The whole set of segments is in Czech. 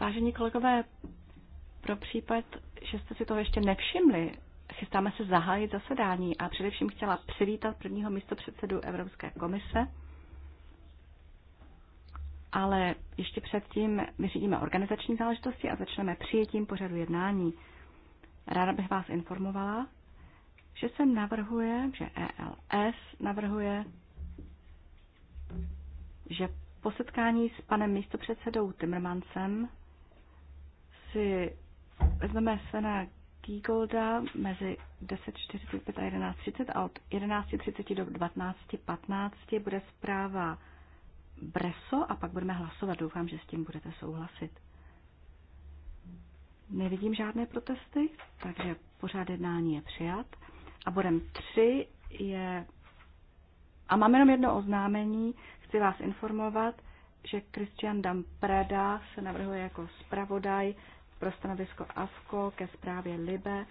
Vážení kolegové, pro případ, že jste si toho ještě nevšimli, chystáme se zahájit zasedání a především chtěla přivítat prvního místopředsedu Evropské komise. Ale ještě předtím vyřídíme organizační záležitosti a začneme přijetím pořadu jednání. Ráda bych vás informovala, že se navrhuje, že ELS navrhuje, že po setkání s panem místopředsedou Timmermansem si vezmeme Svena Gigolda mezi 10.45 a 11.30 a od 11.30 do 12.15 bude zpráva Breso a pak budeme hlasovat. Doufám, že s tím budete souhlasit. Nevidím žádné protesty, takže pořád jednání je přijat. A bodem 3 je... A mám jenom jedno oznámení. Chci vás informovat, že Christian Dampreda se navrhuje jako zpravodaj pro stanovisko AFKO ke zprávě LIBE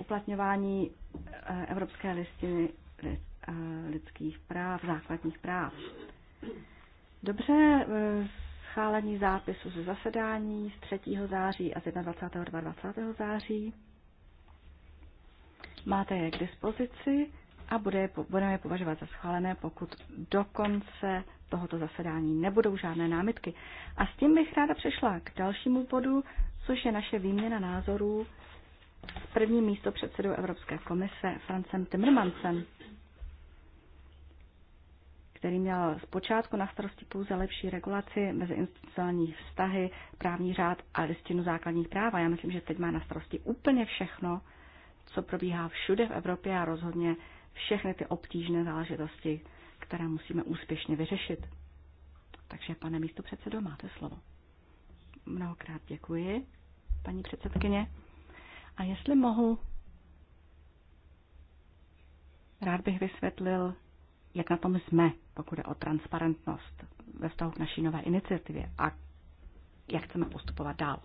uplatňování eh, Evropské listiny eh, lidských práv, základních práv. Dobře, eh, schálení zápisu ze zasedání z 3. září a z 21. 22. září. Máte je k dispozici a bude, budeme je považovat za schválené, pokud do konce tohoto zasedání nebudou žádné námitky. A s tím bych ráda přešla k dalšímu bodu, což je naše výměna názorů s prvním místo předsedou Evropské komise Francem Timmermansem, který měl zpočátku na starosti pouze lepší regulaci institucionální vztahy, právní řád a listinu základních práv. A já myslím, že teď má na starosti úplně všechno, co probíhá všude v Evropě a rozhodně všechny ty obtížné záležitosti, které musíme úspěšně vyřešit. Takže, pane místo předsedo, máte slovo. Mnohokrát děkuji, paní předsedkyně. A jestli mohu, rád bych vysvětlil, jak na tom jsme, pokud je o transparentnost ve vztahu k naší nové iniciativě a jak chceme postupovat dál.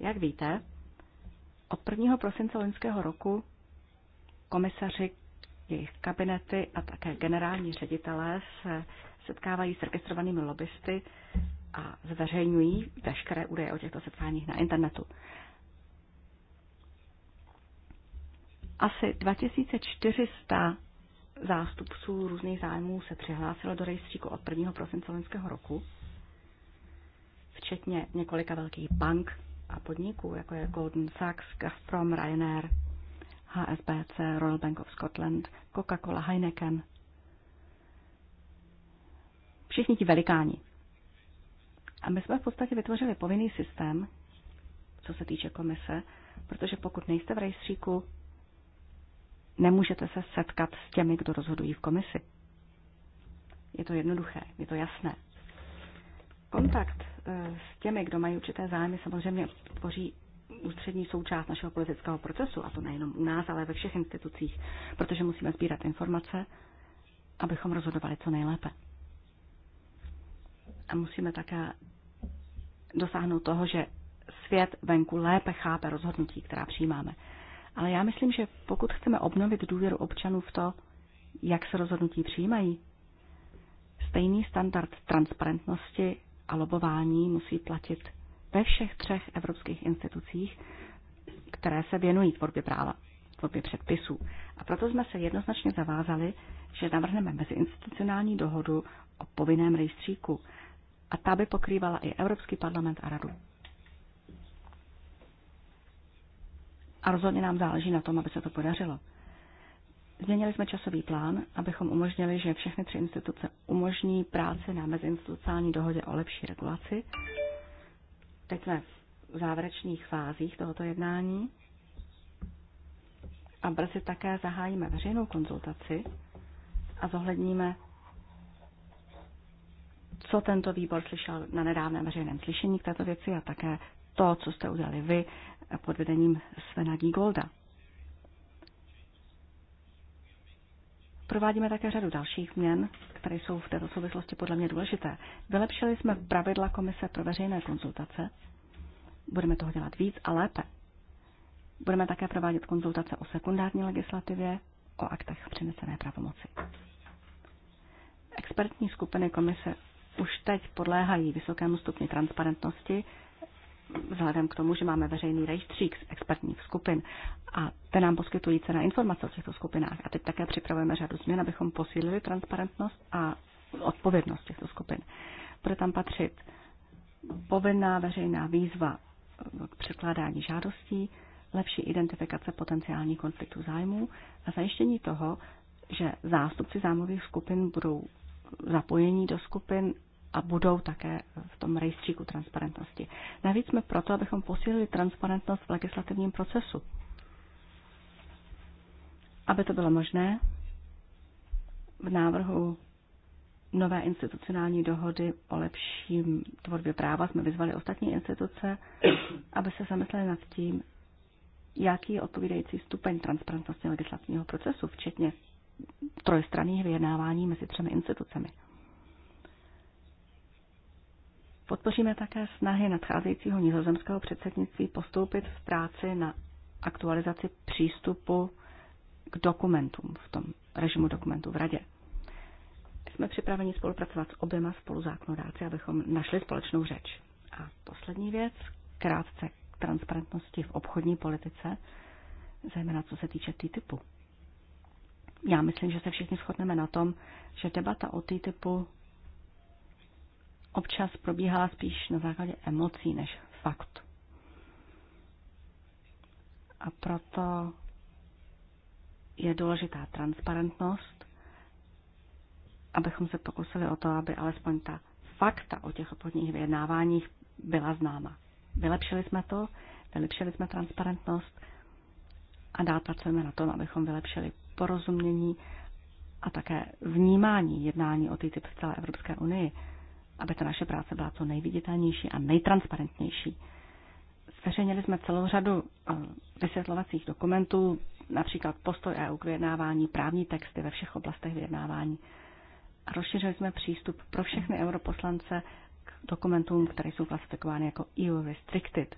Jak víte, od 1. prosince loňského roku komisaři, jejich kabinety a také generální ředitelé se setkávají s registrovanými lobbysty a zveřejňují veškeré údaje o těchto setkáních na internetu. Asi 2400 zástupců různých zájmů se přihlásilo do rejstříku od 1. prosince loňského roku, včetně několika velkých bank a podniků, jako je Golden Sachs, Gazprom, Ryanair, HSBC, Royal Bank of Scotland, Coca-Cola, Heineken. Všichni ti velikáni. A my jsme v podstatě vytvořili povinný systém, co se týče komise, protože pokud nejste v rejstříku, nemůžete se setkat s těmi, kdo rozhodují v komisi. Je to jednoduché, je to jasné. Kontakt eh, s těmi, kdo mají určité zájmy, samozřejmě tvoří ústřední součást našeho politického procesu, a to nejenom u nás, ale ve všech institucích, protože musíme sbírat informace, abychom rozhodovali co nejlépe. A musíme také dosáhnout toho, že svět venku lépe chápe rozhodnutí, která přijímáme. Ale já myslím, že pokud chceme obnovit důvěru občanů v to, jak se rozhodnutí přijímají, stejný standard transparentnosti a lobování musí platit ve všech třech evropských institucích, které se věnují tvorbě práva, tvorbě předpisů. A proto jsme se jednoznačně zavázali, že navrhneme meziinstitucionální dohodu o povinném rejstříku a ta by pokrývala i Evropský parlament a radu. A rozhodně nám záleží na tom, aby se to podařilo. Změnili jsme časový plán, abychom umožnili, že všechny tři instituce umožní práci na meziinstitucionální dohodě o lepší regulaci Teď jsme v závěrečných fázích tohoto jednání a brzy také zahájíme veřejnou konzultaci a zohledníme, co tento výbor slyšel na nedávném veřejném slyšení k této věci a také to, co jste udělali vy pod vedením Svena Gigolda. Provádíme také řadu dalších změn, které jsou v této souvislosti podle mě důležité. Vylepšili jsme pravidla Komise pro veřejné konzultace. Budeme toho dělat víc a lépe. Budeme také provádět konzultace o sekundární legislativě, o aktech přinesené pravomoci. Expertní skupiny komise už teď podléhají vysokému stupni transparentnosti vzhledem k tomu, že máme veřejný rejstřík z expertních skupin a ten nám poskytují cené informace o těchto skupinách. A teď také připravujeme řadu změn, abychom posílili transparentnost a odpovědnost těchto skupin. Bude tam patřit povinná veřejná výzva k překládání žádostí, lepší identifikace potenciálních konfliktů zájmů a zajištění toho, že zástupci zájmových skupin budou zapojení do skupin a budou také v tom rejstříku transparentnosti. Navíc jsme proto, abychom posílili transparentnost v legislativním procesu. Aby to bylo možné, v návrhu nové institucionální dohody o lepším tvorbě práva jsme vyzvali ostatní instituce, aby se zamysleli nad tím, jaký je odpovídající stupeň transparentnosti legislativního procesu, včetně trojstranných vyjednávání mezi třemi institucemi. Podpoříme také snahy nadcházejícího nizozemského předsednictví postoupit v práci na aktualizaci přístupu k dokumentům v tom režimu dokumentu v Radě. Jsme připraveni spolupracovat s oběma spoluzákonodáci, abychom našli společnou řeč. A poslední věc, krátce k transparentnosti v obchodní politice, zejména co se týče TTIPu. Já myslím, že se všichni shodneme na tom, že debata o TTIPu občas probíhala spíš na základě emocí než fakt. A proto je důležitá transparentnost, abychom se pokusili o to, aby alespoň ta fakta o těch obchodních vyjednáváních byla známa. Vylepšili jsme to, vylepšili jsme transparentnost a dál pracujeme na tom, abychom vylepšili porozumění a také vnímání jednání o TTIP v celé Evropské unii aby ta naše práce byla co nejviditelnější a nejtransparentnější. Zveřejnili jsme celou řadu eh, vysvětlovacích dokumentů, například postoj EU k vyjednávání, právní texty ve všech oblastech vyjednávání. A rozšířili jsme přístup pro všechny europoslance k dokumentům, které jsou klasifikovány jako EU Restricted.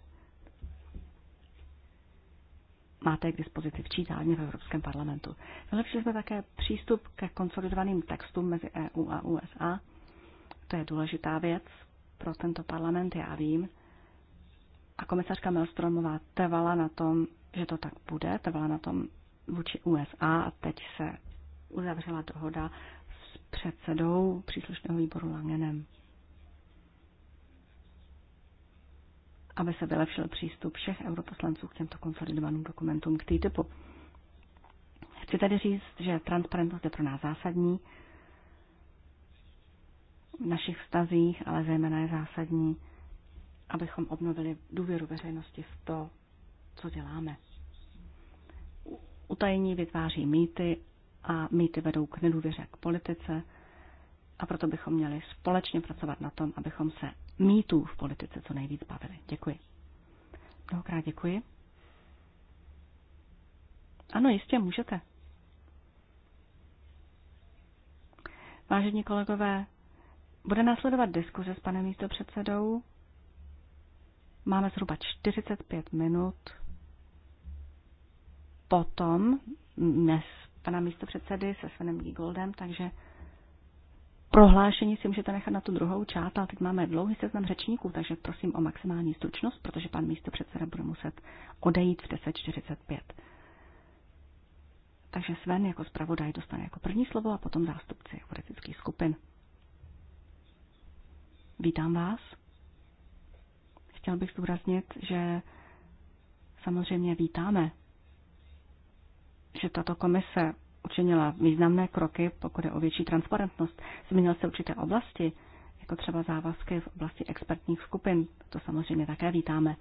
Máte je k dispozici v čítání v Evropském parlamentu. Vylepšili jsme také přístup ke konsolidovaným textům mezi EU a USA – to je důležitá věc pro tento parlament, já vím. A komisařka Melstromová trvala na tom, že to tak bude, trvala na tom vůči USA a teď se uzavřela dohoda s předsedou příslušného výboru Langenem. aby se vylepšil přístup všech europoslanců k těmto konsolidovaným dokumentům k TTIPu. Chci tady říct, že transparentnost je pro nás zásadní v našich vztazích, ale zejména je zásadní, abychom obnovili důvěru veřejnosti v to, co děláme. Utajení vytváří mýty a mýty vedou k nedůvěře k politice a proto bychom měli společně pracovat na tom, abychom se mýtů v politice co nejvíc bavili. Děkuji. Mnohokrát děkuji. Ano, jistě můžete. Vážení kolegové, bude následovat diskuze s panem místopředsedou. Máme zhruba 45 minut. Potom, dnes, pana místopředsedy se Svenem Gigoldem, takže prohlášení si můžete nechat na tu druhou část, ale teď máme dlouhý seznam řečníků, takže prosím o maximální stručnost, protože pan místopředseda bude muset odejít v 10.45. Takže Sven jako zpravodaj dostane jako první slovo a potom zástupci politických skupin. Vítám vás. Chtěl bych zdůraznit, že samozřejmě vítáme, že tato komise učinila významné kroky, pokud je o větší transparentnost. Zmínil se určité oblasti, jako třeba závazky v oblasti expertních skupin. To samozřejmě také vítáme.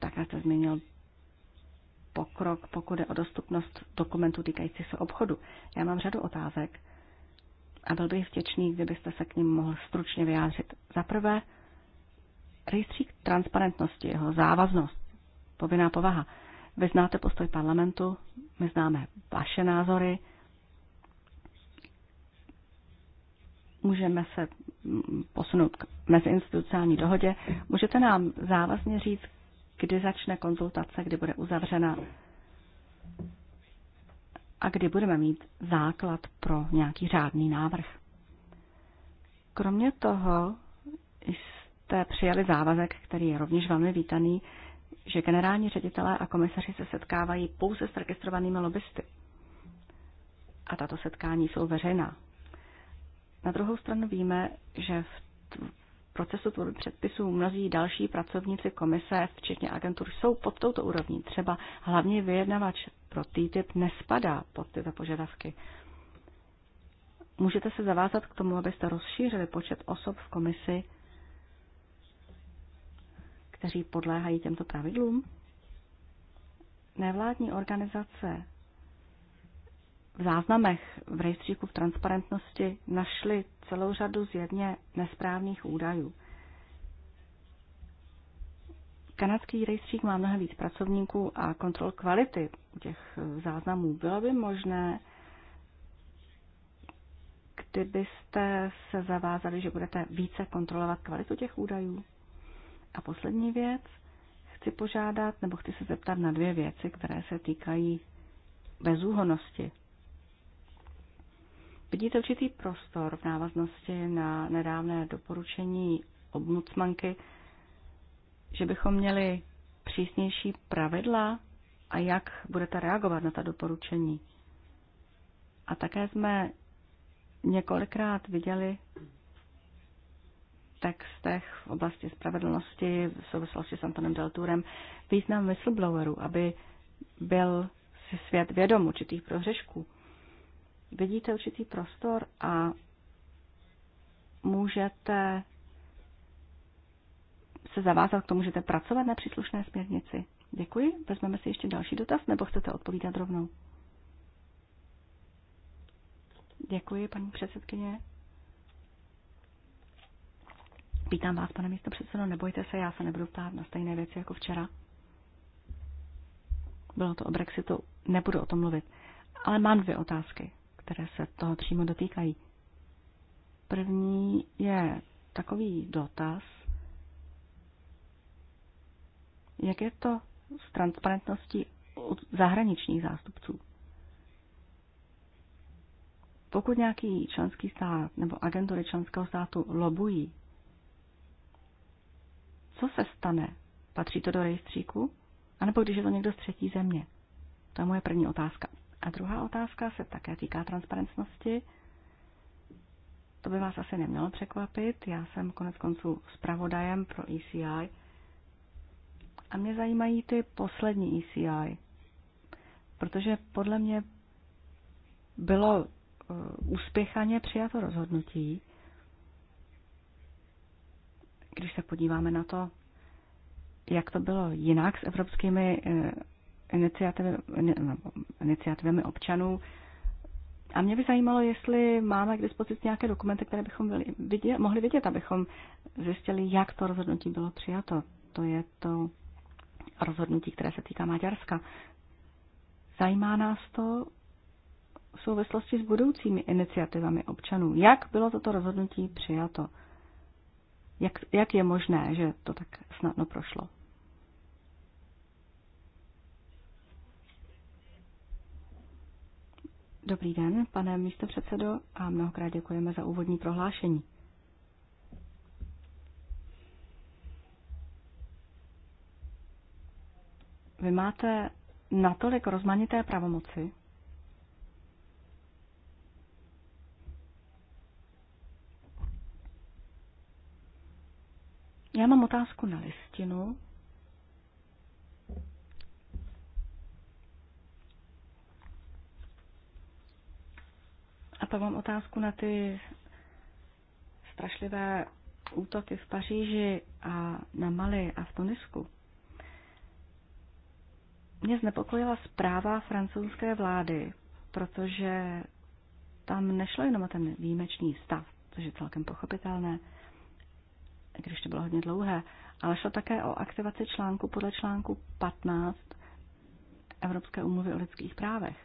Také se zmínil pokrok, pokud je o dostupnost dokumentů týkající se obchodu. Já mám řadu otázek a byl bych vděčný, kdybyste se k ním mohl stručně vyjádřit. Za prvé, rejstřík transparentnosti, jeho závaznost, povinná povaha. Vy znáte postoj parlamentu, my známe vaše názory, můžeme se posunout k meziinstitucionální dohodě. Můžete nám závazně říct, kdy začne konzultace, kdy bude uzavřena a kdy budeme mít základ pro nějaký řádný návrh. Kromě toho jste přijali závazek, který je rovněž velmi vítaný, že generální ředitelé a komisaři se setkávají pouze s registrovanými lobbysty. A tato setkání jsou veřejná. Na druhou stranu víme, že v procesu tvorby předpisů mnozí další pracovníci komise, včetně agentur, jsou pod touto úrovní. Třeba hlavně vyjednavač pro TTIP nespadá pod tyto požadavky. Můžete se zavázat k tomu, abyste rozšířili počet osob v komisi, kteří podléhají těmto pravidlům? Nevládní organizace v záznamech v rejstříku v transparentnosti našli celou řadu zjevně nesprávných údajů. Kanadský rejstřík má mnohem víc pracovníků a kontrol kvality u těch eh, záznamů. Bylo by možné, kdybyste se zavázali, že budete více kontrolovat kvalitu těch údajů? A poslední věc, chci požádat, nebo chci se zeptat na dvě věci, které se týkají bezúhonosti Vidíte určitý prostor v návaznosti na nedávné doporučení obmucmanky, že bychom měli přísnější pravidla a jak budete reagovat na ta doporučení. A také jsme několikrát viděli v textech v oblasti spravedlnosti v souvislosti s Antonem Delturem význam whistleblowerů, aby byl si svět vědom určitých prohřešků vidíte určitý prostor a můžete se zavázat k tomu, můžete pracovat na příslušné směrnici. Děkuji. Vezmeme si ještě další dotaz, nebo chcete odpovídat rovnou? Děkuji, paní předsedkyně. Pítám vás, pane místo předsedo, nebojte se, já se nebudu ptát na stejné věci jako včera. Bylo to o Brexitu, nebudu o tom mluvit. Ale mám dvě otázky které se toho přímo dotýkají. První je takový dotaz, jak je to s transparentností od zahraničních zástupců. Pokud nějaký členský stát nebo agentury členského státu lobují, co se stane? Patří to do rejstříku? A nebo když je to někdo z třetí země? To je moje první otázka. A druhá otázka se také týká transparentnosti. To by vás asi nemělo překvapit. Já jsem konec konců zpravodajem pro ECI a mě zajímají ty poslední ECI, protože podle mě bylo eh, úspěchaně přijato rozhodnutí, když se podíváme na to, jak to bylo jinak s evropskými eh, iniciativami občanů. A mě by zajímalo, jestli máme k dispozici nějaké dokumenty, které bychom vidět, mohli vidět, abychom zjistili, jak to rozhodnutí bylo přijato. To je to rozhodnutí, které se týká Maďarska. Zajímá nás to v souvislosti s budoucími iniciativami občanů. Jak bylo toto rozhodnutí přijato? Jak, jak je možné, že to tak snadno prošlo? Dobrý den, pane místopředsedo, a mnohokrát děkujeme za úvodní prohlášení. Vy máte natolik rozmanité pravomoci, Já mám otázku na listinu, A pak mám otázku na ty strašlivé útoky v Paříži a na Mali a v Tunisku. Mě znepokojila zpráva francouzské vlády, protože tam nešlo jenom o ten výjimečný stav, což je celkem pochopitelné, když to bylo hodně dlouhé, ale šlo také o aktivaci článku podle článku 15 Evropské umluvy o lidských právech.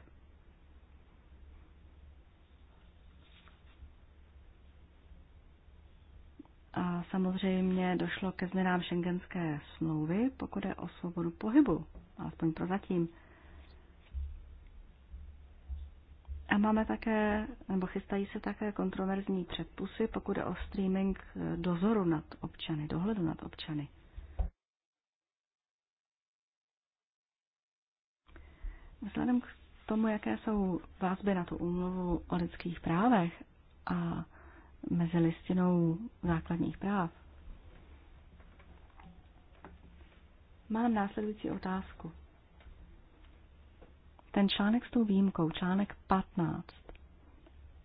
A samozřejmě došlo ke změnám šengenské smlouvy, pokud je o svobodu pohybu, alespoň pro zatím. A máme také, nebo chystají se také kontroverzní předpusy, pokud je o streaming dozoru nad občany, dohledu nad občany. Vzhledem k tomu, jaké jsou vazby na tu úmluvu o lidských právech a mezi listinou základních práv, mám následující otázku. Ten článek s tou výjimkou, článek 15,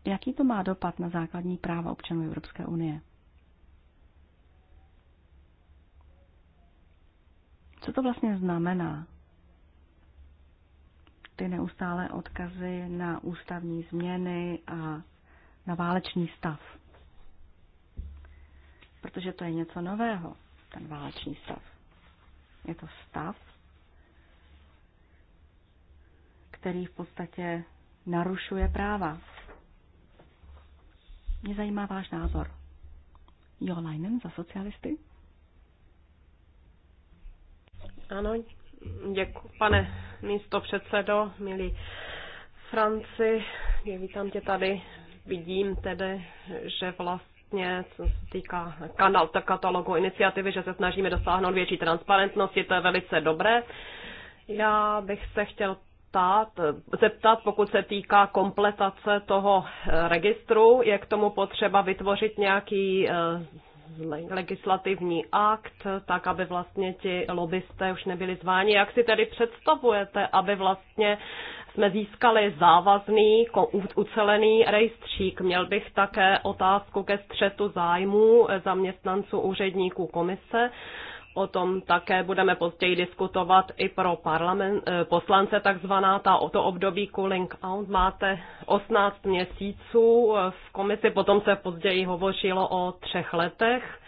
jaký to má dopad na základní práva občanů Evropské unie? Co to vlastně znamená? Ty neustálé odkazy na ústavní změny a na válečný stav protože to je něco nového, ten válečný stav. Je to stav, který v podstatě narušuje práva. Mě zajímá váš názor. Jo Leinen za socialisty? Ano, děkuji, pane místo předsedo, milí Franci, vítám tě tady. Vidím tedy, že vlast vlastně, co se týká kanál tak katalogu iniciativy, že se snažíme dosáhnout větší transparentnosti, to je velice dobré. Já bych se chtěl ptát, zeptat, pokud se týká kompletace toho eh, registru, je k tomu potřeba vytvořit nějaký eh, legislativní akt, tak aby vlastně ti lobbysté už nebyli zváni. Jak si tedy představujete, aby vlastně jsme získali závazný, ucelený rejstřík. Měl bych také otázku ke střetu zájmů zaměstnanců úředníků komise. O tom také budeme později diskutovat i pro parlament, eh, poslance takzvaná ta, o to období cooling out. Máte 18 měsíců eh, v komisi, potom se později hovořilo o třech letech.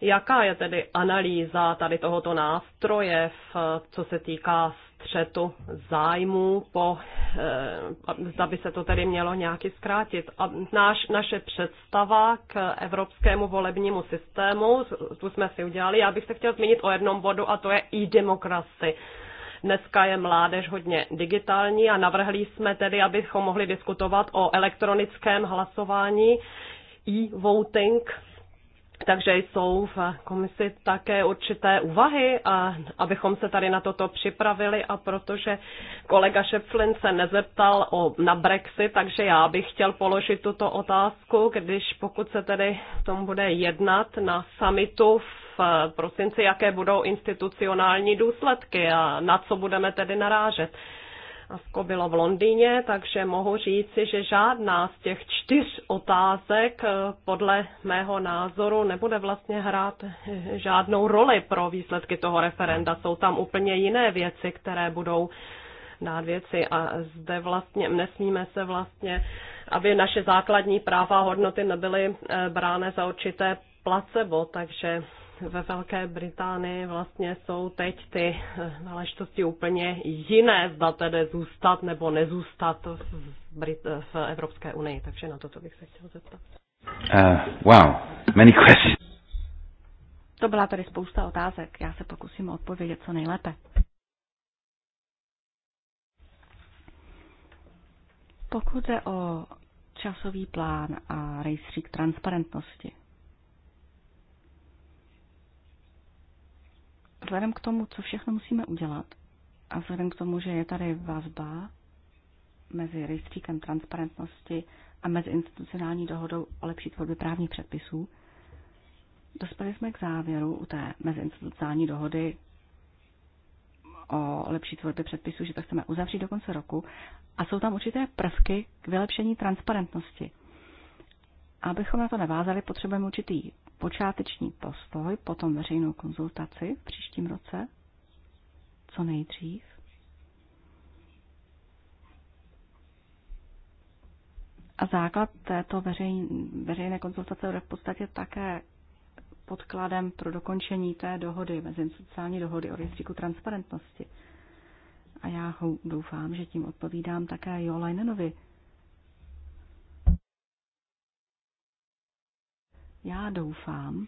Jaká je tedy analýza tady tohoto nástroje, v, co se týká střetu zájmů, po, eh, zda by se to tedy mělo nějaký zkrátit. A náš, naše představa k evropskému volebnímu systému, tu jsme si udělali, já bych se chtěl zmínit o jednom bodu a to je i demokraci. Dneska je mládež hodně digitální a navrhli jsme tedy, abychom mohli diskutovat o elektronickém hlasování e-voting takže jsou v komisi také určité úvahy, a abychom se tady na toto připravili a protože kolega Šeflin se nezeptal o, na Brexit, takže já bych chtěl položit tuto otázku, když pokud se tedy tom bude jednat na summitu v prosinci, jaké budou institucionální důsledky a na co budeme tedy narážet. Asko bylo v Londýně, takže mohu říci, že žádná z těch čtyř otázek eh, podle mého názoru nebude vlastně hrát eh, žádnou roli pro výsledky toho referenda. Jsou tam úplně jiné věci, které budou dát věci a zde vlastně nesmíme se vlastně, aby naše základní práva a hodnoty nebyly eh, brány za určité placebo, takže ve Velké Británii vlastně jsou teď ty záležitosti úplně jiné, zda tedy zůstat nebo nezůstat v, Brit- v Evropské unii. Takže na toto bych se chtěl zeptat. Uh, wow, many questions. To byla tady spousta otázek. Já se pokusím odpovědět co nejlépe. Pokud je o časový plán a rejstřík transparentnosti, Vzhledem k tomu, co všechno musíme udělat, a vzhledem k tomu, že je tady vazba mezi rejstříkem transparentnosti a mezi institucionální dohodou o lepší tvorbě právních předpisů, dospěli jsme k závěru u té meziinstitucionální dohody o lepší tvorbě předpisů, že to chceme uzavřít do konce roku a jsou tam určité prvky k vylepšení transparentnosti. Abychom na to nevázali potřebujeme určitý počáteční postoj, potom veřejnou konzultaci v příštím roce, co nejdřív. A základ této veřej, veřejné konzultace bude v podstatě také podkladem pro dokončení té dohody, mezi sociální dohody o rejstříku transparentnosti. A já doufám, že tím odpovídám také Jo Leinenovi, Já doufám,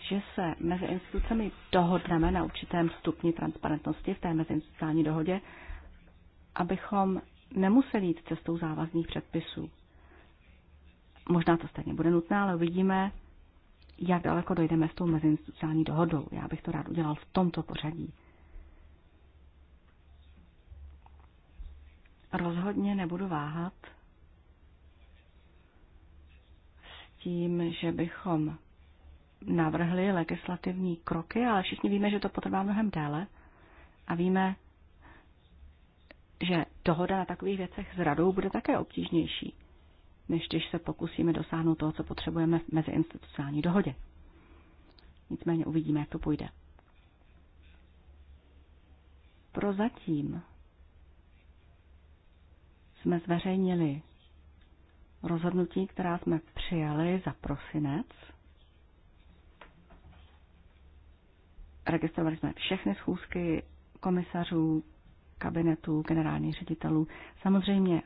že se mezi institucemi dohodneme na určitém stupni transparentnosti v té meziinstitucionální dohodě, abychom nemuseli jít cestou závazných předpisů. Možná to stejně bude nutné, ale uvidíme, jak daleko dojdeme s tou meziinstitucionální dohodou. Já bych to rád udělal v tomto pořadí. Rozhodně nebudu váhat tím, že bychom navrhli legislativní kroky, ale všichni víme, že to potrvá mnohem déle a víme, že dohoda na takových věcech s radou bude také obtížnější, než když se pokusíme dosáhnout toho, co potřebujeme v meziinstitucionální dohodě. Nicméně uvidíme, jak to půjde. Prozatím jsme zveřejnili rozhodnutí, která jsme přijali za prosinec. Registrovali jsme všechny schůzky komisařů, kabinetů, generálních ředitelů. Samozřejmě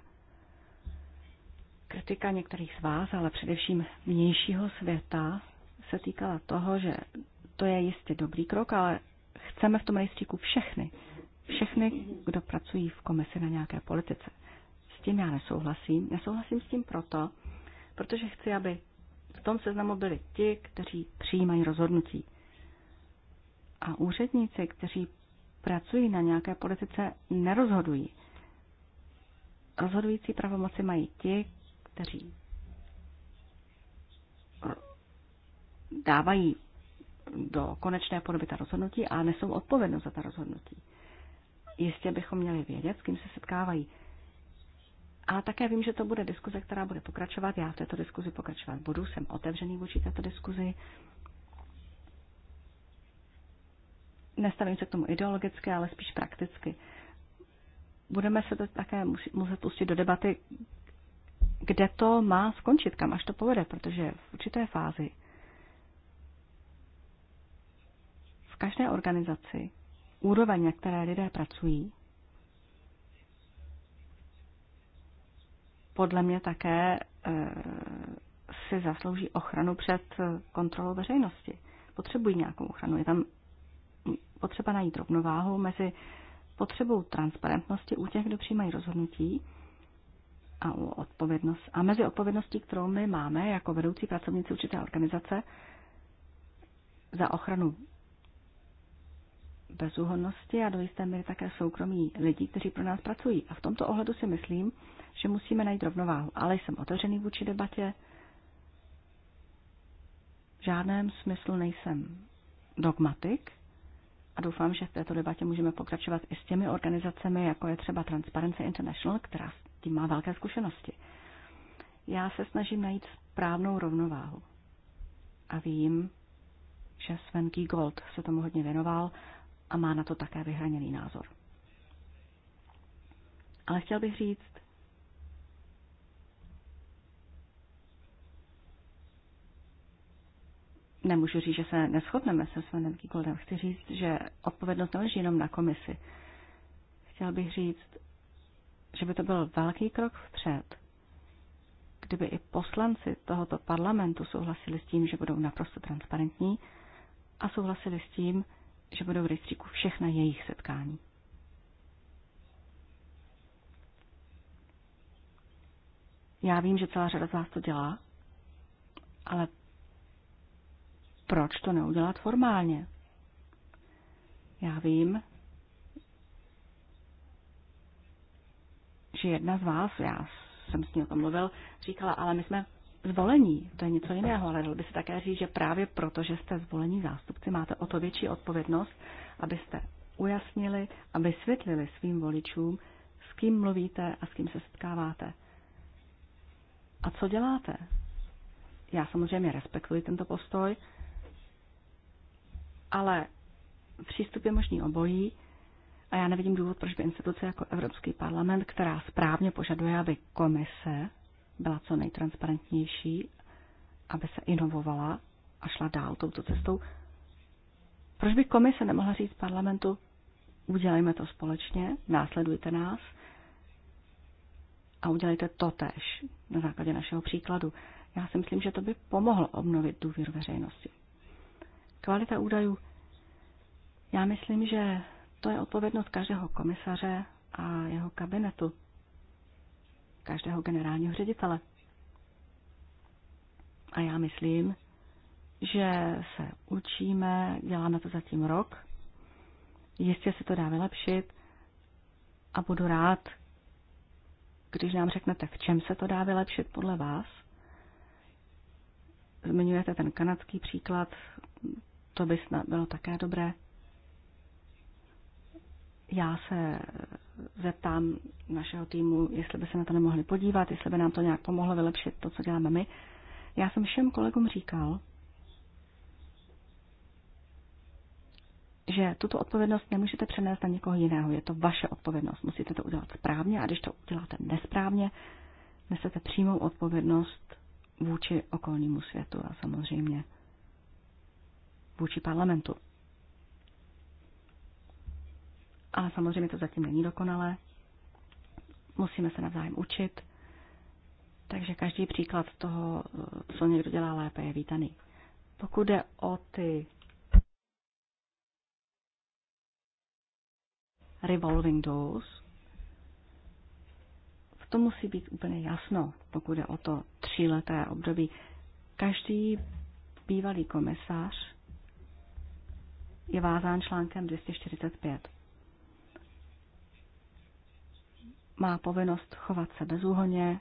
kritika některých z vás, ale především vnějšího světa se týkala toho, že to je jistě dobrý krok, ale chceme v tom rejstříku všechny. Všechny, kdo pracují v komisi na nějaké politice. S tím já nesouhlasím. Nesouhlasím s tím proto, protože chci, aby v tom seznamu byli ti, kteří přijímají rozhodnutí. A úředníci, kteří pracují na nějaké politice, nerozhodují. Rozhodující pravomoci mají ti, kteří dávají do konečné podoby ta rozhodnutí a nesou odpovědnost za ta rozhodnutí. Jistě bychom měli vědět, s kým se setkávají. A také vím, že to bude diskuze, která bude pokračovat. Já v této diskuzi pokračovat budu, jsem otevřený vůči této diskuzi. Nestavím se k tomu ideologicky, ale spíš prakticky. Budeme se to také muset pustit do debaty, kde to má skončit, kam až to povede, protože v určité fázi v každé organizaci úroveň, na které lidé pracují, podle mě také eh, si zaslouží ochranu před eh, kontrolou veřejnosti. Potřebují nějakou ochranu. Je tam potřeba najít rovnováhu mezi potřebou transparentnosti u těch, kdo přijímají rozhodnutí a, u odpovědnost, a mezi odpovědností, kterou my máme jako vedoucí pracovníci určité organizace za ochranu bezúhonnosti a do jisté míry také soukromí lidí, kteří pro nás pracují. A v tomto ohledu si myslím, že musíme najít rovnováhu. Ale jsem otevřený vůči debatě. V žádném smyslu nejsem dogmatik a doufám, že v této debatě můžeme pokračovat i s těmi organizacemi, jako je třeba Transparency International, která s tím má velké zkušenosti. Já se snažím najít správnou rovnováhu. A vím, že Sven Gold se tomu hodně věnoval a má na to také vyhraněný názor. Ale chtěl bych říct, nemůžu říct, že se neschodneme se Svenem Kikoldem. Chci říct, že odpovědnost neleží jenom na komisi. Chtěl bych říct, že by to byl velký krok vpřed, kdyby i poslanci tohoto parlamentu souhlasili s tím, že budou naprosto transparentní a souhlasili s tím, že budou v rejstříku všechna jejich setkání. Já vím, že celá řada z vás to dělá, ale proč to neudělat formálně? Já vím, že jedna z vás, já jsem s ní o tom mluvil, říkala, ale my jsme zvolení. To je něco jiného, ale dalo by se také říct, že právě proto, že jste zvolení zástupci, máte o to větší odpovědnost, abyste ujasnili a vysvětlili svým voličům, s kým mluvíte a s kým se setkáváte. A co děláte? Já samozřejmě respektuji tento postoj, ale přístup je možný obojí a já nevidím důvod, proč by instituce jako Evropský parlament, která správně požaduje, aby komise byla co nejtransparentnější, aby se inovovala a šla dál touto cestou. Proč by komise nemohla říct parlamentu, udělejme to společně, následujte nás a udělejte to tež na základě našeho příkladu. Já si myslím, že to by pomohlo obnovit důvěru veřejnosti. Kvalita údajů. Já myslím, že to je odpovědnost každého komisaře a jeho kabinetu každého generálního ředitele. A já myslím, že se učíme, děláme to zatím rok, jistě se to dá vylepšit a budu rád, když nám řeknete, v čem se to dá vylepšit podle vás. Zmiňujete ten kanadský příklad, to by snad bylo také dobré. Já se zeptám našeho týmu, jestli by se na to nemohli podívat, jestli by nám to nějak pomohlo vylepšit to, co děláme my. Já jsem všem kolegům říkal, že tuto odpovědnost nemůžete přenést na někoho jiného. Je to vaše odpovědnost. Musíte to udělat správně a když to uděláte nesprávně, nesete přímou odpovědnost vůči okolnímu světu a samozřejmě vůči parlamentu ale samozřejmě to zatím není dokonalé. Musíme se navzájem učit, takže každý příklad toho, co někdo dělá lépe, je vítaný. Pokud jde o ty revolving doors, v tom musí být úplně jasno, pokud jde o to tříleté období. Každý bývalý komisař je vázán článkem 245. má povinnost chovat se bezúhoně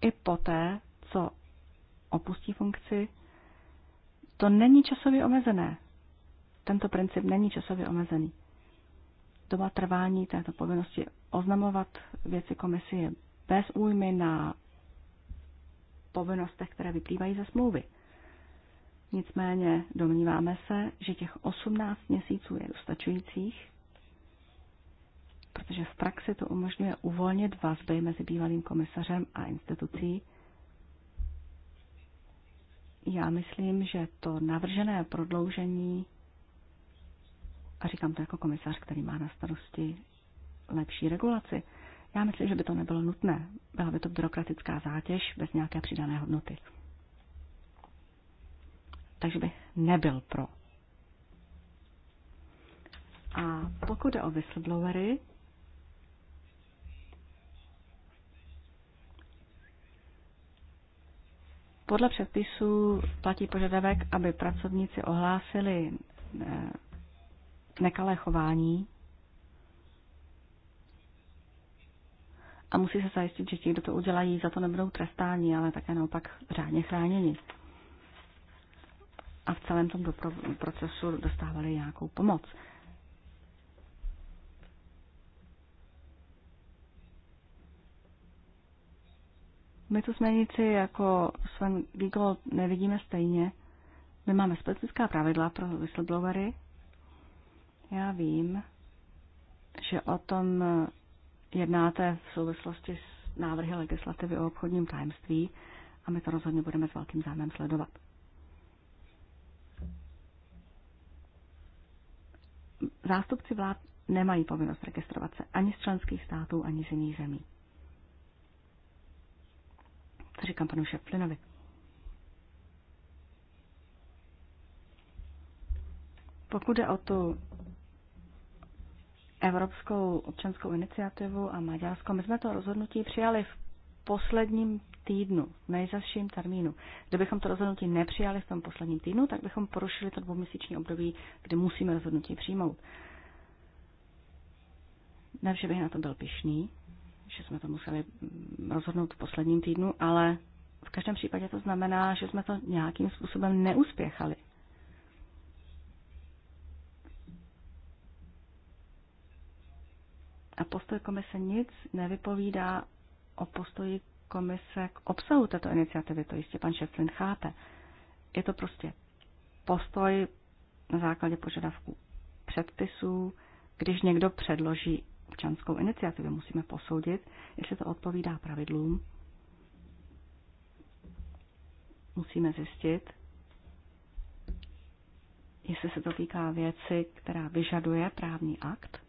i poté, co opustí funkci. To není časově omezené. Tento princip není časově omezený. Doba trvání této povinnosti oznamovat věci komisi je bez újmy na povinnostech, které vyplývají ze smlouvy. Nicméně domníváme se, že těch 18 měsíců je dostačujících protože v praxi to umožňuje uvolnit vazby mezi bývalým komisařem a institucí. Já myslím, že to navržené prodloužení, a říkám to jako komisař, který má na starosti lepší regulaci, já myslím, že by to nebylo nutné. Byla by to byrokratická zátěž bez nějaké přidané hodnoty. Takže bych nebyl pro. A pokud jde o whistleblowery, Podle předpisů platí požadavek, aby pracovníci ohlásili eh, nekalé chování a musí se zajistit, že ti, kdo to udělají, za to nebudou trestáni, ale také naopak řádně chráněni. A v celém tom procesu dostávali nějakou pomoc. My tu směrnici jako Sven Giegold nevidíme stejně. My máme specifická pravidla pro whistleblowery. Já vím, že o tom jednáte v souvislosti s návrhy legislativy o obchodním tajemství a my to rozhodně budeme s velkým zájmem sledovat. Zástupci vlád nemají povinnost registrovat se ani z členských států, ani z jiných zemí. To říkám panu Šeflinovi. Pokud je o tu Evropskou občanskou iniciativu a Maďarsko, my jsme to rozhodnutí přijali v posledním týdnu, v nejzazším termínu. Kdybychom to rozhodnutí nepřijali v tom posledním týdnu, tak bychom porušili to dvouměsíční období, kdy musíme rozhodnutí přijmout. Ne, že bych na to byl pišný, že jsme to museli mm, rozhodnout v posledním týdnu, ale v každém případě to znamená, že jsme to nějakým způsobem neuspěchali. A postoj komise nic nevypovídá o postoji komise k obsahu této iniciativy, to jistě pan Šeflin chápe. Je to prostě postoj na základě požadavků předpisů, když někdo předloží občanskou iniciativu. Musíme posoudit, jestli to odpovídá pravidlům. Musíme zjistit, jestli se to týká věci, která vyžaduje právní akt.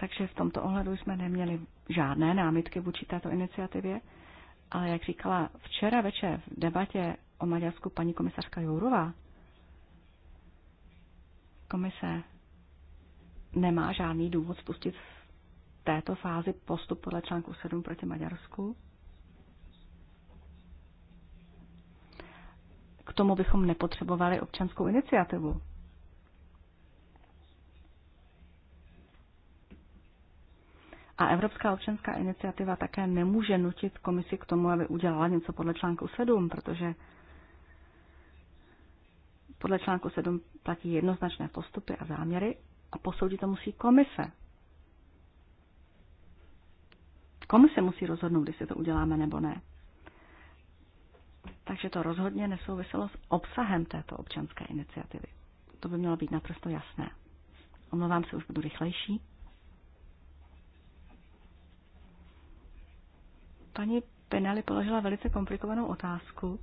Takže v tomto ohledu jsme neměli žádné námitky vůči této iniciativě, ale jak říkala včera večer v debatě o Maďarsku paní komisařka Jourová, komise nemá žádný důvod spustit v této fázi postup podle článku 7 proti Maďarsku. K tomu bychom nepotřebovali občanskou iniciativu. A Evropská občanská iniciativa také nemůže nutit komisi k tomu, aby udělala něco podle článku 7, protože podle článku 7 platí jednoznačné postupy a záměry a posoudit to musí komise. Komise musí rozhodnout, jestli to uděláme nebo ne. Takže to rozhodně nesouviselo s obsahem této občanské iniciativy. To by mělo být naprosto jasné. Omlouvám se, už budu rychlejší. Paní Penali položila velice komplikovanou otázku,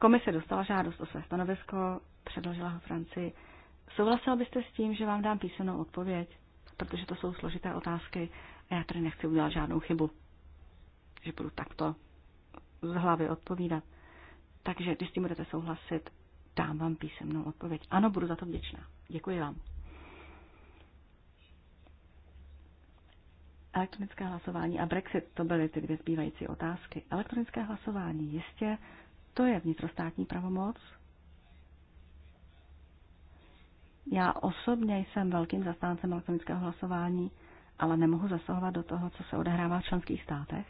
Komise dostala žádost o své stanovisko, předložila ho Francii. Souhlasil byste s tím, že vám dám písemnou odpověď? Protože to jsou složité otázky a já tady nechci udělat žádnou chybu. Že budu takto z hlavy odpovídat. Takže když s tím budete souhlasit, dám vám písemnou odpověď. Ano, budu za to vděčná. Děkuji vám. Elektronické hlasování a Brexit, to byly ty dvě zbývající otázky. Elektronické hlasování jistě, to je vnitrostátní pravomoc. Já osobně jsem velkým zastáncem elektronického hlasování, ale nemohu zasahovat do toho, co se odehrává v členských státech.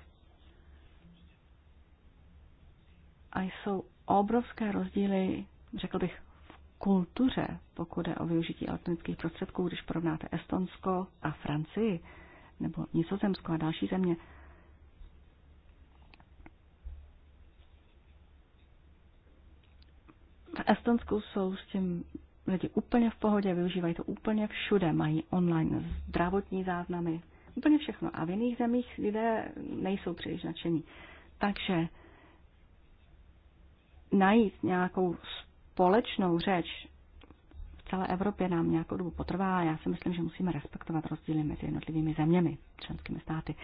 A jsou obrovské rozdíly, řekl bych, v kultuře, pokud je o využití elektronických prostředků, když porovnáte Estonsko a Francii, nebo Nizozemsko a další země, Estonsku jsou s tím lidi úplně v pohodě, využívají to úplně všude, mají online zdravotní záznamy, úplně všechno. A v jiných zemích lidé nejsou příliš nadšení. Takže najít nějakou společnou řeč v celé Evropě nám nějakou dobu potrvá já si myslím, že musíme respektovat rozdíly mezi jednotlivými zeměmi, členskými státy.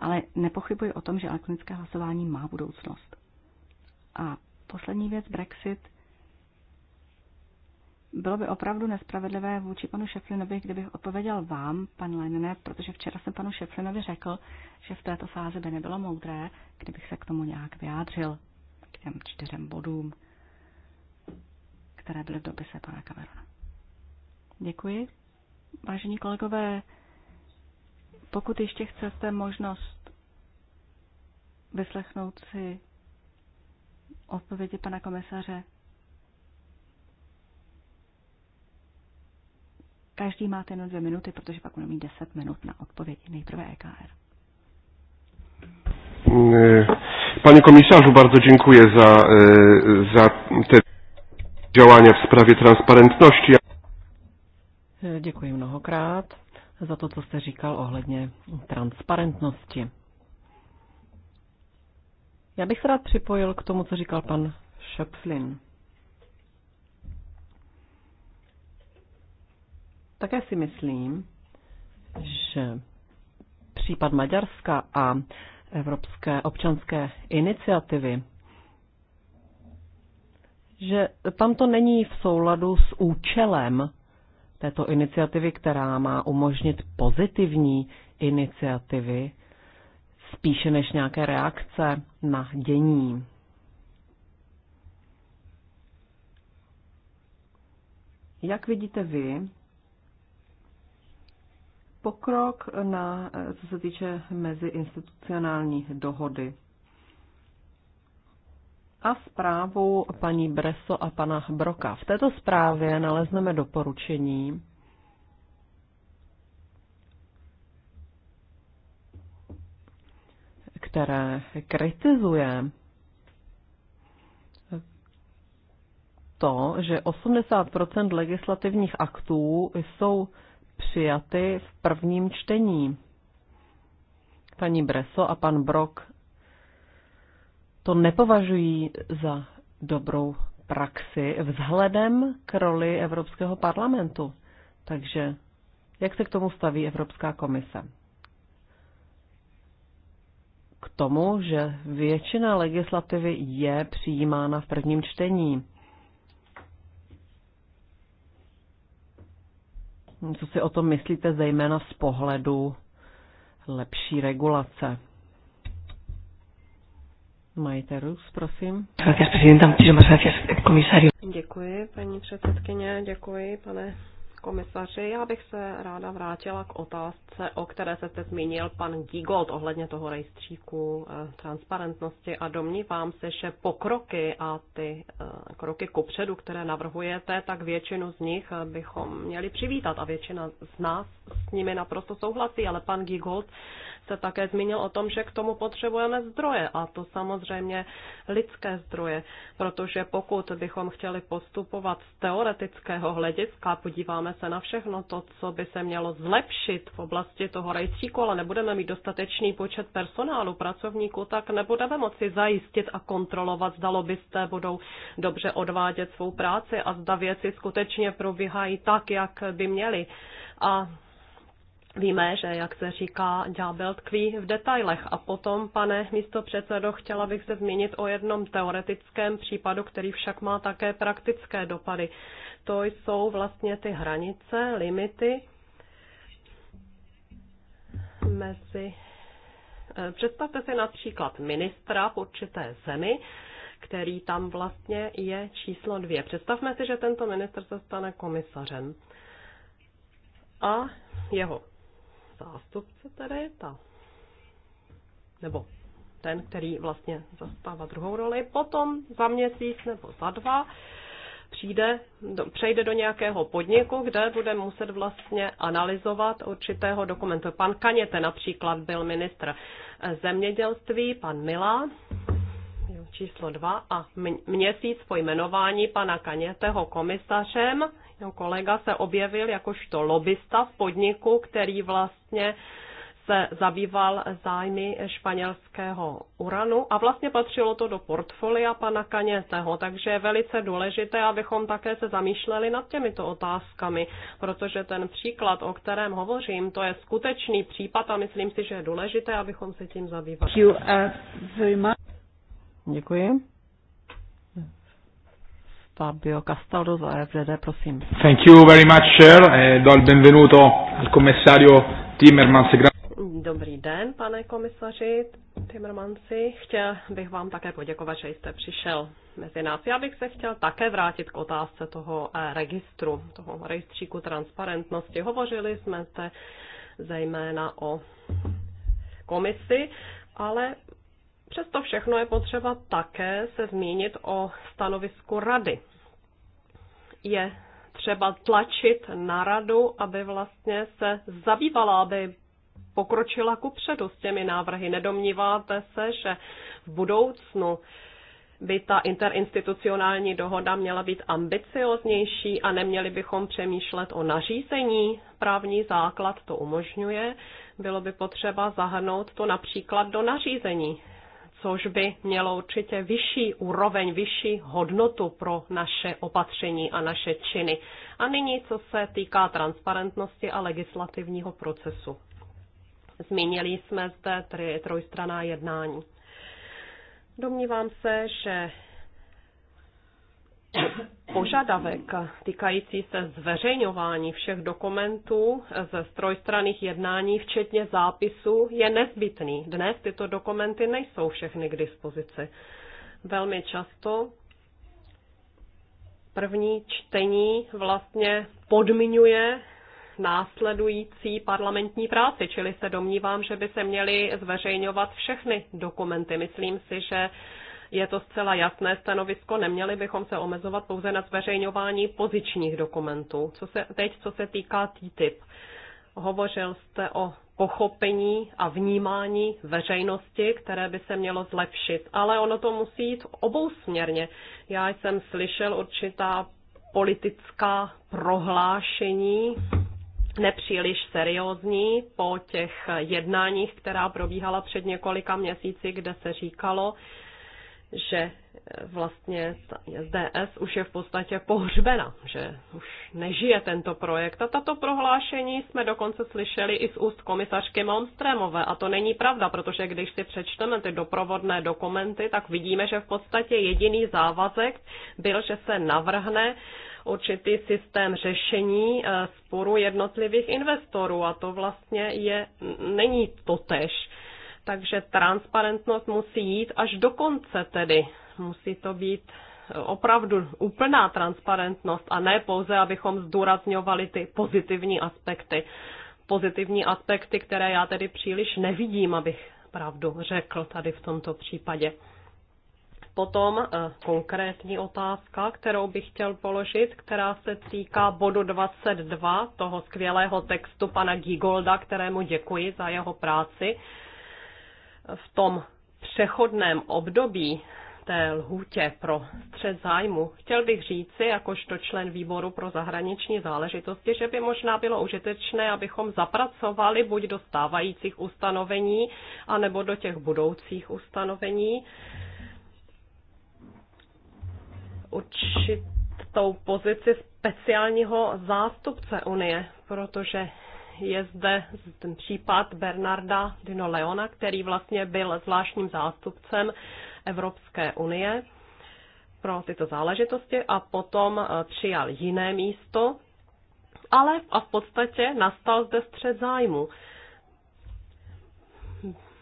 Ale nepochybuji o tom, že elektronické hlasování má budoucnost. A poslední věc, Brexit. Bylo by opravdu nespravedlivé vůči panu Šeflinovi, kdybych odpověděl vám, pan Lenine, protože včera jsem panu Šeflinovi řekl, že v této fázi by nebylo moudré, kdybych se k tomu nějak vyjádřil, k těm čtyřem bodům, které byly v dopise pana Camerona. Děkuji. Vážení kolegové, pokud ještě chcete možnost vyslechnout si odpovědi pana komisaře, Každý máte jenom dvě minuty, protože pak budeme mít deset minut na odpověď. Nejprve EKR. Eh, Panie komisarzu, bardzo dziękuję za, eh, za te działania w sprawie transparentności. Eh, Děkuji mnohokrát za to, co jste říkal ohledně transparentnosti. Já bych se rád připojil k tomu, co říkal pan Schöpflin. Také si myslím, že případ Maďarska a Evropské občanské iniciativy, že tam to není v souladu s účelem této iniciativy, která má umožnit pozitivní iniciativy, spíše než nějaké reakce na dění. Jak vidíte vy, pokrok, na, co se týče meziinstitucionální dohody. A zprávu paní Breso a pana Broka. V této zprávě nalezneme doporučení, které kritizuje to, že 80 legislativních aktů jsou přijaty v prvním čtení. Paní Breso a pan Brok to nepovažují za dobrou praxi vzhledem k roli Evropského parlamentu. Takže jak se k tomu staví Evropská komise? K tomu, že většina legislativy je přijímána v prvním čtení. Co si o tom myslíte zejména z pohledu lepší regulace? Majte růz, prosím. Děkuji, paní předsedkyně, děkuji, pane komisaři, já bych se ráda vrátila k otázce, o které se jste zmínil pan Gigold ohledně toho rejstříku eh, transparentnosti a domnívám se, že pokroky a ty eh, kroky kopředu, které navrhujete, tak většinu z nich eh, bychom měli přivítat a většina z nás s nimi naprosto souhlasí, ale pan Gigold se také zmínil o tom, že k tomu potřebujeme zdroje a to samozřejmě lidské zdroje, protože pokud bychom chtěli postupovat z teoretického hlediska, podíváme se na všechno to, co by se mělo zlepšit v oblasti toho rejstříku, ale nebudeme mít dostatečný počet personálu, pracovníků, tak nebudeme moci zajistit a kontrolovat, zdalo byste budou dobře odvádět svou práci a zda věci skutečně probíhají tak, jak by měly. A Víme, že, jak se říká, ďábel tkví v detailech. A potom, pane místo předsedo, chtěla bych se zmínit o jednom teoretickém případu, který však má také praktické dopady. To jsou vlastně ty hranice, limity mezi... Eh, představte si například ministra v určité zemi, který tam vlastně je číslo dvě. Představme si, že tento minister se stane komisařem. A jeho zástupce tady, ta, nebo ten, který vlastně zastává druhou roli, potom za měsíc nebo za dva přijde, do, přejde do nějakého podniku, kde bude muset vlastně analyzovat určitého dokumentu. Pan Kaněte například byl ministr zemědělství, pan Milá, číslo dva, a měsíc po jmenování pana Kaněteho komisařem kolega se objevil jakožto lobista v podniku, který vlastně se zabýval zájmy španělského uranu a vlastně patřilo to do portfolia pana Kaněteho, takže je velice důležité, abychom také se zamýšleli nad těmito otázkami, protože ten příklad, o kterém hovořím, to je skutečný případ a myslím si, že je důležité, abychom se tím zabývali. Uh, Děkuji. Fabio Castaldo RFD, prosím. Thank you very much, sir. Eh, do il benvenuto al commissario Timmermans. Dobrý den, pane komisaři Timmermansi. Chtěl bych vám také poděkovat, že jste přišel mezi nás. Já bych se chtěl také vrátit k otázce toho e, registru, toho rejstříku transparentnosti. Hovořili jsme zde zejména o komisi, ale Přesto všechno je potřeba také se zmínit o stanovisku rady. Je třeba tlačit na radu, aby vlastně se zabývala, aby pokročila ku předu s těmi návrhy. Nedomníváte se, že v budoucnu by ta interinstitucionální dohoda měla být ambicioznější a neměli bychom přemýšlet o nařízení. Právní základ to umožňuje. Bylo by potřeba zahrnout to například do nařízení což by mělo určitě vyšší úroveň, vyšší hodnotu pro naše opatření a naše činy. A nyní, co se týká transparentnosti a legislativního procesu. Zmínili jsme zde trojstraná jednání. Domnívám se, že požadavek týkající se zveřejňování všech dokumentů ze strojstraných jednání, včetně zápisů, je nezbytný. Dnes tyto dokumenty nejsou všechny k dispozici. Velmi často první čtení vlastně podmiňuje následující parlamentní práci, čili se domnívám, že by se měly zveřejňovat všechny dokumenty. Myslím si, že je to zcela jasné stanovisko, neměli bychom se omezovat pouze na zveřejňování pozičních dokumentů. Co se, teď, co se týká TTIP, hovořil jste o pochopení a vnímání veřejnosti, které by se mělo zlepšit. Ale ono to musí jít obousměrně. Já jsem slyšel určitá politická prohlášení, nepříliš seriózní, po těch jednáních, která probíhala před několika měsíci, kde se říkalo, že vlastně SDS už je v podstatě pohřbena, že už nežije tento projekt. A tato prohlášení jsme dokonce slyšeli i z úst komisařky Malmstrémové. A to není pravda, protože když si přečteme ty doprovodné dokumenty, tak vidíme, že v podstatě jediný závazek byl, že se navrhne určitý systém řešení eh, sporu jednotlivých investorů. A to vlastně je, není totež. Takže transparentnost musí jít až do konce tedy. Musí to být opravdu úplná transparentnost a ne pouze, abychom zdůrazňovali ty pozitivní aspekty. Pozitivní aspekty, které já tedy příliš nevidím, abych pravdu řekl tady v tomto případě. Potom eh, konkrétní otázka, kterou bych chtěl položit, která se týká bodu 22 toho skvělého textu pana Gigolda, kterému děkuji za jeho práci v tom přechodném období té lhůtě pro střed zájmu, chtěl bych říci, jakožto člen výboru pro zahraniční záležitosti, že by možná bylo užitečné, abychom zapracovali buď do stávajících ustanovení, anebo do těch budoucích ustanovení určitou pozici speciálního zástupce Unie, protože je zde ten případ Bernarda Dino Leona, který vlastně byl zvláštním zástupcem Evropské unie pro tyto záležitosti a potom eh, přijal jiné místo, ale a v podstatě nastal zde střed zájmu.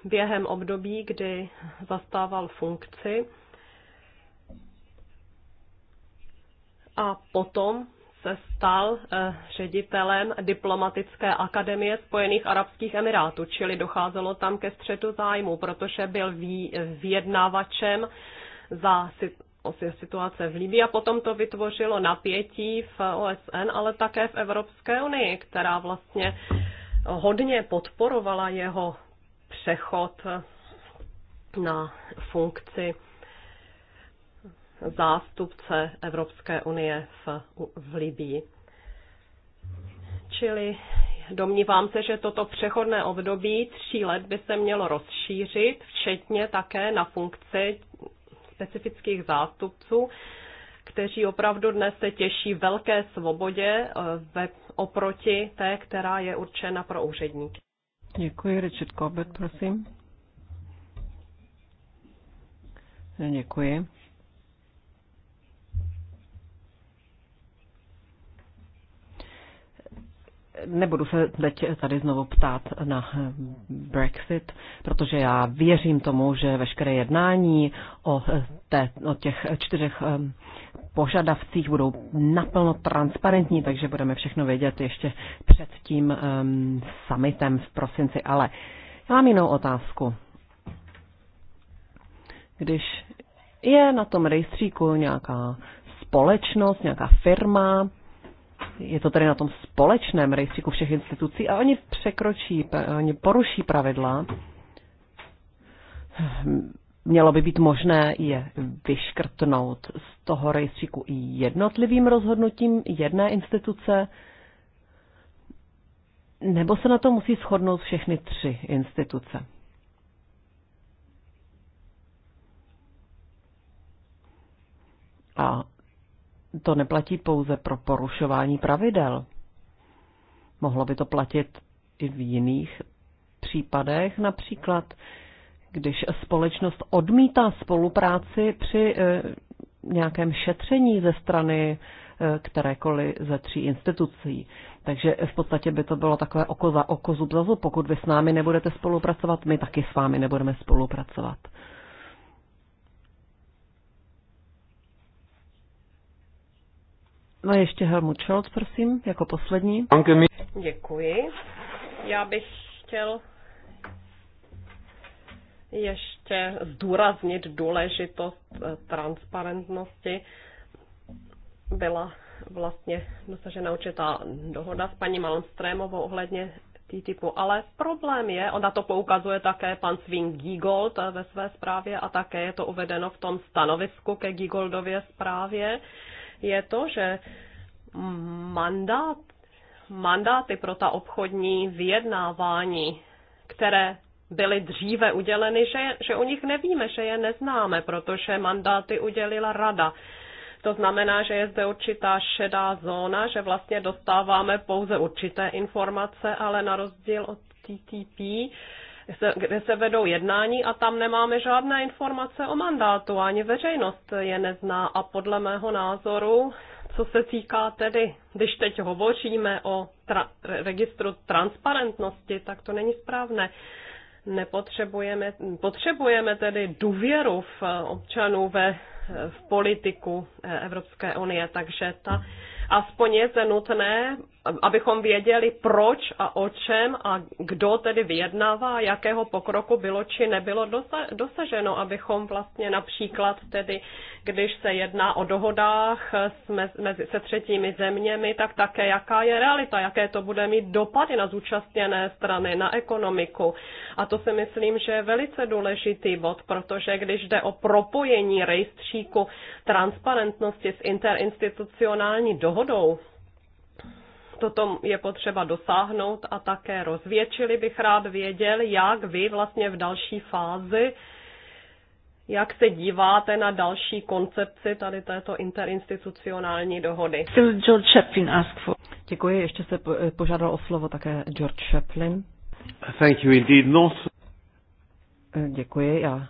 Během období, kdy zastával funkci a potom se stal eh, ředitelem diplomatické akademie Spojených Arabských Emirátů, čili docházelo tam ke střetu zájmu, protože byl vyjednávačem za situace v Libii a potom to vytvořilo napětí v OSN, ale také v Evropské unii, která vlastně hodně podporovala jeho přechod na funkci zástupce Evropské unie v, v Libii. Čili domnívám se, že toto přechodné období tří let by se mělo rozšířit, včetně také na funkci specifických zástupců, kteří opravdu dnes se těší velké svobodě eh, ve, oproti té, která je určena pro úředníky. Děkuji, Richard Corbett, prosím. Děkuji. nebudu se teď tady znovu ptát na Brexit, protože já věřím tomu, že veškeré jednání o, té, o těch čtyřech požadavcích budou naplno transparentní, takže budeme všechno vědět ještě před tím um, summitem v prosinci. Ale já mám jinou otázku. Když je na tom rejstříku nějaká společnost, nějaká firma, je to tedy na tom společném rejstříku všech institucí a oni překročí, oni poruší pravidla, mělo by být možné je vyškrtnout z toho rejstříku i jednotlivým rozhodnutím jedné instituce, nebo se na to musí shodnout všechny tři instituce. A to neplatí pouze pro porušování pravidel. Mohlo by to platit i v jiných případech, například když společnost odmítá spolupráci při eh, nějakém šetření ze strany eh, kterékoliv ze tří institucí. Takže v podstatě by to bylo takové oko za oko, zub za zub. Pokud vy s námi nebudete spolupracovat, my taky s vámi nebudeme spolupracovat. No ještě Helmut Scholz, prosím, jako poslední. Děkuji. Já bych chtěl ještě zdůraznit důležitost eh, transparentnosti. Byla vlastně dosažena určitá dohoda s paní Malmstrémovou ohledně TTIPu, ale problém je, ona to poukazuje také pan Svin Giegold eh, ve své zprávě a také je to uvedeno v tom stanovisku ke Giegoldově zprávě, je to, že mandát, mandáty pro ta obchodní vyjednávání, které byly dříve uděleny, že, že o nich nevíme, že je neznáme, protože mandáty udělila rada. To znamená, že je zde určitá šedá zóna, že vlastně dostáváme pouze určité informace, ale na rozdíl od TTP kde se vedou jednání a tam nemáme žádné informace o mandátu, ani veřejnost je nezná a podle mého názoru, co se týká tedy, když teď hovoříme o tra- registru transparentnosti, tak to není správné. Nepotřebujeme, potřebujeme tedy důvěru v občanů ve, v politiku Evropské unie, takže ta aspoň je nutné abychom věděli proč a o čem a kdo tedy vyjednává, jakého pokroku bylo či nebylo dosaženo, abychom vlastně například tedy, když se jedná o dohodách se třetími zeměmi, tak také jaká je realita, jaké to bude mít dopady na zúčastněné strany, na ekonomiku. A to si myslím, že je velice důležitý bod, protože když jde o propojení rejstříku transparentnosti s interinstitucionální dohodou, toto je potřeba dosáhnout a také rozvětšili bych rád věděl, jak vy vlastně v další fázi jak se díváte na další koncepci tady této interinstitucionální dohody? George Chaplin ask for. Děkuji, ještě se eh, požádal o slovo také George Chaplin. Thank you indeed, not. Eh, děkuji, já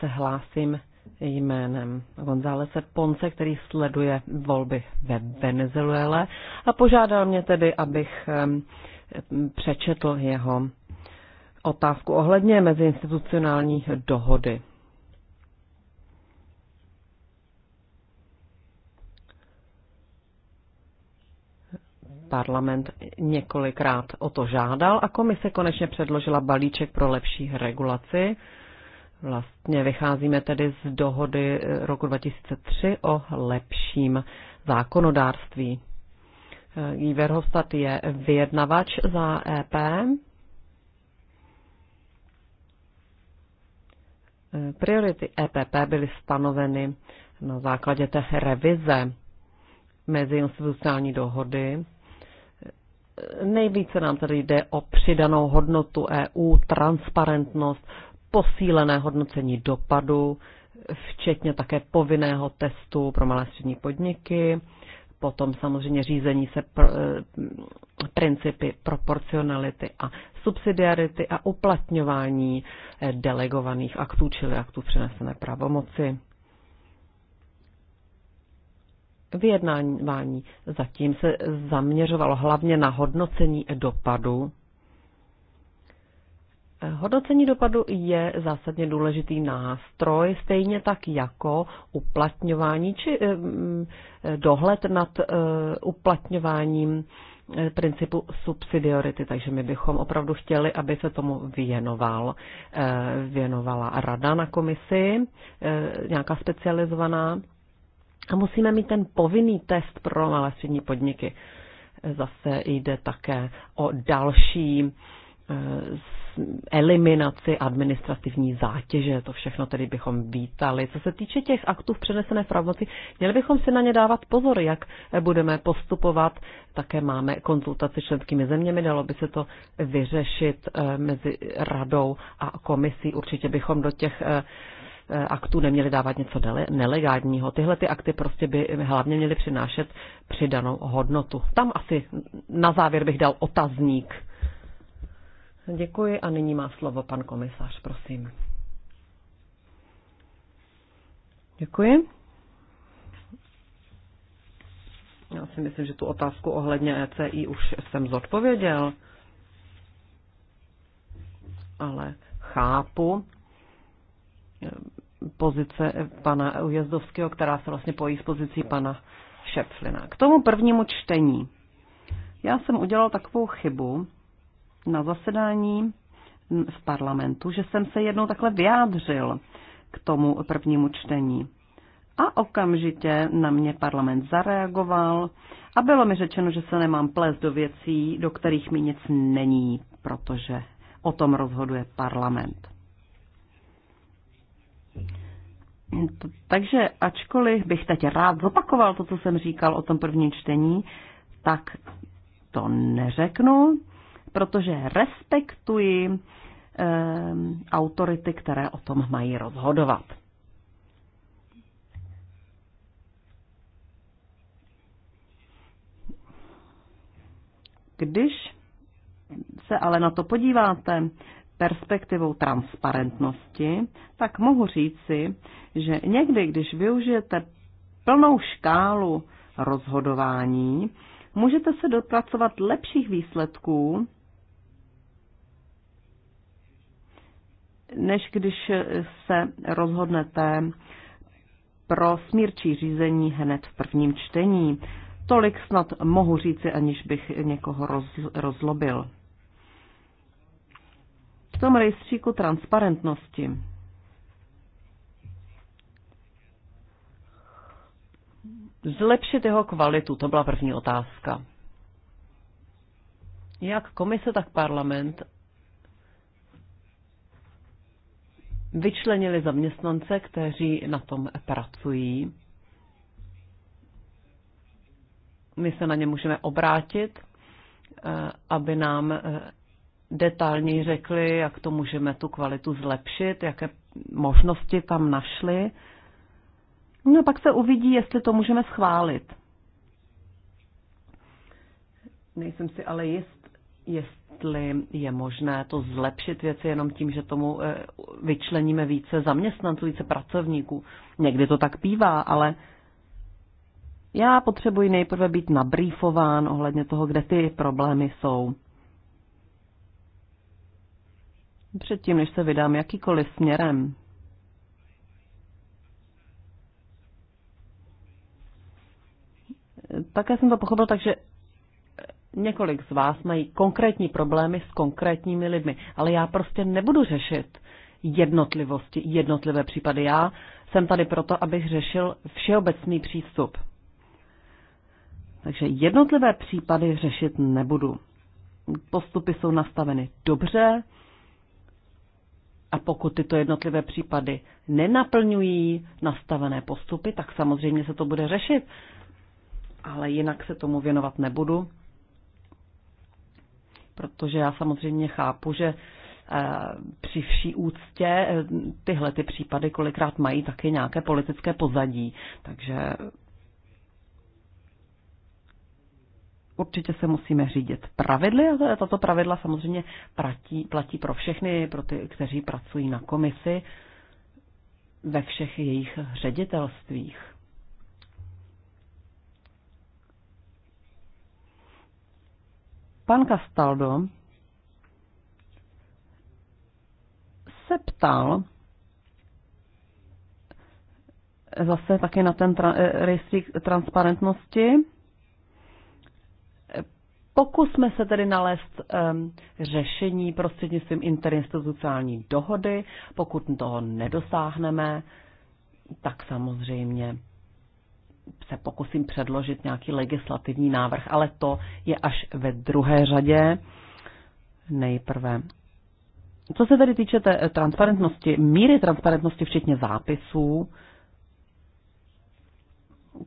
se hlásím jménem Gonzálese Ponce, který sleduje volby ve Venezuele a požádal mě tedy, abych přečetl jeho otázku ohledně meziinstitucionální dohody. Parlament několikrát o to žádal a komise konečně předložila balíček pro lepší regulaci Vlastně vycházíme tedy z dohody eh, roku 2003 o lepším zákonodárství. Eh, Verhofstadt je vyjednavač za EP. Eh, Priority EPP byly stanoveny na základě té revize institucionální dohody. Nejvíce nám tady jde o přidanou hodnotu EU, transparentnost, posílené hodnocení dopadu, včetně také povinného testu pro malé střední podniky, potom samozřejmě řízení se pr- eh, principy proporcionality a subsidiarity a uplatňování eh, delegovaných aktů, čili aktů přenesené pravomoci. Vyjednávání zatím se zaměřovalo hlavně na hodnocení dopadu Hodnocení dopadu je zásadně důležitý nástroj, stejně tak jako uplatňování či eh, mm, dohled nad eh, uplatňováním eh, principu subsidiority, takže my bychom opravdu chtěli, aby se tomu věnoval, věnovala rada na komisi, nějaká specializovaná. A musíme mít ten povinný test pro malé střední podniky. Zase jde také o další Eh, eliminaci administrativní zátěže. To všechno tedy bychom vítali. Co se týče těch aktů v přenesené pravomoci, měli bychom si na ně dávat pozor, jak budeme postupovat. Také máme konzultaci s členskými zeměmi, dalo by se to vyřešit eh, mezi radou a komisí. Určitě bychom do těch eh, aktů neměli dávat něco nelegálního. Tyhle ty akty prostě by hlavně měly přinášet přidanou hodnotu. Tam asi na závěr bych dal otazník Děkuji a nyní má slovo pan komisař, prosím. Děkuji. Já si myslím, že tu otázku ohledně ECI už jsem zodpověděl, ale chápu eh, pozice pana Ujezdovského, která se vlastně pojí s pozicí pana Šepflina. K tomu prvnímu čtení. Já jsem udělal takovou chybu, na zasedání v parlamentu, že jsem se jednou takhle vyjádřil k tomu prvnímu čtení. A okamžitě na mě parlament zareagoval a bylo mi řečeno, že se nemám plést do věcí, do kterých mi nic není, protože o tom rozhoduje parlament. Takže ačkoliv bych teď rád zopakoval to, co jsem říkal o tom prvním čtení, tak to neřeknu, protože respektuji eh, autority, které o tom mají rozhodovat. Když se ale na to podíváte perspektivou transparentnosti, tak mohu říci, že někdy, když využijete plnou škálu rozhodování, můžete se dopracovat lepších výsledků, než když se rozhodnete pro smírčí řízení hned v prvním čtení. Tolik snad mohu říci, aniž bych někoho roz, rozlobil. V tom rejstříku transparentnosti. Zlepšit jeho kvalitu, to byla první otázka. Jak komise, tak parlament vyčlenili zaměstnance, kteří na tom pracují. My se na ně můžeme obrátit, eh, aby nám eh, detailně řekli, jak to můžeme tu kvalitu zlepšit, jaké možnosti tam našli. No pak se uvidí, jestli to můžeme schválit. Nejsem si ale jist, jestli vysvětli, je možné to zlepšit věci jenom tím, že tomu eh, vyčleníme více zaměstnanců, více pracovníků. Někdy to tak pívá, ale já potřebuji nejprve být nabrýfován ohledně toho, kde ty problémy jsou. Předtím, než se vydám jakýkoliv směrem, také jsem to pochopil takže. Několik z vás mají konkrétní problémy s konkrétními lidmi, ale já prostě nebudu řešit jednotlivosti, jednotlivé případy. Já jsem tady proto, abych řešil všeobecný přístup. Takže jednotlivé případy řešit nebudu. Postupy jsou nastaveny dobře a pokud tyto jednotlivé případy nenaplňují nastavené postupy, tak samozřejmě se to bude řešit, ale jinak se tomu věnovat nebudu protože já samozřejmě chápu, že eh, při vší úctě eh, tyhle ty případy kolikrát mají taky nějaké politické pozadí, takže určitě se musíme řídit pravidly a tato pravidla samozřejmě platí, platí pro všechny, pro ty, kteří pracují na komisi ve všech jejich ředitelstvích. Pan Castaldo se ptal zase taky na ten tra- eh, rejstřík transparentnosti. Pokusme se tedy nalézt um, řešení prostřednictvím interinstitucionální dohody. Pokud toho nedosáhneme, tak samozřejmě se pokusím předložit nějaký legislativní návrh, ale to je až ve druhé řadě nejprve. Co se tedy týče té eh, transparentnosti, míry transparentnosti včetně zápisů,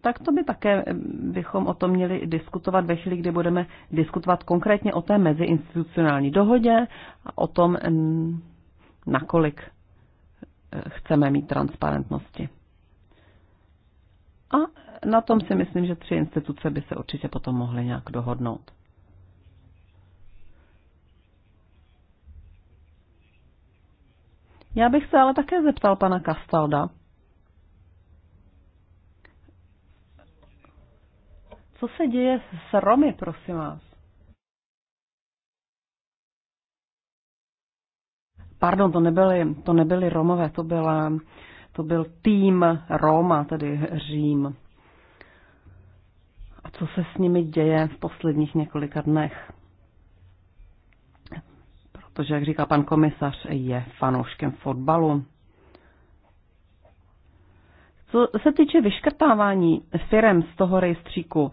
tak to by také eh, bychom o tom měli diskutovat ve chvíli, kdy budeme diskutovat konkrétně o té meziinstitucionální dohodě a o tom, nakolik eh, chceme mít transparentnosti. A na tom si myslím, že tři instituce by se určitě potom mohly nějak dohodnout. Já bych se ale také zeptal pana Kastalda, co se děje s Romy, prosím vás? Pardon, to nebyly, to nebyly Romové, to, byla, to byl tým Roma, tedy Řím co se s nimi děje v posledních několika dnech. Protože, jak říká pan komisař, je fanouškem fotbalu. Co se týče vyškrtávání firem z toho rejstříku,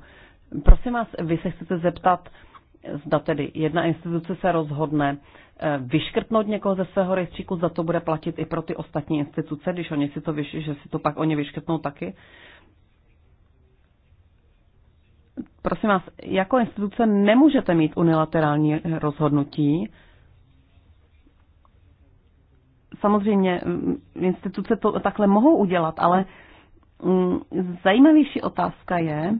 prosím vás, vy se chcete zeptat, zda tedy jedna instituce se rozhodne eh, vyškrtnout někoho ze svého rejstříku, za to bude platit i pro ty ostatní instituce, když oni si to, vyš, že si to pak oni vyškrtnou taky. prosím vás, jako instituce nemůžete mít unilaterální rozhodnutí. Samozřejmě mm, instituce to takhle mohou udělat, ale mm, zajímavější otázka je,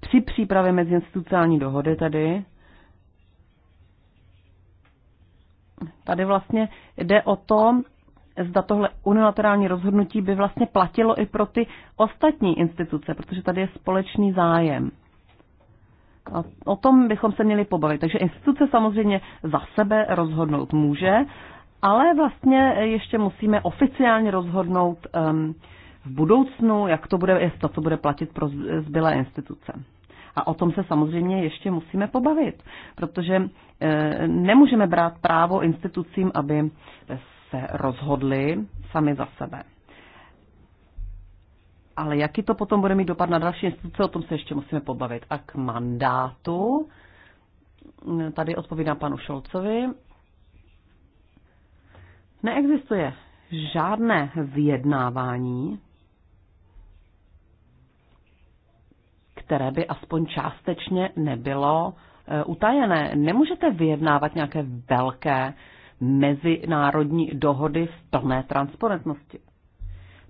při přípravě meziinstitucionální dohody tady, tady vlastně jde o to, zda tohle unilaterální rozhodnutí by vlastně platilo i pro ty ostatní instituce, protože tady je společný zájem. A o tom bychom se měli pobavit. Takže instituce samozřejmě za sebe rozhodnout může, ale vlastně ještě musíme oficiálně rozhodnout um, v budoucnu, jak to bude, jestli to bude platit pro zbylé instituce. A o tom se samozřejmě ještě musíme pobavit, protože eh, nemůžeme brát právo institucím, aby se rozhodli sami za sebe. Ale jaký to potom bude mít dopad na další instituce, o tom se ještě musíme pobavit. A k mandátu, tady odpovídám panu Šolcovi, neexistuje žádné vyjednávání, které by aspoň částečně nebylo eh, utajené. Nemůžete vyjednávat nějaké velké mezinárodní dohody v plné transparentnosti.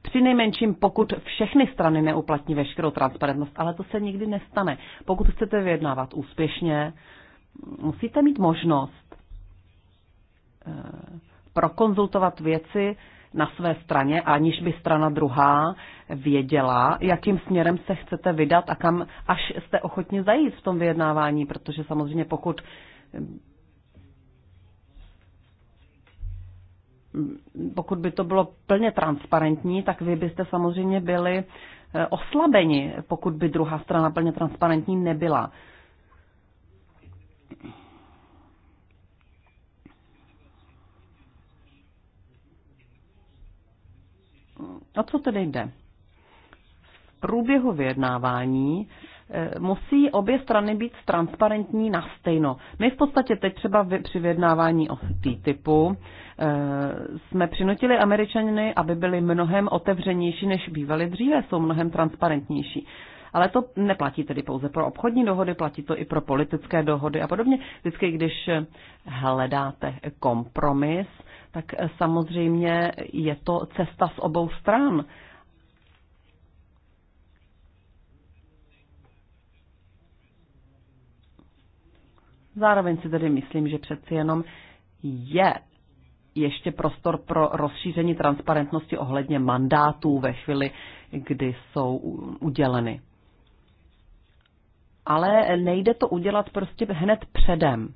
Při nejmenším, pokud všechny strany neuplatní veškerou transparentnost, ale to se nikdy nestane. Pokud chcete vyjednávat úspěšně, musíte mít možnost eh, prokonzultovat věci na své straně, aniž by strana druhá věděla, jakým směrem se chcete vydat a kam až jste ochotni zajít v tom vyjednávání, protože samozřejmě pokud pokud by to bylo plně transparentní, tak vy byste samozřejmě byli eh, oslabeni, pokud by druhá strana plně transparentní nebyla. O co tedy jde? V průběhu vyjednávání musí obě strany být transparentní na stejno. My v podstatě teď třeba při vyjednávání o TTIPu eh, jsme přinutili američany, aby byli mnohem otevřenější, než bývali dříve, jsou mnohem transparentnější. Ale to neplatí tedy pouze pro obchodní dohody, platí to i pro politické dohody a podobně. Vždycky, když hledáte kompromis, tak samozřejmě je to cesta z obou stran. Zároveň si tedy myslím, že přeci jenom je ještě prostor pro rozšíření transparentnosti ohledně mandátů ve chvíli, kdy jsou uděleny. Ale nejde to udělat prostě hned předem.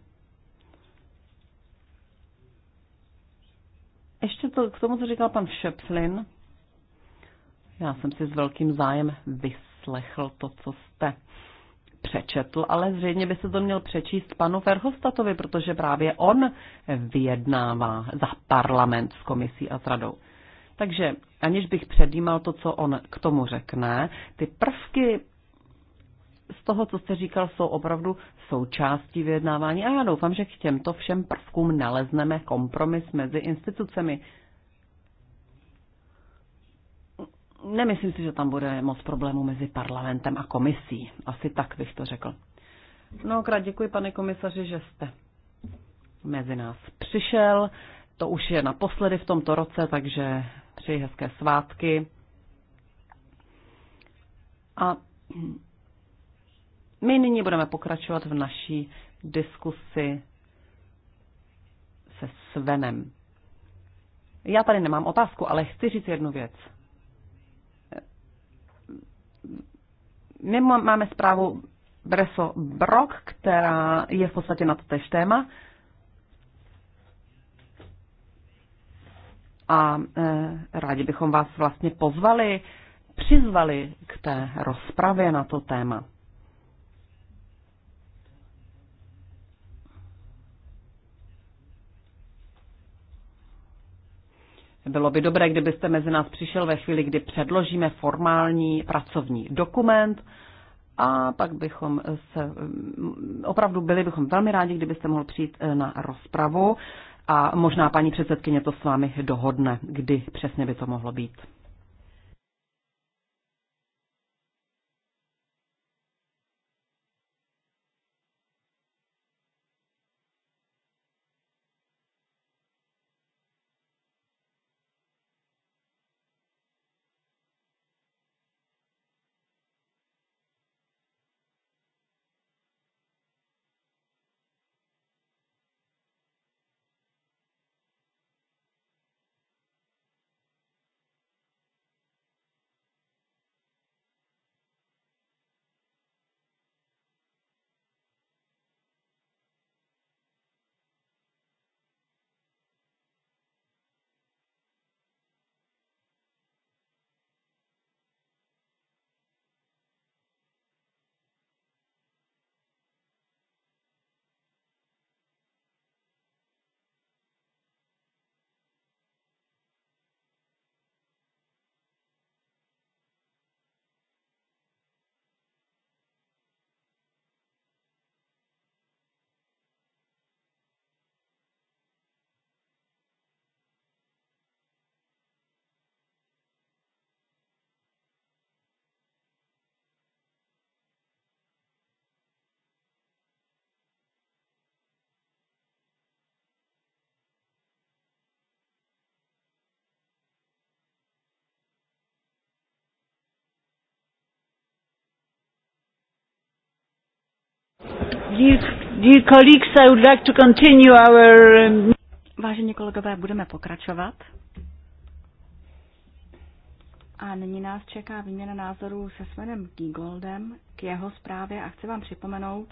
Ještě to, k tomu, co říkal pan Šepflin, já jsem si s velkým zájem vyslechl to, co jste přečetl, ale zřejmě by se to měl přečíst panu Verhostatovi, protože právě on vyjednává za parlament s komisí a s radou. Takže aniž bych předjímal to, co on k tomu řekne, ty prvky z toho, co jste říkal, jsou opravdu součástí vyjednávání a já doufám, že k těmto všem prvkům nalezneme kompromis mezi institucemi. Nemyslím si, že tam bude moc problémů mezi parlamentem a komisí. Asi tak bych to řekl. Mnohokrát děkuji, pane komisaři, že jste mezi nás přišel. To už je naposledy v tomto roce, takže přeji hezké svátky. A my nyní budeme pokračovat v naší diskusi se Svenem. Já tady nemám otázku, ale chci říct jednu věc. My máme zprávu Breso Brock, která je v podstatě na to tež téma. A e, rádi bychom vás vlastně pozvali, přizvali k té rozpravě na to téma. Bylo by dobré, kdybyste mezi nás přišel ve chvíli, kdy předložíme formální pracovní dokument a pak bychom se, mm, opravdu byli bychom velmi rádi, kdybyste mohl přijít e, na rozpravu a možná paní předsedkyně to s vámi dohodne, kdy přesně by to mohlo být. Vážení kolegové, budeme pokračovat. A nyní nás čeká výměna názorů se Svenem Giegoldem k jeho zprávě a chci vám připomenout,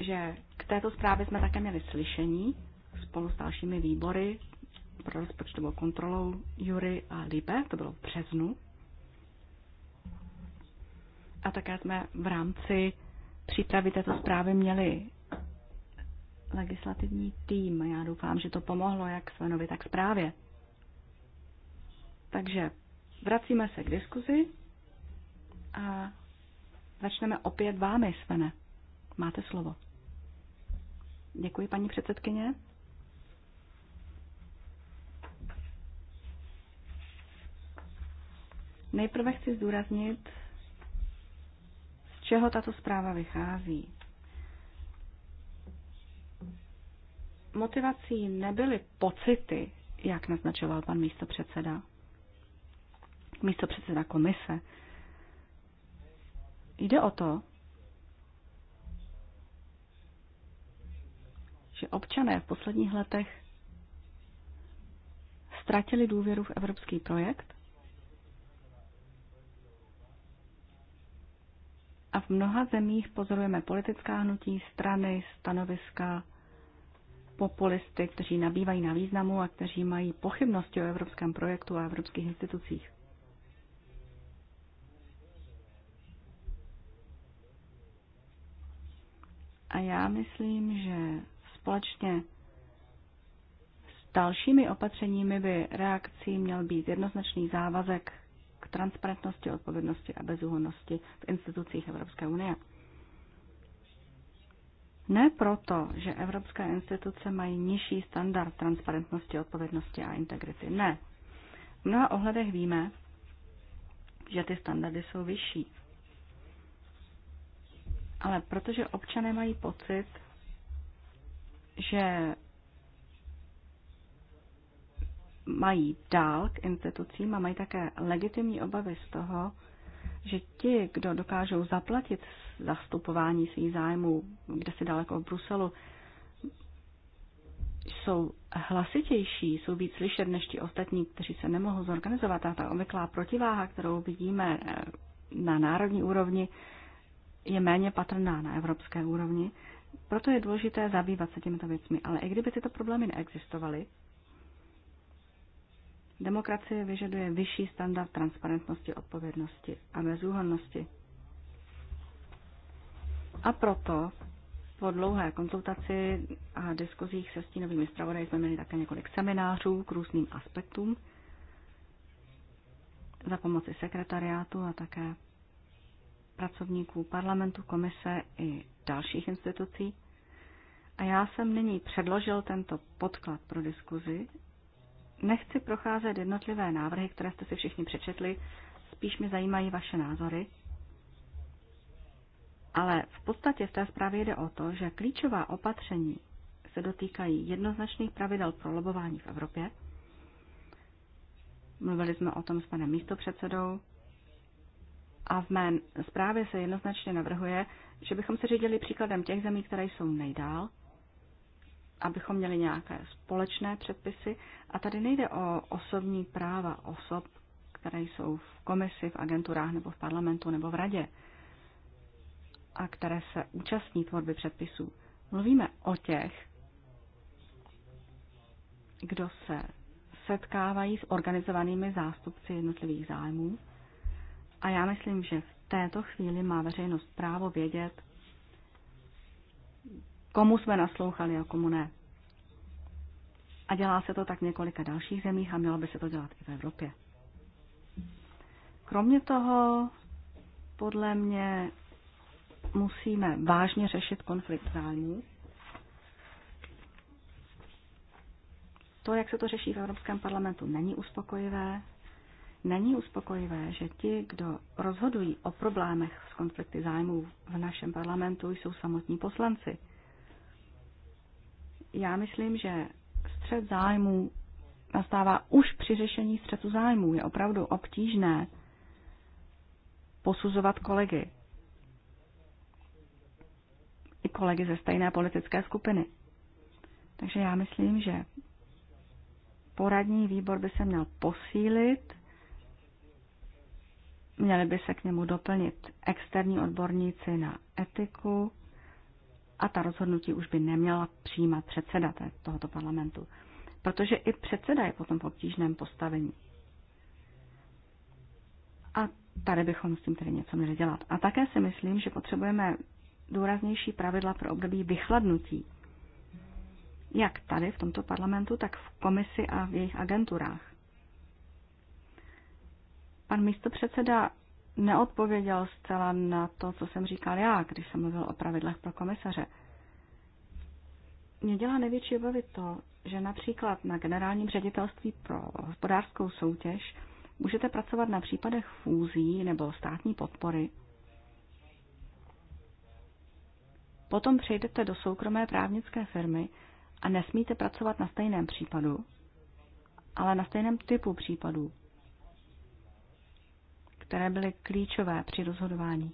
že k této zprávě jsme také měli slyšení spolu s dalšími výbory pro rozpočtovou kontrolou Jury a Libe, to bylo v březnu a také jsme v rámci přípravy této zprávy měli legislativní tým. Já doufám, že to pomohlo jak Svenovi, tak zprávě. Takže vracíme se k diskuzi a začneme opět vámi, Svene. Máte slovo. Děkuji, paní předsedkyně. Nejprve chci zdůraznit, čeho tato zpráva vychází. Motivací nebyly pocity, jak naznačoval pan místopředseda, místopředseda komise. Jde o to, že občané v posledních letech ztratili důvěru v evropský projekt A v mnoha zemích pozorujeme politická hnutí, strany, stanoviska, populisty, kteří nabývají na významu a kteří mají pochybnosti o evropském projektu a evropských institucích. A já myslím, že společně s dalšími opatřeními by reakcí měl být jednoznačný závazek transparentnosti, odpovědnosti a bezúhonnosti v institucích Evropské unie. Ne proto, že evropské instituce mají nižší standard transparentnosti, odpovědnosti a integrity. Ne. V mnoha ohledech víme, že ty standardy jsou vyšší. Ale protože občané mají pocit, že mají dál k institucím a mají také legitimní obavy z toho, že ti, kdo dokážou zaplatit zastupování svých zájmů, kde si daleko v Bruselu, jsou hlasitější, jsou víc slyšet než ti ostatní, kteří se nemohou zorganizovat. A ta obvyklá protiváha, kterou vidíme eh, na národní úrovni, je méně patrná na evropské úrovni. Proto je důležité zabývat se těmito věcmi. Ale i kdyby tyto problémy neexistovaly, Demokracie vyžaduje vyšší standard transparentnosti, odpovědnosti a bezúhonnosti. A proto po dlouhé konzultaci a diskuzích se stínovými zpravodaji jsme měli také několik seminářů k různým aspektům za pomoci sekretariátu a také pracovníků parlamentu, komise i dalších institucí. A já jsem nyní předložil tento podklad pro diskuzi Nechci procházet jednotlivé návrhy, které jste si všichni přečetli, spíš mi zajímají vaše názory. Ale v podstatě v té zprávě jde o to, že klíčová opatření se dotýkají jednoznačných pravidel pro lobování v Evropě. Mluvili jsme o tom s panem místopředsedou. A v mé zprávě se jednoznačně navrhuje, že bychom se řídili příkladem těch zemí, které jsou nejdál abychom měli nějaké společné předpisy. A tady nejde o osobní práva osob, které jsou v komisi, v agenturách nebo v parlamentu nebo v radě a které se účastní tvorby předpisů. Mluvíme o těch, kdo se setkávají s organizovanými zástupci jednotlivých zájmů. A já myslím, že v této chvíli má veřejnost právo vědět, komu jsme naslouchali a komu ne. A dělá se to tak v několika dalších zemích a mělo by se to dělat i v Evropě. Kromě toho, podle mě, musíme vážně řešit konflikt zájmů. To, jak se to řeší v Evropském parlamentu, není uspokojivé. Není uspokojivé, že ti, kdo rozhodují o problémech s konflikty zájmů v našem parlamentu, jsou samotní poslanci. Já myslím, že střed zájmu nastává už při řešení střetu zájmu. Je opravdu obtížné posuzovat kolegy. I kolegy ze stejné politické skupiny. Takže já myslím, že poradní výbor by se měl posílit, měli by se k němu doplnit externí odborníci na etiku, a ta rozhodnutí už by neměla přijímat předseda tohoto parlamentu. Protože i předseda je potom v obtížném postavení. A tady bychom s tím tedy něco měli dělat. A také si myslím, že potřebujeme důraznější pravidla pro období vychladnutí. Jak tady v tomto parlamentu, tak v komisi a v jejich agenturách. Pan místopředseda neodpověděl zcela na to, co jsem říkal já, když jsem mluvil o pravidlech pro komisaře. Mě dělá největší obavy to, že například na generálním ředitelství pro hospodářskou soutěž můžete pracovat na případech fúzí nebo státní podpory. Potom přejdete do soukromé právnické firmy a nesmíte pracovat na stejném případu, ale na stejném typu případů, které byly klíčové při rozhodování.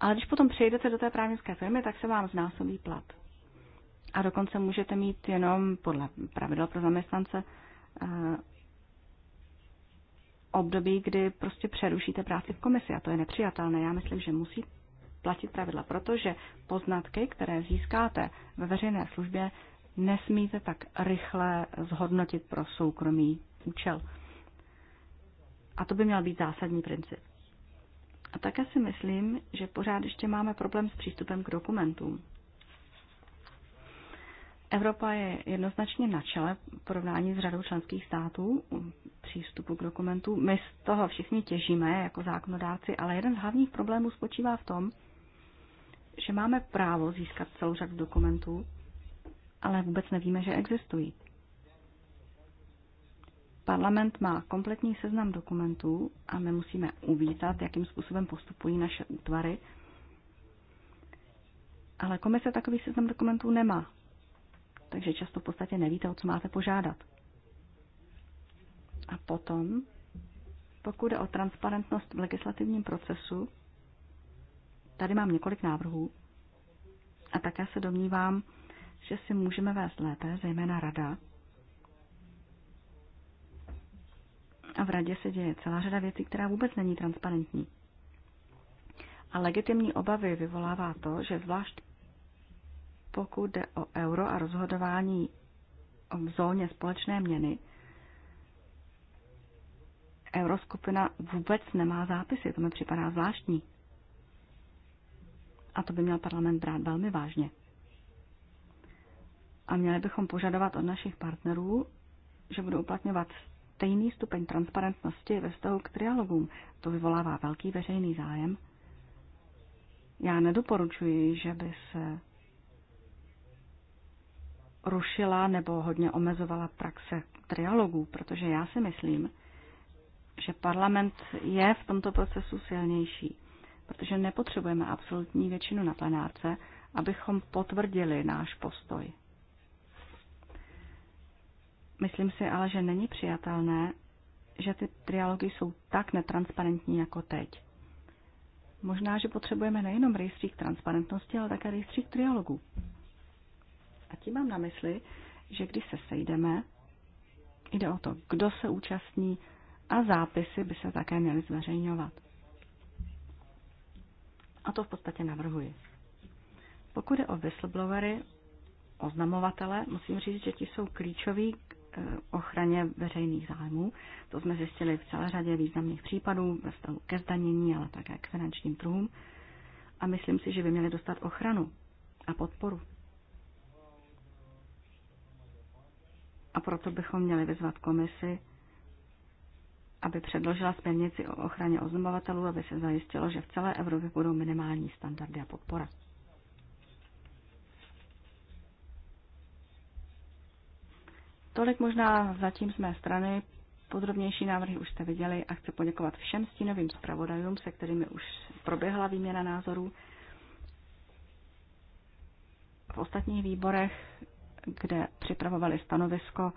Ale když potom přejdete do té právnické firmy, tak se vám znásobí plat. A dokonce můžete mít jenom podle pravidel pro zaměstnance eh, období, kdy prostě přerušíte práci v komisi a to je nepřijatelné. Já myslím, že musí platit pravidla, protože poznatky, které získáte ve veřejné službě, nesmíte tak rychle zhodnotit pro soukromý účel. A to by měl být zásadní princip. A také si myslím, že pořád ještě máme problém s přístupem k dokumentům. Evropa je jednoznačně na čele v porovnání s řadou členských států přístupu k dokumentům. My z toho všichni těžíme jako zákonodáci, ale jeden z hlavních problémů spočívá v tom, že máme právo získat celou řadu dokumentů, ale vůbec nevíme, že existují. Parlament má kompletní seznam dokumentů a my musíme uvítat, jakým způsobem postupují naše útvary. Ale komise takový seznam dokumentů nemá, takže často v podstatě nevíte, o co máte požádat. A potom, pokud je o transparentnost v legislativním procesu, tady mám několik návrhů a také se domnívám, že si můžeme vést lépe, zejména rada, A v radě se děje celá řada věcí, která vůbec není transparentní. A legitimní obavy vyvolává to, že zvlášť pokud jde o euro a rozhodování v zóně společné měny, euroskupina vůbec nemá zápisy. To mi připadá zvláštní. A to by měl parlament brát velmi vážně. A měli bychom požadovat od našich partnerů, že budou uplatňovat stejný stupeň transparentnosti ve vztahu k trialogům. To vyvolává velký veřejný zájem. Já nedoporučuji, že by se rušila nebo hodně omezovala praxe trialogů, protože já si myslím, že parlament je v tomto procesu silnější, protože nepotřebujeme absolutní většinu na plenárce, abychom potvrdili náš postoj. Myslím si ale, že není přijatelné, že ty trialogy jsou tak netransparentní jako teď. Možná, že potřebujeme nejenom rejstřík transparentnosti, ale také rejstřík trialogů. A tím mám na mysli, že když se sejdeme, jde o to, kdo se účastní a zápisy by se také měly zveřejňovat. A to v podstatě navrhuji. Pokud je o whistleblowery, oznamovatele, musím říct, že ti jsou klíčoví Eh, ochraně veřejných zájmů. To jsme zjistili v celé řadě významných případů ve vztahu ke zdanění, ale také k finančním trhům. A myslím si, že by měli dostat ochranu a podporu. A proto bychom měli vyzvat komisi, aby předložila směrnici o ochraně oznamovatelů, aby se zajistilo, že v celé Evropě budou minimální standardy a podpora. Tolik možná zatím z mé strany. Podrobnější návrhy už jste viděli a chci poděkovat všem stínovým zpravodajům, se kterými už proběhla výměna názorů. V ostatních výborech, kde připravovali stanovisko,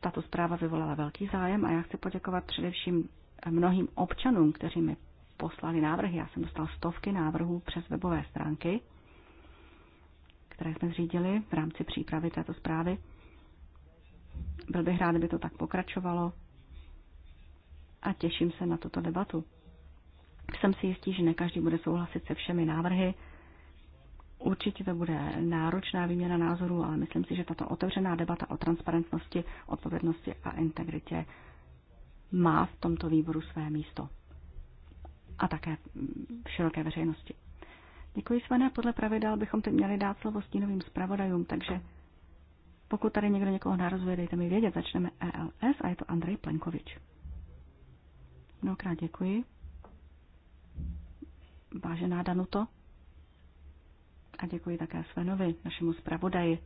tato zpráva vyvolala velký zájem a já chci poděkovat především mnohým občanům, kteří mi poslali návrhy. Já jsem dostal stovky návrhů přes webové stránky, které jsme zřídili v rámci přípravy této zprávy. Byl bych rád, kdyby to tak pokračovalo a těším se na tuto debatu. Jsem si jistý, že ne každý bude souhlasit se všemi návrhy. Určitě to bude náročná výměna názorů, ale myslím si, že tato otevřená debata o transparentnosti, odpovědnosti a integritě má v tomto výboru své místo. A také v široké veřejnosti. Děkuji, Svané. Podle pravidel bychom teď měli dát slovo stínovým zpravodajům, takže pokud tady někdo někoho narazuje, dejte mi vědět. Začneme ELS a je to Andrej Plenkovič. Mnohokrát děkuji. Vážená Danuto. A děkuji také Svenovi, našemu zpravodaji,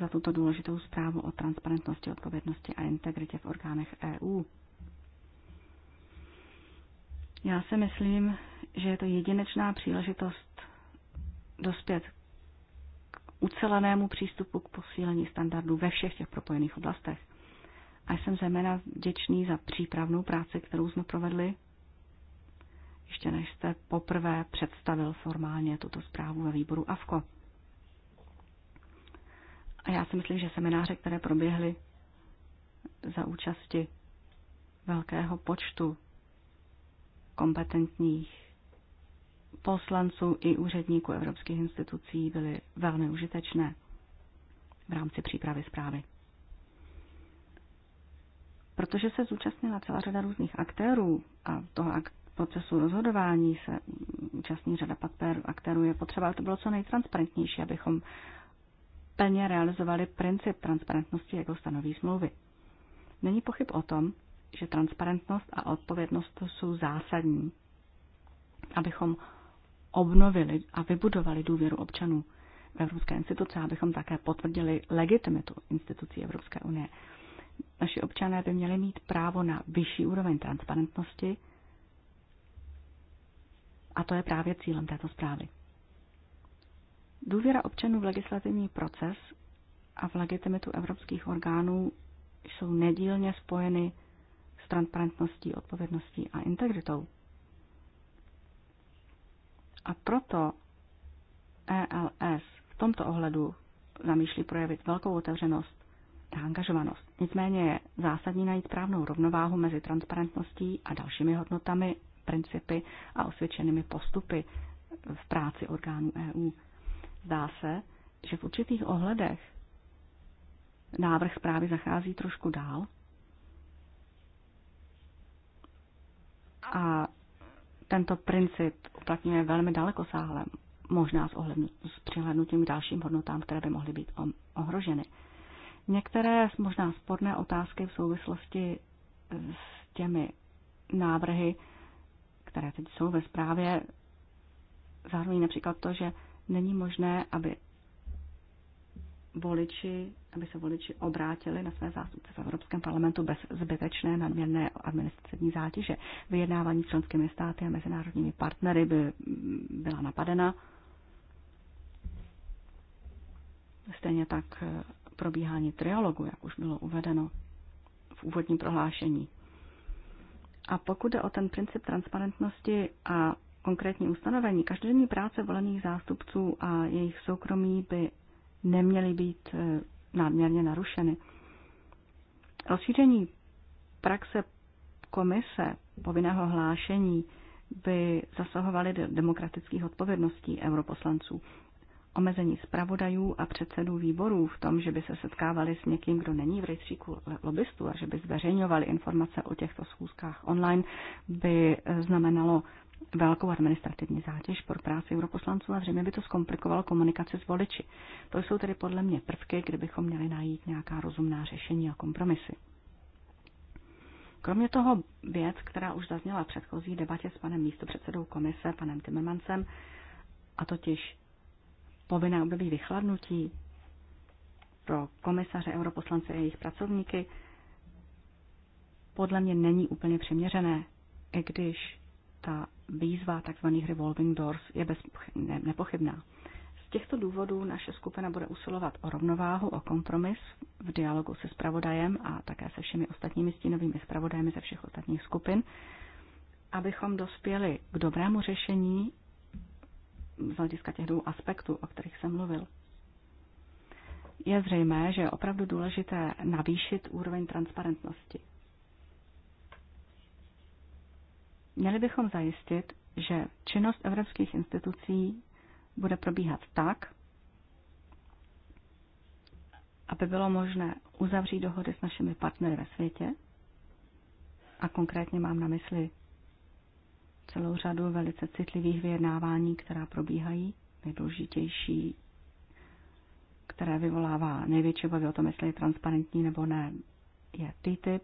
za tuto důležitou zprávu o transparentnosti, odpovědnosti a integritě v orgánech EU. Já si myslím, že je to jedinečná příležitost dospět ucelenému přístupu k posílení standardů ve všech těch propojených oblastech. A jsem zejména vděčný za přípravnou práci, kterou jsme provedli, ještě než jste poprvé představil formálně tuto zprávu ve výboru AVKO. A já si myslím, že semináře, které proběhly za účasti velkého počtu kompetentních poslanců i úředníků evropských institucí byly velmi užitečné v rámci přípravy zprávy. Protože se zúčastnila celá řada různých aktérů a toho procesu rozhodování se účastní řada papér, aktérů, je potřeba, aby to bylo co nejtransparentnější, abychom plně realizovali princip transparentnosti, jako stanoví smlouvy. Není pochyb o tom, že transparentnost a odpovědnost jsou zásadní, abychom obnovili a vybudovali důvěru občanů v evropské instituce, abychom také potvrdili legitimitu institucí Evropské unie. Naši občané by měli mít právo na vyšší úroveň transparentnosti a to je právě cílem této zprávy. Důvěra občanů v legislativní proces a v legitimitu evropských orgánů jsou nedílně spojeny s transparentností, odpovědností a integritou. A proto ELS v tomto ohledu zamýšlí projevit velkou otevřenost a angažovanost. Nicméně je zásadní najít správnou rovnováhu mezi transparentností a dalšími hodnotami, principy a osvědčenými postupy v práci orgánů EU. Zdá se, že v určitých ohledech návrh zprávy zachází trošku dál a tento princip uplatňuje velmi daleko sáhle, možná s, ohlednu, s přihlednutím k dalším hodnotám, které by mohly být ohroženy. Některé možná sporné otázky v souvislosti s těmi návrhy, které teď jsou ve zprávě, zahrnují například to, že není možné, aby voliči, aby se voliči obrátili na své zástupce v Evropském parlamentu bez zbytečné nadměrné administrativní zátěže. Vyjednávání s členskými státy a mezinárodními partnery by mm, byla napadena. Stejně tak eh, probíhání trialogu, jak už bylo uvedeno v úvodním prohlášení. A pokud jde o ten princip transparentnosti a konkrétní ustanovení, každodenní práce volených zástupců a jejich soukromí by neměly být eh, nadměrně narušeny. Rozšíření praxe komise povinného hlášení by zasahovaly do demokratických odpovědností europoslanců. Omezení zpravodajů a předsedů výborů v tom, že by se setkávali s někým, kdo není v rejstříku lobbystů a že by zveřejňovali informace o těchto schůzkách online, by eh, znamenalo velkou administrativní zátěž pro práci europoslanců a zřejmě by to zkomplikovalo komunikaci s voliči. To jsou tedy podle mě prvky, kde bychom měli najít nějaká rozumná řešení a kompromisy. Kromě toho věc, která už zazněla v předchozí debatě s panem místopředsedou komise, panem Timmermansem, a totiž povinné období vychladnutí pro komisaře, europoslance a jejich pracovníky, podle mě není úplně přiměřené, i když ta výzva tzv. revolving doors je bez, ne, nepochybná. Z těchto důvodů naše skupina bude usilovat o rovnováhu, o kompromis v dialogu se spravodajem a také se všemi ostatními stínovými spravodajemi ze všech ostatních skupin, abychom dospěli k dobrému řešení z hlediska těch dvou aspektů, o kterých jsem mluvil. Je zřejmé, že je opravdu důležité navýšit úroveň transparentnosti. Měli bychom zajistit, že činnost evropských institucí bude probíhat tak, aby bylo možné uzavřít dohody s našimi partnery ve světě. A konkrétně mám na mysli celou řadu velice citlivých vyjednávání, která probíhají, nejdůležitější, které vyvolává největší obavy o tom, jestli je transparentní nebo ne, je TTIP,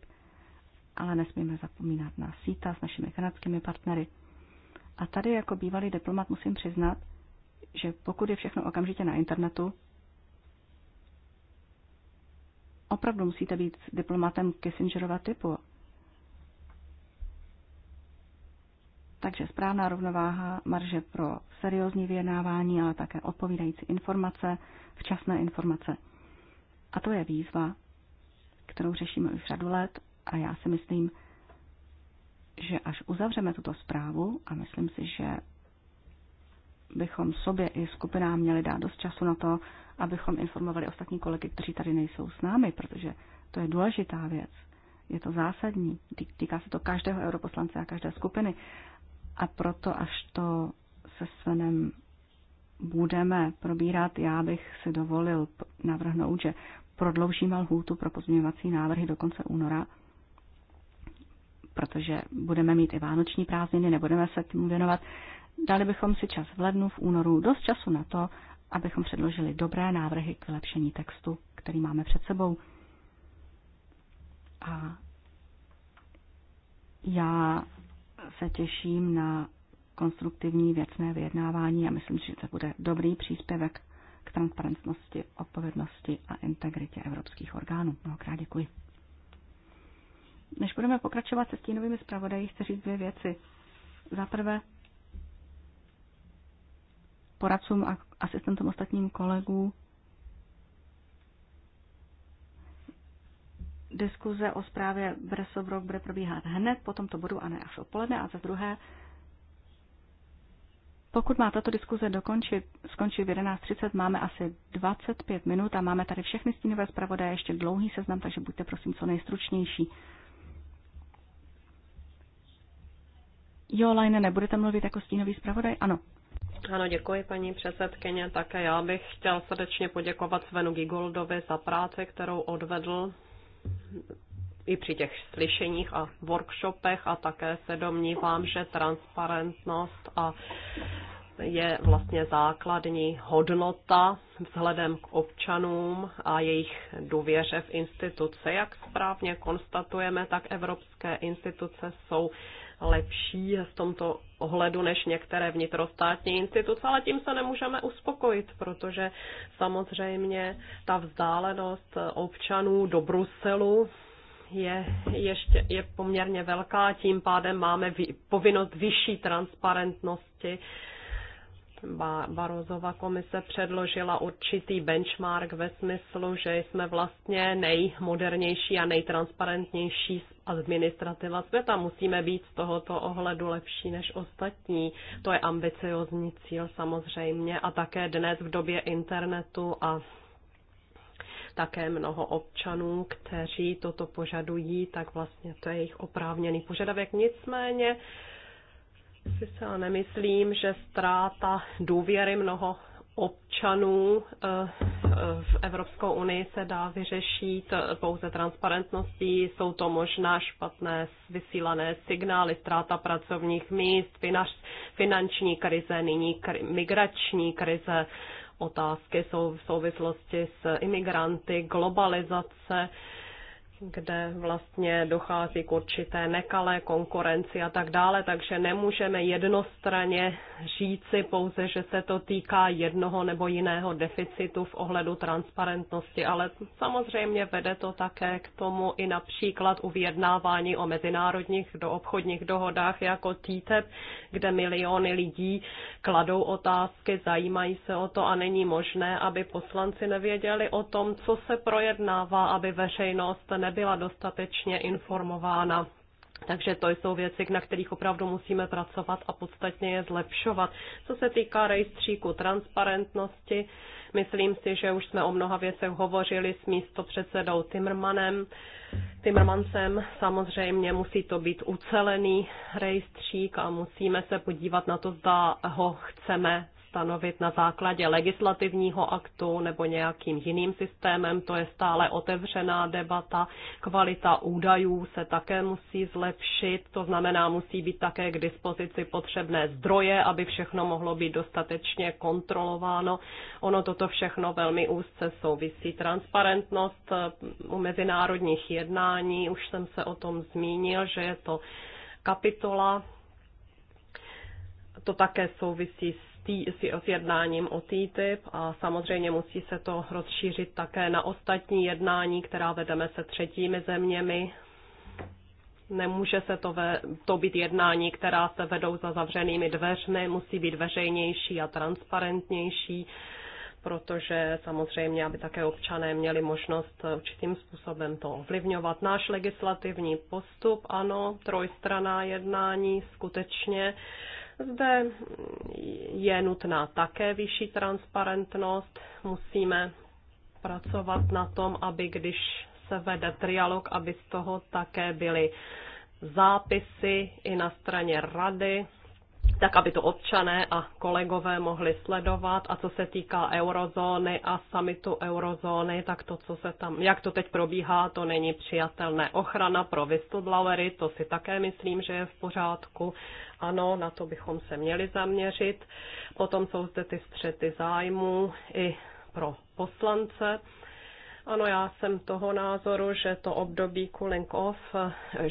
ale nesmíme zapomínat na síta s našimi kanadskými partnery. A tady jako bývalý diplomat musím přiznat, že pokud je všechno okamžitě na internetu, opravdu musíte být diplomatem Kissingerova typu. Takže správná rovnováha, marže pro seriózní vyjednávání, ale také odpovídající informace, včasné informace. A to je výzva, kterou řešíme už řadu let a já si myslím, že až uzavřeme tuto zprávu, a myslím si, že bychom sobě i skupinám měli dát dost času na to, abychom informovali ostatní kolegy, kteří tady nejsou s námi, protože to je důležitá věc. Je to zásadní. Týká se to každého europoslance a každé skupiny. A proto, až to se Svenem budeme probírat, já bych si dovolil navrhnout, že prodloužíme lhůtu pro pozměňovací návrhy do konce února protože budeme mít i vánoční prázdniny, nebudeme se tím věnovat. Dali bychom si čas v lednu, v únoru, dost času na to, abychom předložili dobré návrhy k vylepšení textu, který máme před sebou. A já se těším na konstruktivní věcné vyjednávání a myslím, že to bude dobrý příspěvek k transparentnosti, odpovědnosti a integritě evropských orgánů. Mnohokrát děkuji. Než budeme pokračovat se stínovými zpravodaji, chci říct dvě věci. Za prvé, poradcům a asistentům ostatním kolegů diskuze o zprávě Bresovrok bude probíhat hned po tomto bodu a ne až odpoledne. A za druhé, pokud má tato diskuze dokončit, skončit v 11.30, máme asi 25 minut a máme tady všechny stínové zpravodaje, ještě dlouhý seznam, takže buďte prosím co nejstručnější. Jo, Lajne, nebudete mluvit jako stínový zpravodaj? Ano. Ano, děkuji paní předsedkyně. Také já bych chtěl srdečně poděkovat Svenu Gigoldovi za práci, kterou odvedl i při těch slyšeních a workshopech a také se domnívám, že transparentnost a je vlastně základní hodnota vzhledem k občanům a jejich důvěře v instituce. Jak správně konstatujeme, tak evropské instituce jsou lepší v tomto ohledu než některé vnitrostátní instituce, ale tím se nemůžeme uspokojit, protože samozřejmě ta vzdálenost občanů do Bruselu je, ještě, je poměrně velká, tím pádem máme vý, povinnost vyšší transparentnosti Barozova komise předložila určitý benchmark ve smyslu, že jsme vlastně nejmodernější a nejtransparentnější administrativa světa. Musíme být z tohoto ohledu lepší než ostatní. To je ambiciozní cíl samozřejmě a také dnes v době internetu a také mnoho občanů, kteří toto požadují, tak vlastně to je jejich oprávněný požadavek. Nicméně si se nemyslím, že ztráta důvěry mnoho občanů eh, eh, v Evropskou unii se dá vyřešit eh, pouze transparentností. Jsou to možná špatné vysílané signály, ztráta pracovních míst, finanční krize, nyní migrační krize, otázky jsou v souvislosti s imigranty, globalizace kde vlastně dochází k určité nekalé konkurenci a tak dále, takže nemůžeme jednostranně říci pouze, že se to týká jednoho nebo jiného deficitu v ohledu transparentnosti, ale samozřejmě vede to také k tomu i například u vyjednávání o mezinárodních do obchodních dohodách jako TTIP, e kde miliony lidí kladou otázky, zajímají se o to a není možné, aby poslanci nevěděli o tom, co se projednává, aby veřejnost ne nebyla dostatečně informována. Takže to jsou věci, na kterých opravdu musíme pracovat a podstatně je zlepšovat. Co se týká rejstříku transparentnosti, myslím si, že už jsme o mnoha věcech hovořili s předsedou Timmermanem. Timmermansem samozřejmě musí to být ucelený rejstřík a musíme se podívat na to, zda ho chceme stanovit na základě legislativního aktu nebo nějakým jiným systémem. To je stále otevřená debata. Kvalita údajů se také musí zlepšit, to znamená, musí být také k dispozici potřebné zdroje, aby všechno mohlo být dostatečně kontrolováno. Ono toto všechno velmi úzce souvisí. Transparentnost mm, u mezinárodních jednání, už jsem se o tom zmínil, že je to kapitola to také souvisí s tý, s jednáním o TTIP a samozřejmě musí se to rozšířit také na ostatní jednání, která vedeme se třetími zeměmi. Nemůže se to, ve, to být jednání, která se vedou za zavřenými dveřmi, musí být veřejnější a transparentnější, protože samozřejmě, aby také občané měli možnost určitým způsobem to ovlivňovat. Náš legislativní postup, ano, trojstraná jednání skutečně zde je nutná také vyšší transparentnost. Musíme pracovat na tom, aby když se vede trialog, aby z toho také byly zápisy i na straně rady, tak aby to občané a kolegové mohli sledovat. A co se týká eurozóny a samitu eurozóny, tak to, co se tam, jak to teď probíhá, to není přijatelné. Ochrana pro whistleblowery, to si také myslím, že je v pořádku. Ano, na to bychom se měli zaměřit. Potom jsou zde ty střety zájmů i pro poslance. Ano, já jsem toho názoru, že to období cooling off,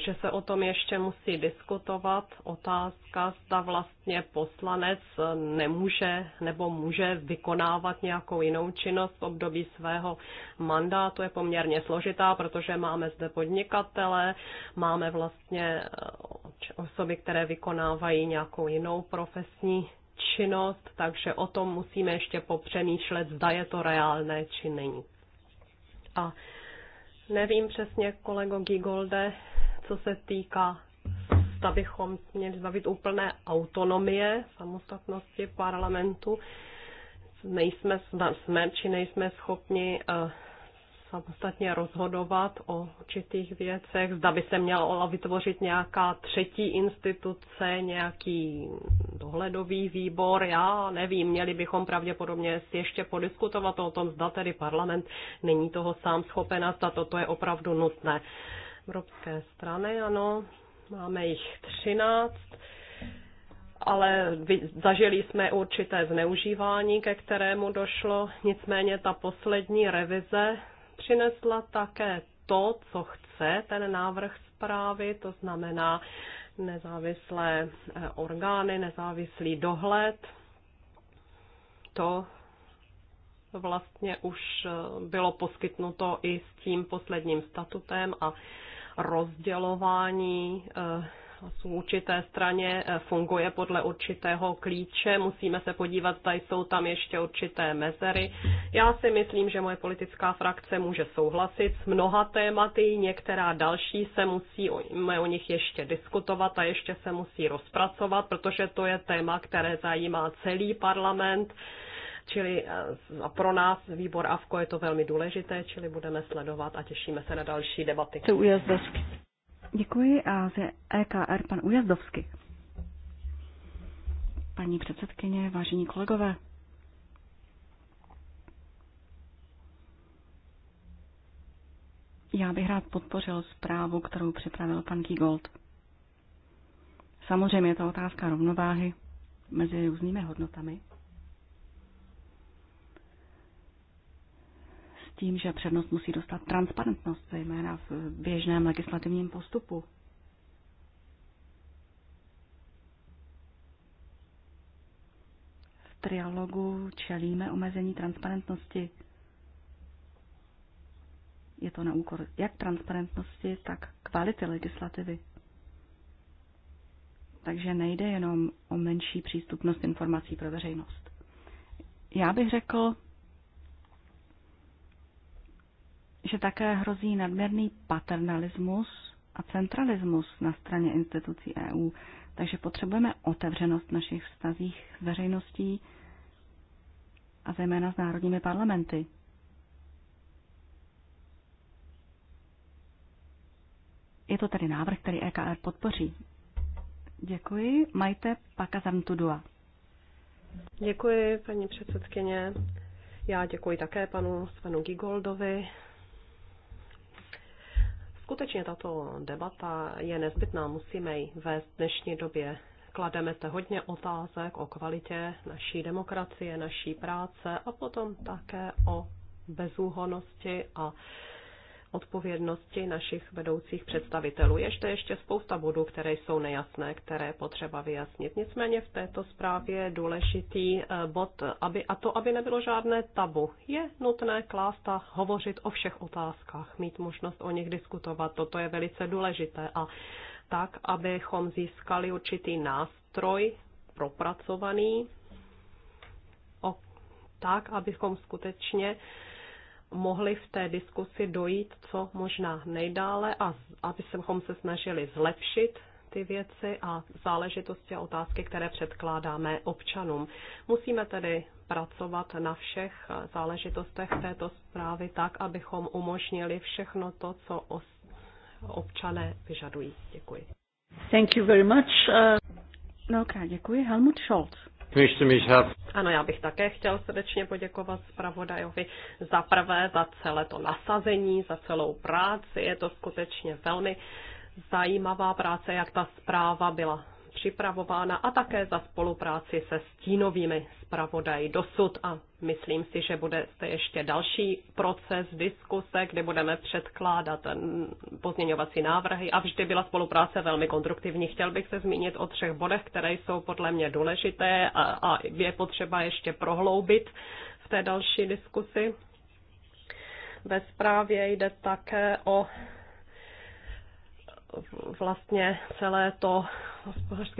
že se o tom ještě musí diskutovat. Otázka, zda vlastně poslanec nemůže nebo může vykonávat nějakou jinou činnost v období svého mandátu je poměrně složitá, protože máme zde podnikatele, máme vlastně eh, osoby, které vykonávají nějakou jinou profesní činnost, takže o tom musíme ještě popřemýšlet, zda je to reálné či není. A nevím přesně, kolego Gigolde, co se týká zda bychom měli zbavit úplné autonomie, samostatnosti parlamentu. Nejsme, jsme či nejsme schopni eh, samostatně rozhodovat o určitých věcech, zda by se měla vytvořit nějaká třetí instituce, nějaký dohledový výbor, já nevím, měli bychom pravděpodobně ještě podiskutovat o tom, zda tedy parlament není toho sám schopen a zda toto je opravdu nutné. Evropské strany, ano, máme jich 13 ale zažili jsme určité zneužívání, ke kterému došlo. Nicméně ta poslední revize přinesla také to, co chce ten návrh zprávy, to znamená nezávislé eh, orgány, nezávislý dohled. To vlastně už eh, bylo poskytnuto i s tím posledním statutem a rozdělování eh, určité straně eh, funguje podle určitého klíče. Musíme se podívat, zda jsou tam ještě určité mezery. Já si myslím, že moje politická frakce může souhlasit s mnoha tématy, některá další se musí o nich ještě diskutovat a ještě se musí rozpracovat, protože to je téma, které zajímá celý parlament. Čili eh, pro nás výbor AVKO je to velmi důležité, čili budeme sledovat a těšíme se na další debaty. Děkuji a ze EKR pan Ujazdovsky. Paní předsedkyně, vážení kolegové. Já bych rád podpořil zprávu, kterou připravil pan Gold. Samozřejmě je to otázka rovnováhy mezi různými hodnotami. tím, že přednost musí dostat transparentnost, zejména v běžném legislativním postupu. V trialogu čelíme omezení transparentnosti. Je to na úkor jak transparentnosti, tak kvality legislativy. Takže nejde jenom o menší přístupnost informací pro veřejnost. Já bych řekl, že také hrozí nadměrný paternalismus a centralismus na straně institucí EU, takže potřebujeme otevřenost v našich vztazích s veřejností a zejména s národními parlamenty. Je to tedy návrh, který EKR podpoří. Děkuji. Majte Pakazantudua. Děkuji, paní předsedkyně. Já děkuji také panu Svenu Gigoldovi Skutečně tato debata je nezbytná, musíme ji vést v dnešní době. Klademe se hodně otázek o kvalitě naší demokracie, naší práce a potom také o bezúhonosti a odpovědnosti našich vedoucích představitelů. Ještě ještě spousta bodů, které jsou nejasné, které potřeba vyjasnit. Nicméně v této zprávě je důležitý eh, bod, aby, a to, aby nebylo žádné tabu. Je nutné klást a hovořit o všech otázkách, mít možnost o nich diskutovat. Toto je velice důležité a tak, abychom získali určitý nástroj propracovaný, o, tak, abychom skutečně uh, mohli v té diskusi dojít co možná nejdále a abychom se snažili zlepšit ty věci a záležitosti a otázky, které předkládáme občanům. Musíme tedy pracovat na všech záležitostech této zprávy tak, abychom umožnili všechno to, co občané vyžadují. Děkuji. Thank you very much. Uh... okay, děkuji. Helmut Scholz. Ano, já bych také chtěl srdečně poděkovat zpravodajovi za prvé, za celé to nasazení, za celou práci. Je to skutečně velmi zajímavá práce, jak ta zpráva byla připravována a také za spolupráci se stínovými zpravodají dosud a myslím si, že bude zde ještě další proces diskuse, kde budeme předkládat pozměňovací návrhy a vždy byla spolupráce velmi konstruktivní. Chtěl bych se zmínit o třech bodech, které jsou podle mě důležité a, a je potřeba ještě prohloubit v té další diskusi. Ve zprávě jde také o vlastně celé to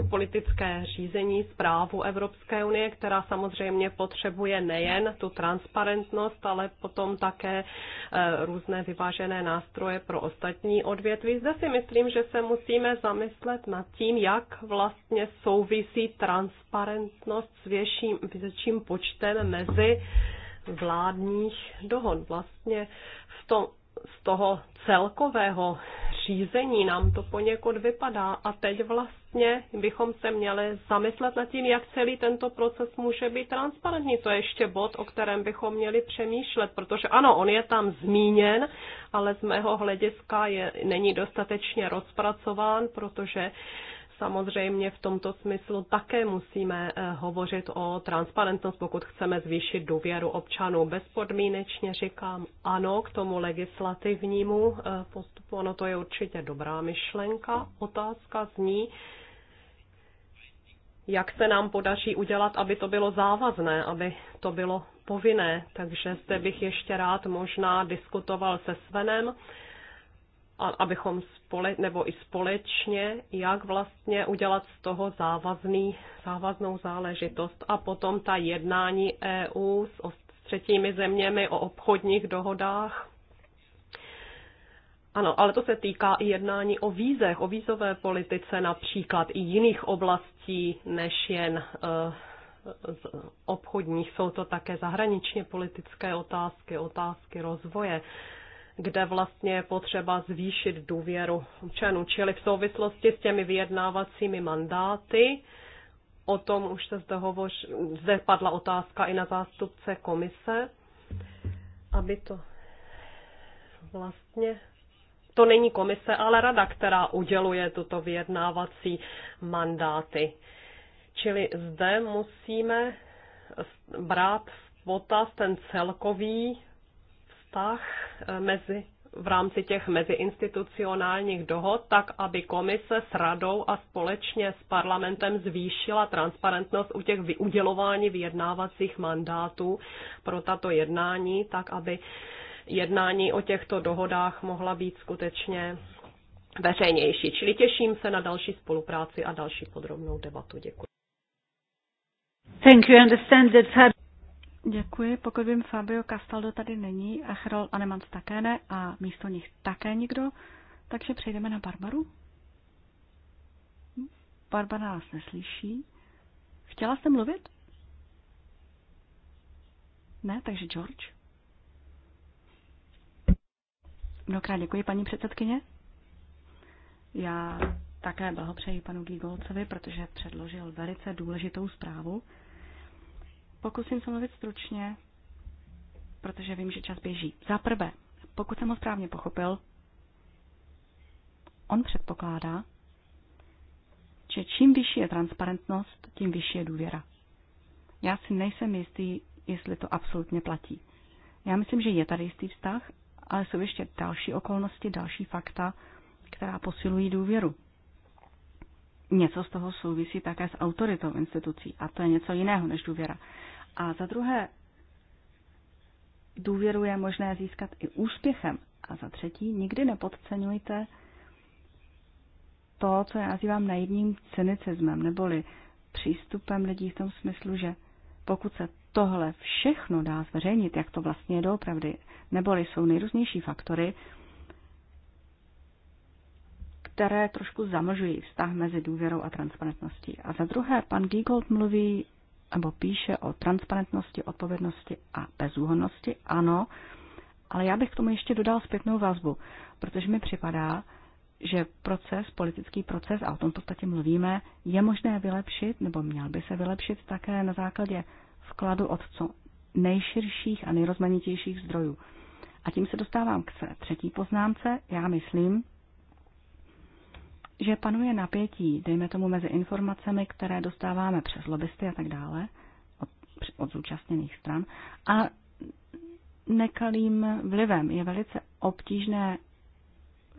politické řízení, zprávu Evropské unie, která samozřejmě potřebuje nejen tu transparentnost, ale potom také eh, různé vyvážené nástroje pro ostatní odvětví. Zde si myslím, že se musíme zamyslet nad tím, jak vlastně souvisí transparentnost s větším, větším počtem mezi vládních dohod. Vlastně v tom, z toho celkového řízení nám to poněkud vypadá a teď vlastně bychom se měli zamyslet nad tím, jak celý tento proces může být transparentní. To je ještě bod, o kterém bychom měli přemýšlet, protože ano, on je tam zmíněn, ale z mého hlediska je, není dostatečně rozpracován, protože uh, samozřejmě v tomto smyslu také musíme eh, hovořit o transparentnost, pokud chceme zvýšit důvěru občanů. Bezpodmínečně říkám ano k tomu legislativnímu eh, postupu. Ono to je určitě dobrá myšlenka. Otázka zní, jak se nám podaří udělat, aby to bylo závazné, aby to bylo povinné. Takže zde bych ještě rád možná diskutoval se Svenem, abychom spole, nebo i společně, jak vlastně udělat z toho závazný, závaznou záležitost. A potom ta jednání EU s, s třetími zeměmi o obchodních dohodách. Ano, ale to se týká i jednání o vízech, o vízové politice například i jiných oblastí než jen uh, obchodních. Jsou to také zahraničně politické otázky, otázky rozvoje. Uh, kde vlastně je potřeba zvýšit důvěru občanů. Čili v souvislosti s těmi vyjednávacími mandáty, o tom už se zde, hovoř, zde padla otázka i na zástupce komise, aby to vlastně to není komise, ale rada, která uděluje tuto vyjednávací mandáty. Čili zde musíme brát v potaz ten celkový vztah eh, mezi v rámci těch meziinstitucionálních dohod, tak aby komise s radou a společně s parlamentem zvýšila transparentnost u těch udělování vyjednávacích mandátů pro tato jednání, tak aby jednání o těchto dohodách mohla být skutečně veřejnější. Čili těším se na další spolupráci a další podrobnou debatu. Děkuji. Thank you. understand that Děkuji. Pokud vím, Fabio Castaldo tady není a Charol Anemans také ne a místo nich také nikdo, takže přejdeme na Barbaru. Barbara nás neslyší. Chtěla jste mluvit? Ne, takže George. Mnohokrát děkuji, paní předsedkyně. Já také blahopřeji panu Gigolcovi, protože předložil velice důležitou zprávu Pokusím se mluvit stručně, protože vím, že čas běží. Za prvé, pokud jsem ho správně pochopil, on předpokládá, že čím vyšší je transparentnost, tím vyšší je důvěra. Já si nejsem jistý, jestli to absolutně platí. Já myslím, že je tady jistý vztah, ale jsou ještě další okolnosti, další fakta, která posilují důvěru něco z toho souvisí také s autoritou institucí a to je něco jiného než důvěra. A za druhé, důvěru je možné získat i úspěchem. A za třetí, nikdy nepodceňujte to, co já nazývám naivním cynicismem, neboli přístupem lidí v tom smyslu, že pokud se tohle všechno dá zveřejnit, jak to vlastně je doopravdy, neboli jsou nejrůznější faktory, které trošku zamlžují vztah mezi důvěrou a transparentností. A za druhé, pan Giegold mluví nebo píše o transparentnosti, odpovědnosti a bezúhonnosti. Ano, ale já bych k tomu ještě dodal zpětnou vazbu, protože mi připadá, že proces, politický proces, a o tom v podstatě mluvíme, je možné vylepšit, nebo měl by se vylepšit také na základě vkladu od co nejširších a nejrozmanitějších zdrojů. A tím se dostávám k třetí poznámce. Já myslím, že panuje napětí, dejme tomu mezi informacemi, které dostáváme přes lobbysty a tak dále, od, od zúčastněných stran, a nekalým vlivem. Je velice obtížné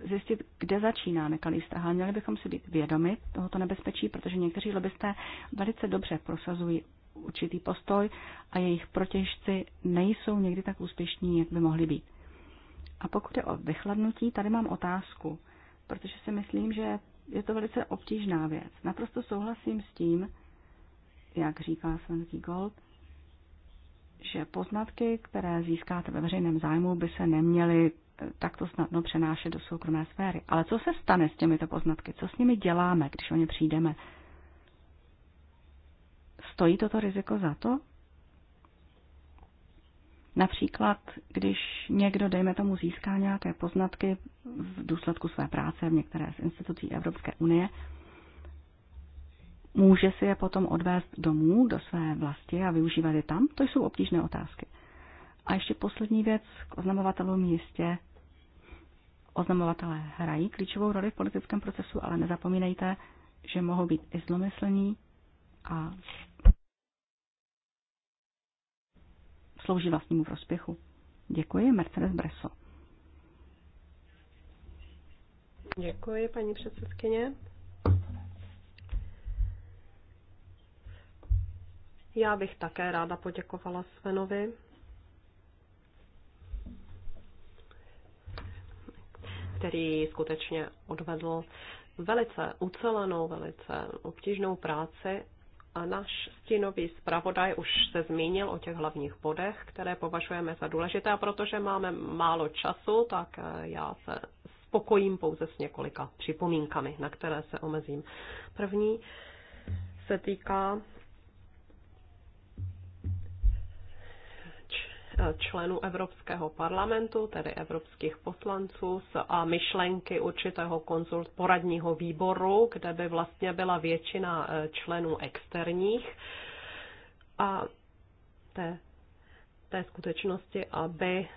zjistit, kde začíná nekalý vztah. Ale měli bychom si být vědomi tohoto nebezpečí, protože někteří lobbysté velice dobře prosazují určitý postoj a jejich protěžci nejsou někdy tak úspěšní, jak by mohli být. A pokud je o vychladnutí, tady mám otázku protože si myslím, že je to velice obtížná věc. Naprosto souhlasím s tím, jak říká Sven Gold, že poznatky, které získáte ve veřejném zájmu, by se neměly eh, takto snadno přenášet do soukromé sféry. Ale co se stane s těmito poznatky? Co s nimi děláme, když o ně přijdeme? Stojí toto riziko za to? Například, když někdo, dejme tomu, získá nějaké poznatky v důsledku své práce v některé z institucí Evropské unie, může si je potom odvést domů, do své vlasti a využívat je tam? To jsou obtížné otázky. A ještě poslední věc k oznamovatelům jistě. Oznamovatelé hrají klíčovou roli v politickém procesu, ale nezapomínejte, že mohou být i zlomyslní a slouží vlastnímu prospěchu. Děkuji, Mercedes Breso. Děkuji, paní předsedkyně. Já bych také ráda poděkovala Svenovi. který skutečně odvedl velice ucelenou, velice obtížnou práci a náš stínový zpravodaj už se zmínil o těch hlavních bodech, které považujeme za důležité a protože máme málo času, tak eh, já se spokojím pouze s několika připomínkami, na které se omezím. První se týká členů Evropského parlamentu, tedy evropských poslanců, a myšlenky určitého konzult poradního výboru, kde by vlastně byla většina e, členů externích. A té, té skutečnosti, aby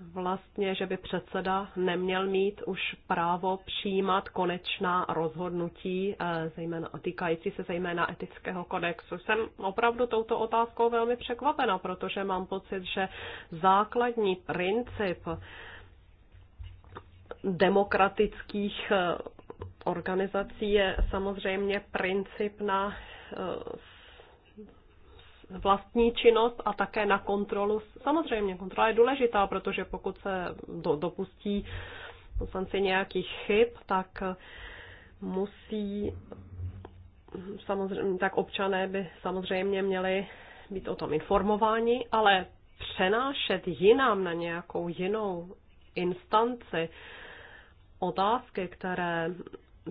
vlastně, že by předseda neměl mít už právo přijímat konečná rozhodnutí, eh, zejména týkající se zejména etického kodexu. Jsem opravdu touto otázkou velmi překvapena, protože mám pocit, že základní princip demokratických eh, organizací je samozřejmě princip na eh, vlastní činnost a také na kontrolu. Samozřejmě, kontrola je důležitá, protože pokud se do, dopustí poslanci nějakých chyb, tak musí samozřejmě, tak občané by samozřejmě měli být o tom informováni, ale přenášet jinam na nějakou jinou instanci otázky, které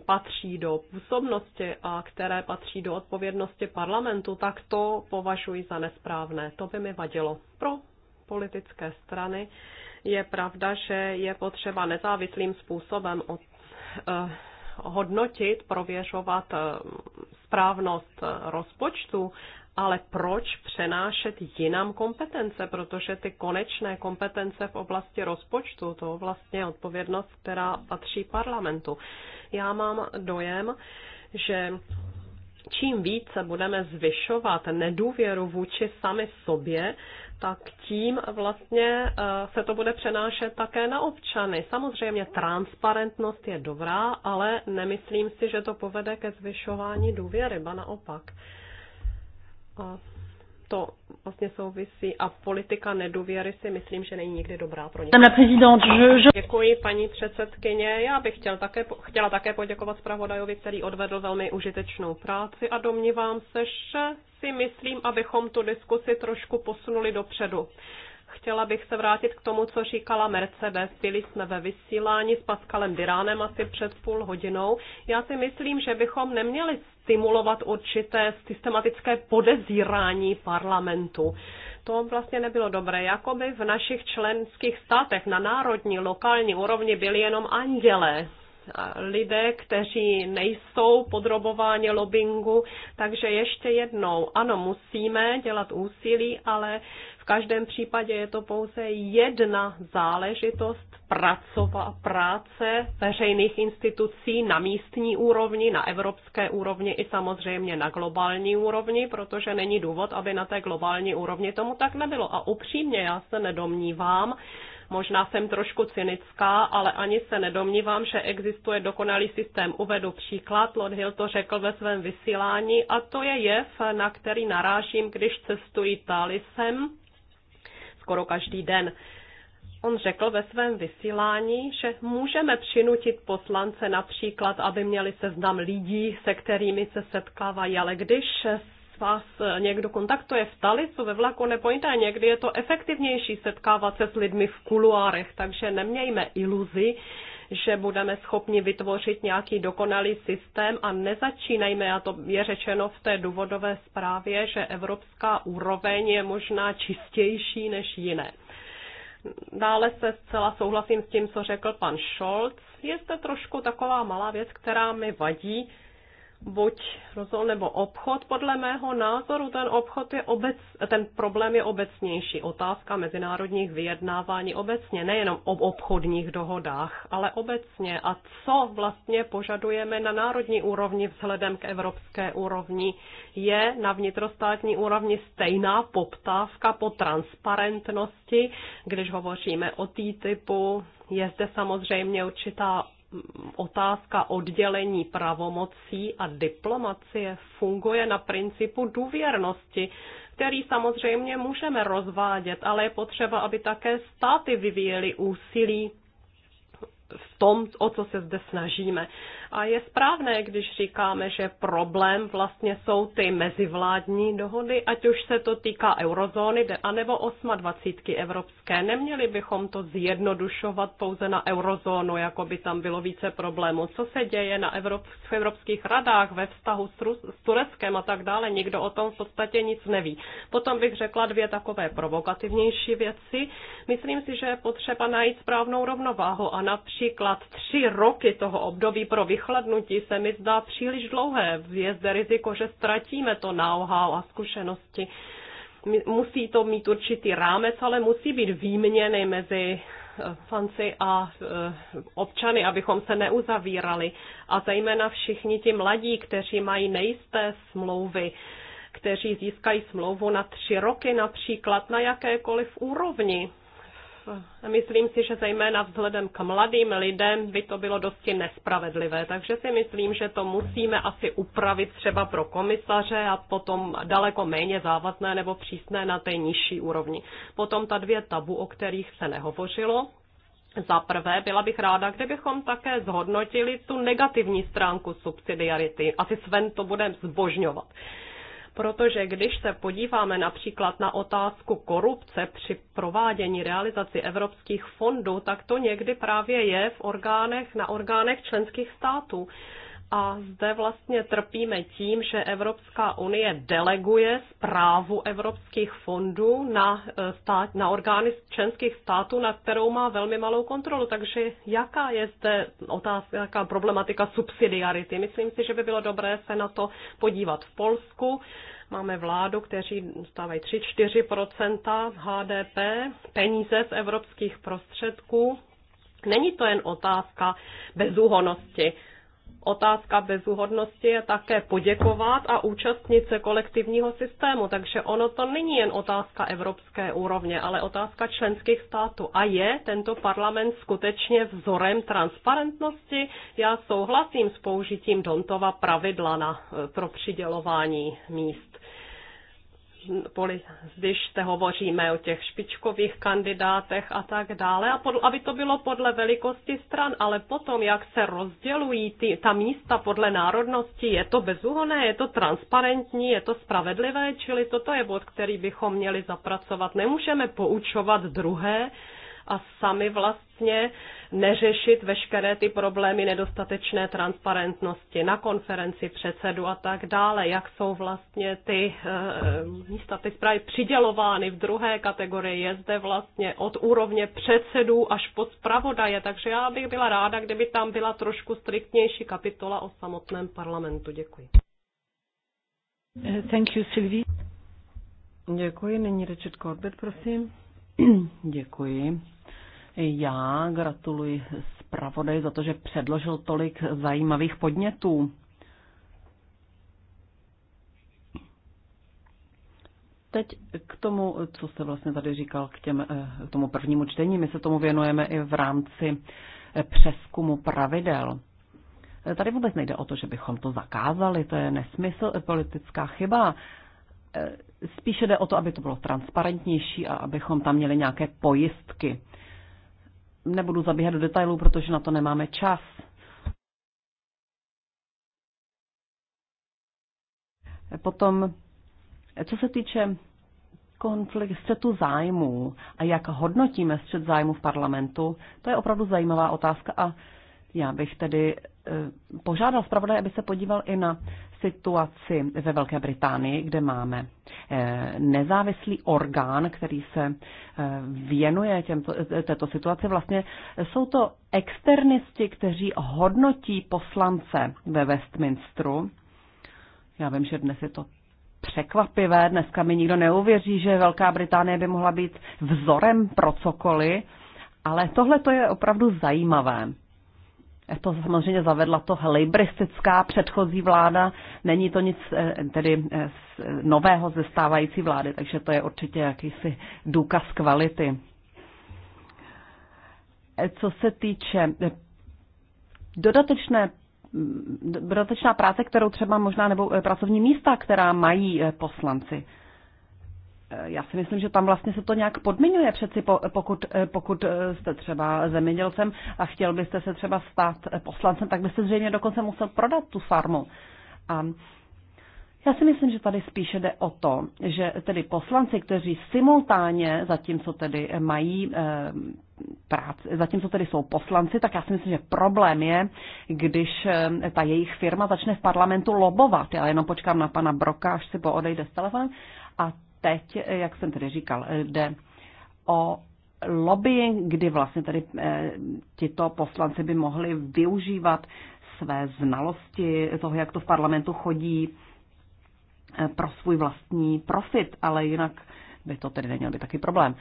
patří do působnosti a které patří do odpovědnosti parlamentu, tak to považuji za nesprávné. To by mi vadilo. Pro politické strany je pravda, že je potřeba nezávislým způsobem od, eh, hodnotit, prověřovat eh, správnost eh, rozpočtu, ale proč přenášet jinam kompetence, protože ty konečné kompetence v oblasti rozpočtu, to vlastně je odpovědnost, která patří parlamentu. Já mám dojem, že čím více budeme zvyšovat nedůvěru vůči sami sobě, tak tím vlastně eh, se to bude přenášet také na občany. Samozřejmě transparentnost je dobrá, ale nemyslím si, že to povede ke zvyšování důvěry, ba naopak. A to vlastně souvisí a politika nedůvěry si myslím, že není nikdy dobrá pro ně. Děkuji paní předsedkyně. Já bych chtěl také, chtěla také poděkovat zpravodajovi, který odvedl velmi užitečnou práci a domnívám se, že si myslím, abychom tu diskusi trošku posunuli dopředu. Chtěla bych se vrátit k tomu, co říkala Mercedes. Byli jsme ve vysílání s Paskalem Diránem asi před půl hodinou. Já si myslím, že bychom neměli stimulovat určité systematické podezírání parlamentu. To vlastně nebylo dobré. Jakoby v našich členských státech na národní, lokální úrovni byli jenom andělé, lidé, kteří nejsou podrobováni lobingu. Takže ještě jednou, ano, musíme dělat úsilí, ale v každém případě je to pouze jedna záležitost pracova, práce veřejných institucí na místní úrovni, na evropské úrovni i samozřejmě na globální úrovni, protože není důvod, aby na té globální úrovni tomu tak nebylo. A upřímně já se nedomnívám, Možná jsem trošku cynická, ale ani se nedomnívám, že existuje dokonalý systém. Uvedu příklad, Lord Hill to řekl ve svém vysílání a to je jev, na který narážím, když cestuji Talisem skoro každý den. On řekl ve svém vysílání, že můžeme přinutit poslance například, aby měli seznam lidí, se kterými se setkávají, ale když vás někdo kontaktuje v talicu, ve vlaku nebo jinde, někdy je to efektivnější setkávat se s lidmi v kuluárech, takže nemějme iluzi, že budeme schopni vytvořit nějaký dokonalý systém a nezačínajme, a to je řečeno v té důvodové zprávě, že evropská úroveň je možná čistější než jiné. Dále se zcela souhlasím s tím, co řekl pan Scholz. Je to trošku taková malá věc, která mi vadí, buď rozhod nebo obchod. Podle mého názoru ten obchod je obec, ten problém je obecnější. Otázka mezinárodních vyjednávání obecně, nejenom o obchodních dohodách, ale obecně. A co vlastně požadujeme na národní úrovni vzhledem k evropské úrovni, je na vnitrostátní úrovni stejná poptávka po transparentnosti, když hovoříme o T-typu, je zde samozřejmě určitá otázka oddělení pravomocí a diplomacie funguje na principu důvěrnosti, který samozřejmě můžeme rozvádět, ale je potřeba, aby také státy vyvíjely úsilí v tom, o co se zde snažíme. A je správné, když říkáme, že problém vlastně jsou ty mezivládní dohody, ať už se to týká eurozóny anebo 28 evropské. Neměli bychom to zjednodušovat pouze na eurozónu, jako by tam bylo více problémů. Co se děje na Evrop, v evropských radách ve vztahu s, Rus, s Tureckem a tak dále, nikdo o tom v podstatě nic neví. Potom bych řekla dvě takové provokativnější věci. Myslím si, že je potřeba najít správnou rovnováhu a například tři roky toho období pro vycházení vychladnutí se mi zdá příliš dlouhé. Je zde riziko, že ztratíme to know-how a zkušenosti. Musí to mít určitý rámec, ale musí být výměny mezi eh, fanci a eh, občany, abychom se neuzavírali. A zejména všichni ti mladí, kteří mají nejisté smlouvy, kteří získají smlouvu na tři roky například na jakékoliv úrovni, Eh, myslím si, že zejména vzhledem k mladým lidem by to bylo dosti nespravedlivé, takže si myslím, že to musíme asi upravit třeba pro komisaře a potom daleko méně závazné nebo přísné na té nižší úrovni. Potom ta dvě tabu, o kterých se nehovořilo, za prvé, byla bych ráda, kdybychom také zhodnotili tu negativní stránku subsidiarity. Asi Sven to bude zbožňovat protože když se podíváme například na otázku korupce při provádění realizaci evropských fondů, tak to někdy právě je v orgánech, na orgánech členských států a zde vlastně trpíme tím, že Evropská unie deleguje zprávu evropských fondů na, e, stát, na orgány členských států, na kterou má velmi malou kontrolu. Takže jaká je zde otázka, jaká problematika subsidiarity? Myslím si, že by bylo dobré se na to podívat v Polsku. Máme vládu, kteří stávají 3-4 HDP, peníze z evropských prostředků. Není to jen otázka bezúhonosti otázka bezúhodnosti je také poděkovat a účastnit se kolektivního systému. Takže ono to není jen otázka evropské úrovně, ale otázka členských států. A je tento parlament skutečně vzorem transparentnosti? Já souhlasím s použitím Dontova pravidla na, e, pro přidělování míst když se hovoříme o těch špičkových kandidátech a tak dále, a pod, aby to bylo podle velikosti stran, ale potom, jak se rozdělují ty, ta místa podle národnosti, je to bezúhonné, je to transparentní, je to spravedlivé, čili toto je bod, který bychom měli zapracovat. Nemůžeme poučovat druhé, a sami vlastně neřešit veškeré ty problémy nedostatečné transparentnosti na konferenci předsedu a tak dále, jak jsou vlastně ty eh, místa, ty zprávy přidělovány v druhé kategorii, je zde vlastně od úrovně předsedů až po zpravodaje, takže já bych byla ráda, kdyby tam byla trošku striktnější kapitola o samotném parlamentu. Děkuji. Thank you, Sylvie. Děkuji. není Richard Corbett, prosím. Děkuji. Já gratuluji zpravodaj za to, že předložil tolik zajímavých podnětů. Teď k tomu, co jste vlastně tady říkal, k, těm, k eh, tomu prvnímu čtení. My se tomu věnujeme i v rámci eh, přeskumu pravidel. Eh, tady vůbec nejde o to, že bychom to zakázali, to je nesmysl, politická chyba. Spíše jde o to, aby to bylo transparentnější a abychom tam měli nějaké pojistky nebudu zabíhat do detailů, protože na to nemáme čas. Potom, co se týče konflikt střetu zájmů a jak hodnotíme střet zájmu v parlamentu, to je opravdu zajímavá otázka a já bych tedy eh, požádal zpravodaj, aby se podíval i na situaci ve Velké Británii, kde máme eh, nezávislý orgán, který se eh, věnuje těmto, této situaci. Vlastně jsou to externisti, kteří hodnotí poslance ve Westminsteru. Já vím, že dnes je to překvapivé, dneska mi nikdo neuvěří, že Velká Británie by mohla být vzorem pro cokoliv, ale tohle to je opravdu zajímavé. Eh, to samozřejmě zavedla to lejbristická předchozí vláda, není to nic eh, tedy eh, nového ze stávající vlády, takže to je určitě jakýsi důkaz kvality. Co se týče dodatečné mm, dodatečná práce, kterou třeba možná, nebo pracovní místa, která mají poslanci. Eh, já si myslím, že tam vlastně se to nějak podmiňuje přeci, pokud, eh, pokud eh, jste třeba zemědělcem a chtěl byste se třeba stát poslancem, tak byste zřejmě dokonce musel prodat tu farmu. A já si myslím, že tady spíše jde o to, že tedy poslanci, kteří simultánně, zatímco tedy mají práci, zatímco tedy jsou poslanci, tak já si myslím, že problém je, když ta jejich firma začne v parlamentu lobovat. Já jenom počkám na pana Broka, až si poodejde s telefonem. A teď, jak jsem tedy říkal, jde o lobbying, kdy vlastně tady eh, tito poslanci by mohli využívat své znalosti toho, jak to v parlamentu chodí, eh, pro svůj vlastní profit, ale jinak by to tedy neměl být taky problém.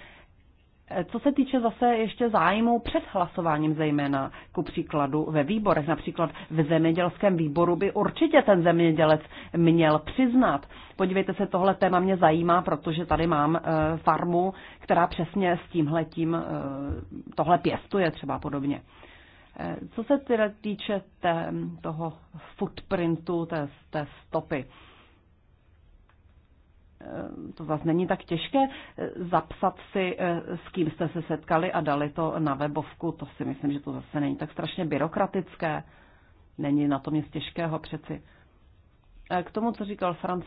Co se týče zase ještě zájmu před hlasováním zejména, ku příkladu ve výborech, například v zemědělském výboru by určitě ten zemědělec měl přiznat. Podívejte se, tohle téma mě zajímá, protože tady mám eh, farmu, která přesně s tímhletím eh, tohle pěstuje třeba podobně. Eh, co se týče té, toho footprintu, té, té stopy, Eh, to zase není tak těžké eh, zapsat si, eh, s kým jste se setkali a dali to na webovku. To si myslím, že to zase není tak strašně byrokratické. Není na tom nic těžkého přeci. K tomu, co říkal Franz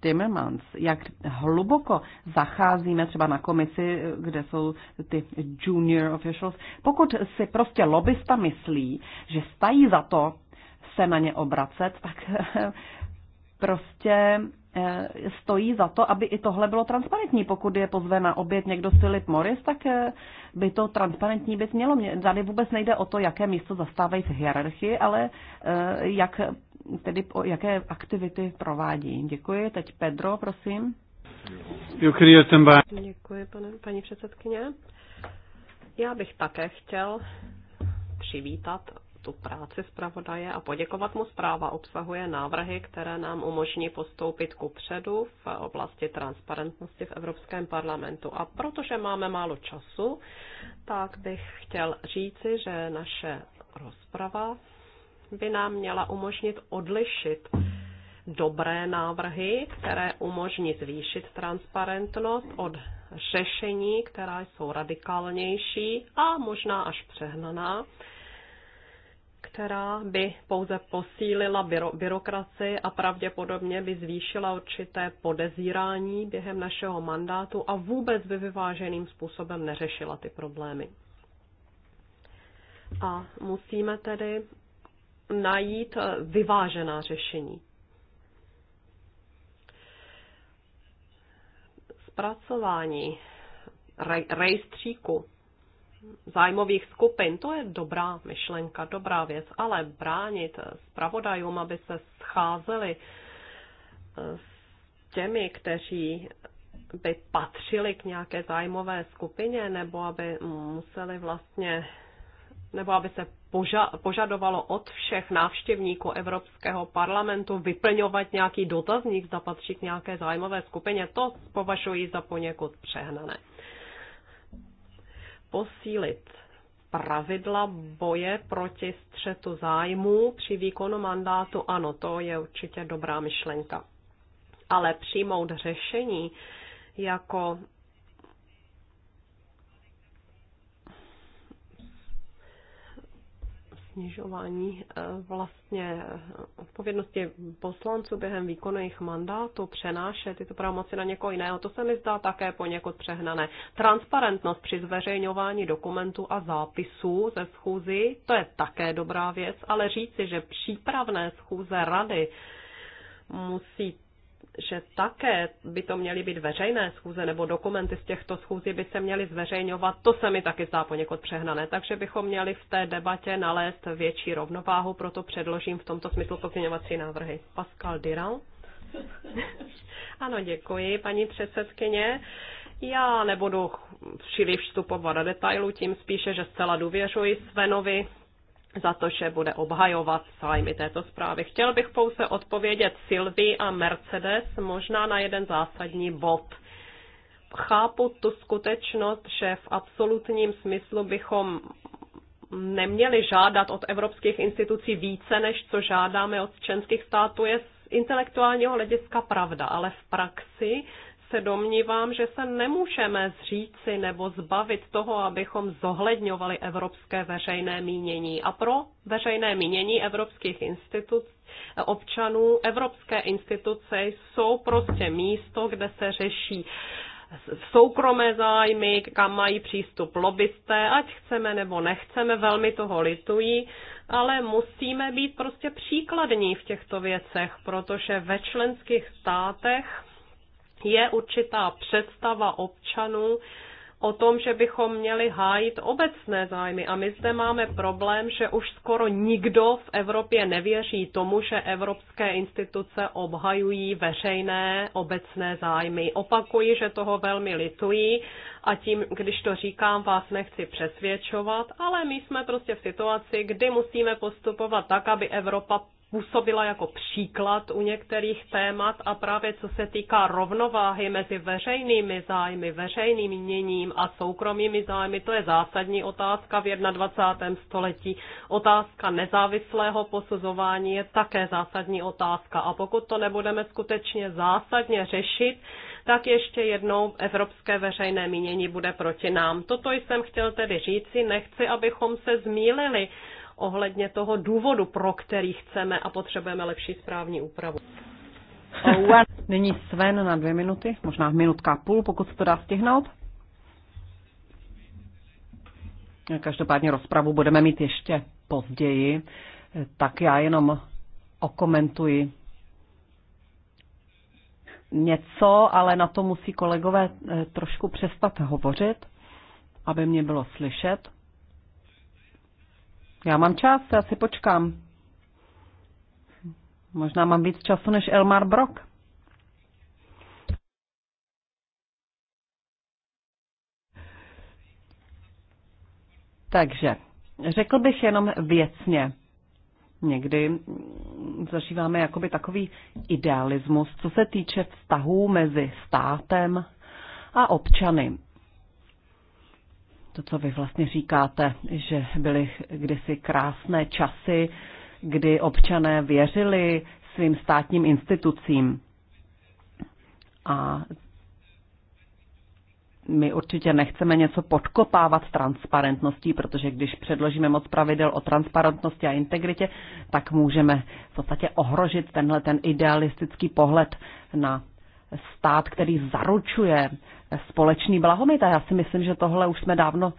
Timmermans, jak hluboko zacházíme třeba na komisi, kde jsou ty junior officials, pokud si prostě lobbysta myslí, že stají za to se na ně obracet, tak prostě eh, stojí za to, aby i tohle bylo transparentní. Pokud je pozve na oběd někdo z Philip Morris, tak eh, by to transparentní být mělo. Tady vůbec nejde o to, jaké místo zastávají v hierarchii, ale eh, jak, tedy, jaké aktivity provádí. Děkuji. Teď Pedro, prosím. Děkuji, pane, paní předsedkyně. Já bych také chtěl přivítat tu práci zpravodaje a poděkovat mu. Zpráva obsahuje návrhy, které nám umožní postoupit ku předu v oblasti transparentnosti v Evropském parlamentu. A protože máme málo času, tak bych chtěl říci, že naše rozprava by nám měla umožnit odlišit dobré návrhy, které umožní zvýšit transparentnost od řešení, která jsou radikálnější a možná až přehnaná, která by pouze posílila byro, byrokracii a pravděpodobně by zvýšila určité podezírání během našeho mandátu a vůbec by vyváženým způsobem neřešila ty problémy. A musíme tedy najít eh, vyvážená řešení. Zpracování rejstříku zájmových skupin. To je dobrá myšlenka, dobrá věc, ale bránit zpravodajům, aby se scházeli eh, s těmi, kteří by patřili k nějaké zájmové skupině, nebo aby museli vlastně, nebo aby se poža, požadovalo od všech návštěvníků Evropského parlamentu vyplňovat nějaký dotazník, zapatří k nějaké zájmové skupině, to považuji za poněkud přehnané posílit pravidla boje proti střetu zájmů při výkonu mandátu, ano, to je určitě dobrá myšlenka. Ale přijmout řešení jako snižování eh, vlastně eh, odpovědnosti poslanců během výkonu jejich mandátu, přenášet tyto pravomoci na někoho jiného, to se mi zdá také poněkud přehnané. Transparentnost při zveřejňování dokumentů a zápisů ze schůzy, to je také dobrá věc, ale říci, že přípravné schůze rady musí že také by to měly být veřejné schůze, nebo dokumenty z těchto schůzí by se měly zveřejňovat, to se mi taky zdá poněkud přehnané. Takže bychom měli v té debatě nalézt větší rovnováhu, proto předložím v tomto smyslu pozměňovací návrhy. Pascal Diral. ano, děkuji, paní předsedkyně. Já nebudu příliš vstupovat do detailu, tím spíše, že zcela důvěřuji Svenovi, za to, že bude obhajovat zájmy této zprávy. Chtěl bych pouze odpovědět Silvi a Mercedes možná na jeden zásadní bod. Chápu tu skutečnost, že v absolutním smyslu bychom neměli žádat od evropských institucí více, než co žádáme od členských států, je z intelektuálního hlediska pravda, ale v praxi se domnívám, že se nemůžeme zříci nebo zbavit toho, abychom zohledňovali evropské veřejné mínění. A pro veřejné mínění evropských institucí občanů evropské instituce jsou prostě místo, kde se řeší soukromé zájmy, kam mají přístup lobbysté, ať chceme nebo nechceme, velmi toho litují, ale musíme být prostě příkladní v těchto věcech, protože ve členských státech je určitá představa občanů, o tom, že bychom měli hájit obecné zájmy. A my zde máme problém, že už skoro nikdo v Evropě nevěří tomu, že evropské instituce obhajují veřejné obecné zájmy. Opakuji, že toho velmi litují a tím, když to říkám, vás nechci přesvědčovat, ale my jsme prostě v situaci, kdy musíme postupovat tak, aby Evropa působila jako příklad u některých témat a právě co se týká rovnováhy mezi veřejnými zájmy, veřejným měním a soukromými zájmy, to je zásadní otázka v 21. století. Otázka nezávislého posuzování je také zásadní otázka a pokud to nebudeme skutečně zásadně řešit, tak ještě jednou evropské veřejné mínění bude proti nám. Toto jsem chtěl tedy říci, nechci, abychom se zmílili ohledně toho důvodu, pro který chceme a potřebujeme lepší správní úpravu. Nyní Sven na dvě minuty, možná minutka a půl, pokud se to dá stihnout. Každopádně rozpravu budeme mít ještě později, tak já jenom okomentuji něco, ale na to musí kolegové eh, trošku přestat hovořit, aby mě bylo slyšet. Já mám čas, já si počkám. Možná mám víc času než Elmar Brock. Takže, řekl bych jenom věcně. Někdy zažíváme jakoby takový idealismus, co se týče vztahů mezi státem a občany to, co vy vlastně říkáte, že byly kdysi krásné časy, kdy občané věřili svým státním institucím. A my určitě nechceme něco podkopávat transparentností, protože když předložíme moc pravidel o transparentnosti a integritě, tak můžeme v podstatě ohrožit tenhle ten idealistický pohled na stát, který zaručuje společný blahobyt. A já si myslím, že tohle už jsme dávno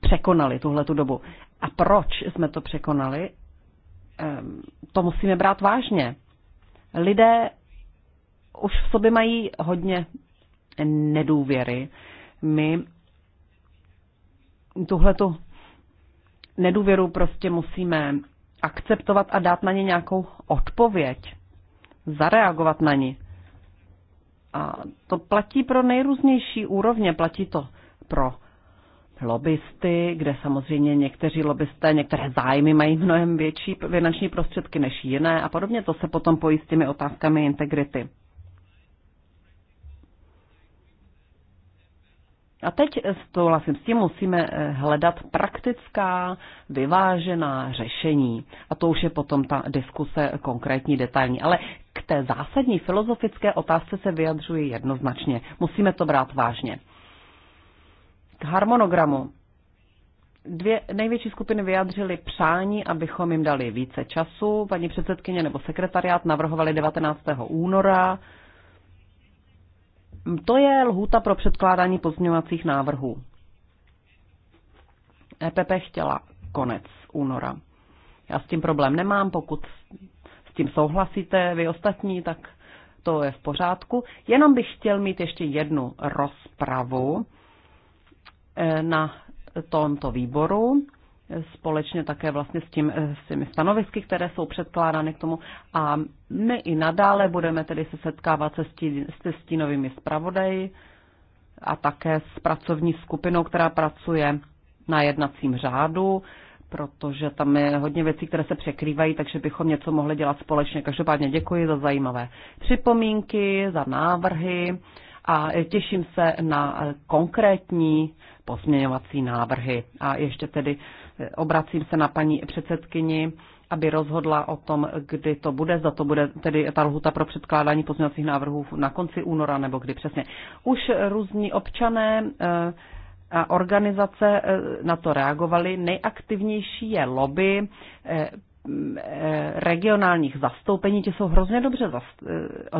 překonali, tuhle tu dobu. A proč jsme to překonali? Ehm, to musíme brát vážně. Lidé už v sobě mají hodně nedůvěry. My tuhle tu nedůvěru prostě musíme akceptovat a dát na ně nějakou odpověď, zareagovat na ní. A to platí pro nejrůznější úrovně. Platí to pro lobbysty, kde samozřejmě někteří lobbysté některé zájmy mají mnohem větší finanční prostředky než jiné a podobně. To se potom pojí s těmi otázkami integrity. A teď vlastně, s tím, musíme eh, hledat praktická, vyvážená řešení. A to už je potom ta diskuse konkrétní, detailní. Ale k té zásadní filozofické otázce se vyjadřuji jednoznačně. Musíme to brát vážně. K harmonogramu. Dvě největší skupiny vyjadřily přání, abychom jim dali více času. Paní předsedkyně nebo sekretariát navrhovali 19. února to je lhůta pro předkládání pozměňovacích návrhů. EPP chtěla konec února. Já s tím problém nemám, pokud s tím souhlasíte vy ostatní, tak to je v pořádku. Jenom bych chtěl mít ještě jednu rozpravu eh, na tomto výboru společně také vlastně s, tím, eh, s těmi stanovisky, které jsou předkládány k tomu. A my i nadále budeme tedy se setkávat se, stí, se stínovými zpravodaji a také s pracovní skupinou, která pracuje na jednacím řádu, protože tam je hodně věcí, které se překrývají, takže bychom něco mohli dělat společně. Každopádně děkuji za zajímavé připomínky, za návrhy a těším se na konkrétní pozměňovací návrhy. A ještě tedy Obracím se na paní předsedkyni, aby rozhodla o tom, kdy to bude, zda to bude tedy ta lhuta pro předkládání pozměňovacích návrhů na konci února nebo kdy přesně. Už různí občané eh, a organizace eh, na to reagovaly. Nejaktivnější je lobby eh, regionálních zastoupení, ti jsou hrozně dobře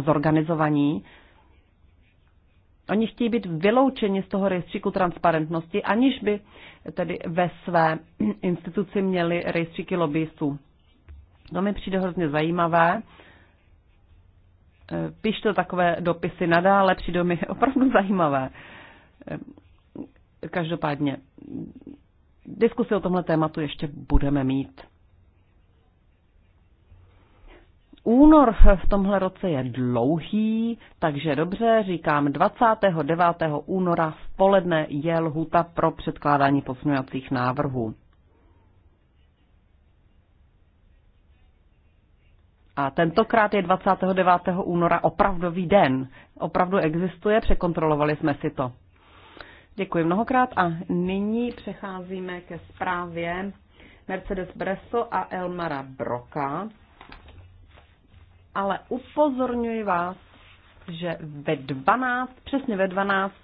zorganizovaní Oni chtějí být vyloučeni z toho rejstříku transparentnosti, aniž by tedy ve své instituci měli rejstříky lobbyistů. To mi přijde hrozně zajímavé. Eh, pište takové dopisy nadále, přijde mi opravdu zajímavé. Eh, každopádně, diskusy o tomhle tématu ještě budeme mít. Únor v tomhle roce je dlouhý, takže dobře, říkám 29. února v poledne je lhuta pro předkládání posměvacích návrhů. A tentokrát je 29. února opravdový den. Opravdu existuje, překontrolovali jsme si to. Děkuji mnohokrát a nyní přecházíme ke zprávě Mercedes Bresso a Elmara Broka ale upozorňuji vás, že ve 12, přesně ve 12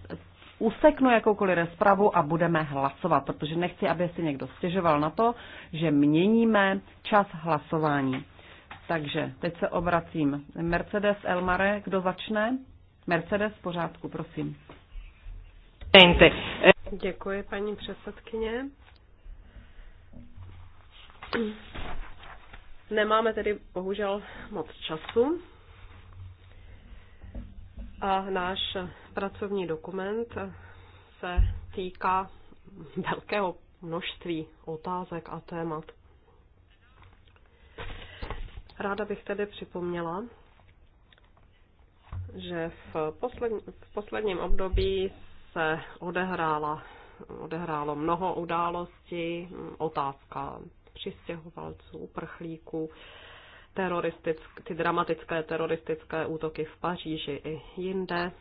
useknu jakoukoliv rozpravu a budeme hlasovat, protože nechci, aby si někdo stěžoval na to, že měníme čas hlasování. Takže teď se obracím. Mercedes Elmare, kdo začne? Mercedes, pořádku, prosím. Děkuji, paní předsedkyně. Nemáme tedy bohužel moc času a náš pracovní dokument se týká velkého množství otázek a témat. Ráda bych tedy připomněla, že v, poslední, v posledním období se odehrála, odehrálo mnoho událostí, otázka přistěhovalců, uprchlíků, ty dramatické teroristické útoky v Paříži i jinde.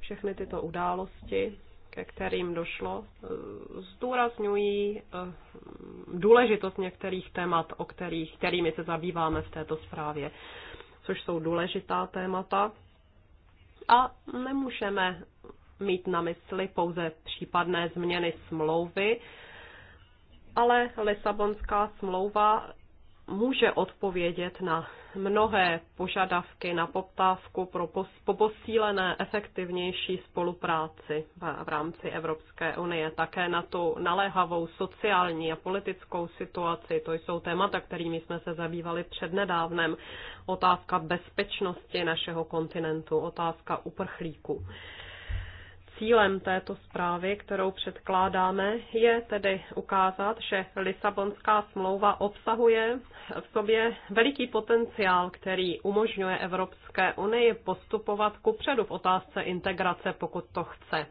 Všechny tyto události, ke kterým došlo, eh, zdůrazňují eh, důležitost některých témat, o kterých, kterými se zabýváme v této zprávě, což jsou důležitá témata. A nemůžeme mít na mysli pouze případné změny smlouvy, ale Lisabonská smlouva může odpovědět na mnohé požadavky na poptávku pro posílené efektivnější spolupráci v rámci Evropské unie, také na tu naléhavou sociální a politickou situaci. To jsou témata, kterými jsme se zabývali přednedávnem. Otázka bezpečnosti našeho kontinentu, otázka uprchlíků. Cílem této zprávy, kterou předkládáme, je tedy ukázat, že Lisabonská smlouva obsahuje v sobě veliký potenciál, který umožňuje Evropské unii postupovat kupředu v otázce integrace, pokud to chce eh,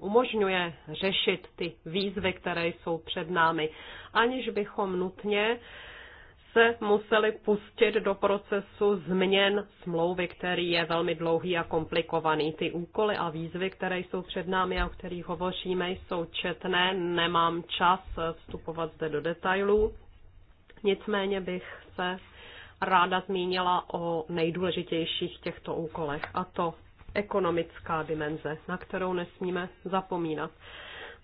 umožňuje řešit ty výzvy, které jsou před námi, aniž bychom nutně se museli pustit do procesu změn smlouvy, který je velmi dlouhý a komplikovaný. Ty úkoly a výzvy, které jsou před námi a o kterých hovoříme, jsou četné. Nemám čas vstupovat zde do detailů. Nicméně bych se ráda zmínila o nejdůležitějších těchto úkolech, a to ekonomická dimenze, na kterou nesmíme zapomínat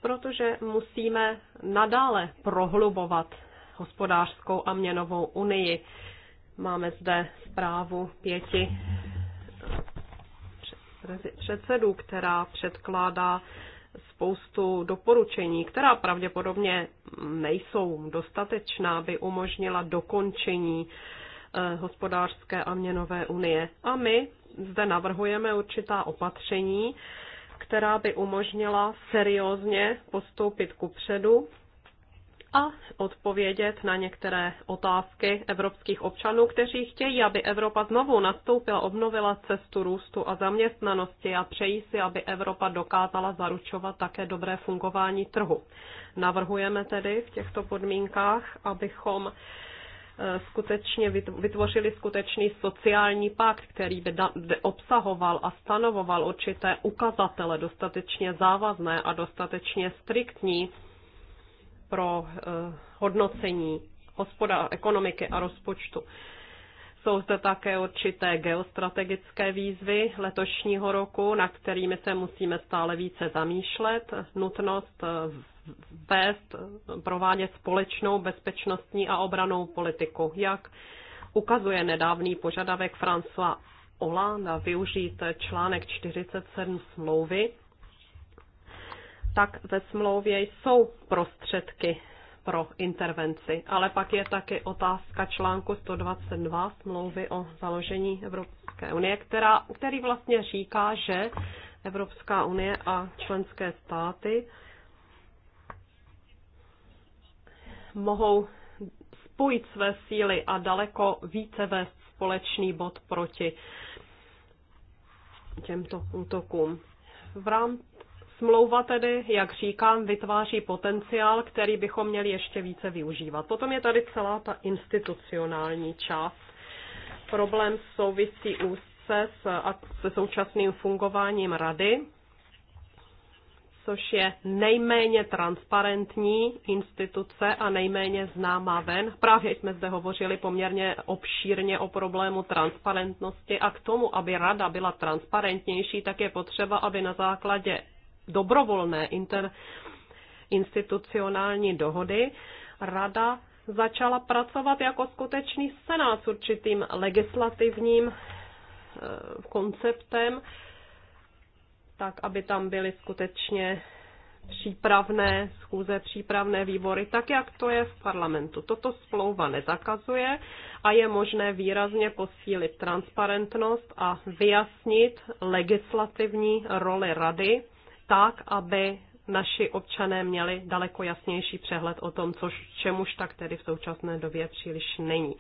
protože musíme nadále prohlubovat hospodářskou a měnovou unii. Máme zde zprávu pěti předsedů, která předkládá spoustu doporučení, která pravděpodobně nejsou dostatečná, by umožnila dokončení eh, hospodářské a měnové unie. A my zde navrhujeme určitá opatření, která by umožnila seriózně postoupit kupředu a odpovědět na některé otázky evropských občanů, kteří chtějí, aby Evropa znovu nastoupila, obnovila cestu růstu a zaměstnanosti a přejí si, aby Evropa dokázala zaručovat také dobré fungování trhu. Navrhujeme tedy v těchto podmínkách, abychom e, skutečně vytvořili skutečný sociální pakt, který by obsahoval a stanovoval určité ukazatele dostatečně závazné a dostatečně striktní pro eh, hodnocení hospoda, ekonomiky a rozpočtu. Jsou zde také určité geostrategické výzvy letošního roku, na kterými se musíme stále více zamýšlet. Nutnost eh, vést, provádět společnou bezpečnostní a obranou politiku. Jak ukazuje nedávný požadavek François Hollande využít článek 47 smlouvy, tak ve smlouvě jsou prostředky pro intervenci. Ale pak je taky otázka článku 122 smlouvy o založení Evropské unie, která, který vlastně říká, že Evropská unie a členské státy mohou spojit své síly a daleko více vést společný bod proti těmto útokům. V rámci Smlouva tedy, jak říkám, vytváří potenciál, který bychom měli ještě více využívat. Potom je tady celá ta institucionální část. Problém souvisí úzce s, se současným fungováním rady, což je nejméně transparentní instituce a nejméně známá ven. Právě jsme zde hovořili poměrně obšírně o problému transparentnosti a k tomu, aby rada byla transparentnější, tak je potřeba, aby na základě dobrovolné interinstitucionální dohody, rada začala pracovat jako skutečný senát s určitým legislativním eh, konceptem, tak aby tam byly skutečně přípravné schůze, přípravné výbory, tak jak to je v parlamentu. Toto smlouva nezakazuje a je možné výrazně posílit transparentnost a vyjasnit legislativní roli rady tak, aby naši občané měli daleko jasnější přehled o tom, což čemuž tak tedy v současné době příliš není.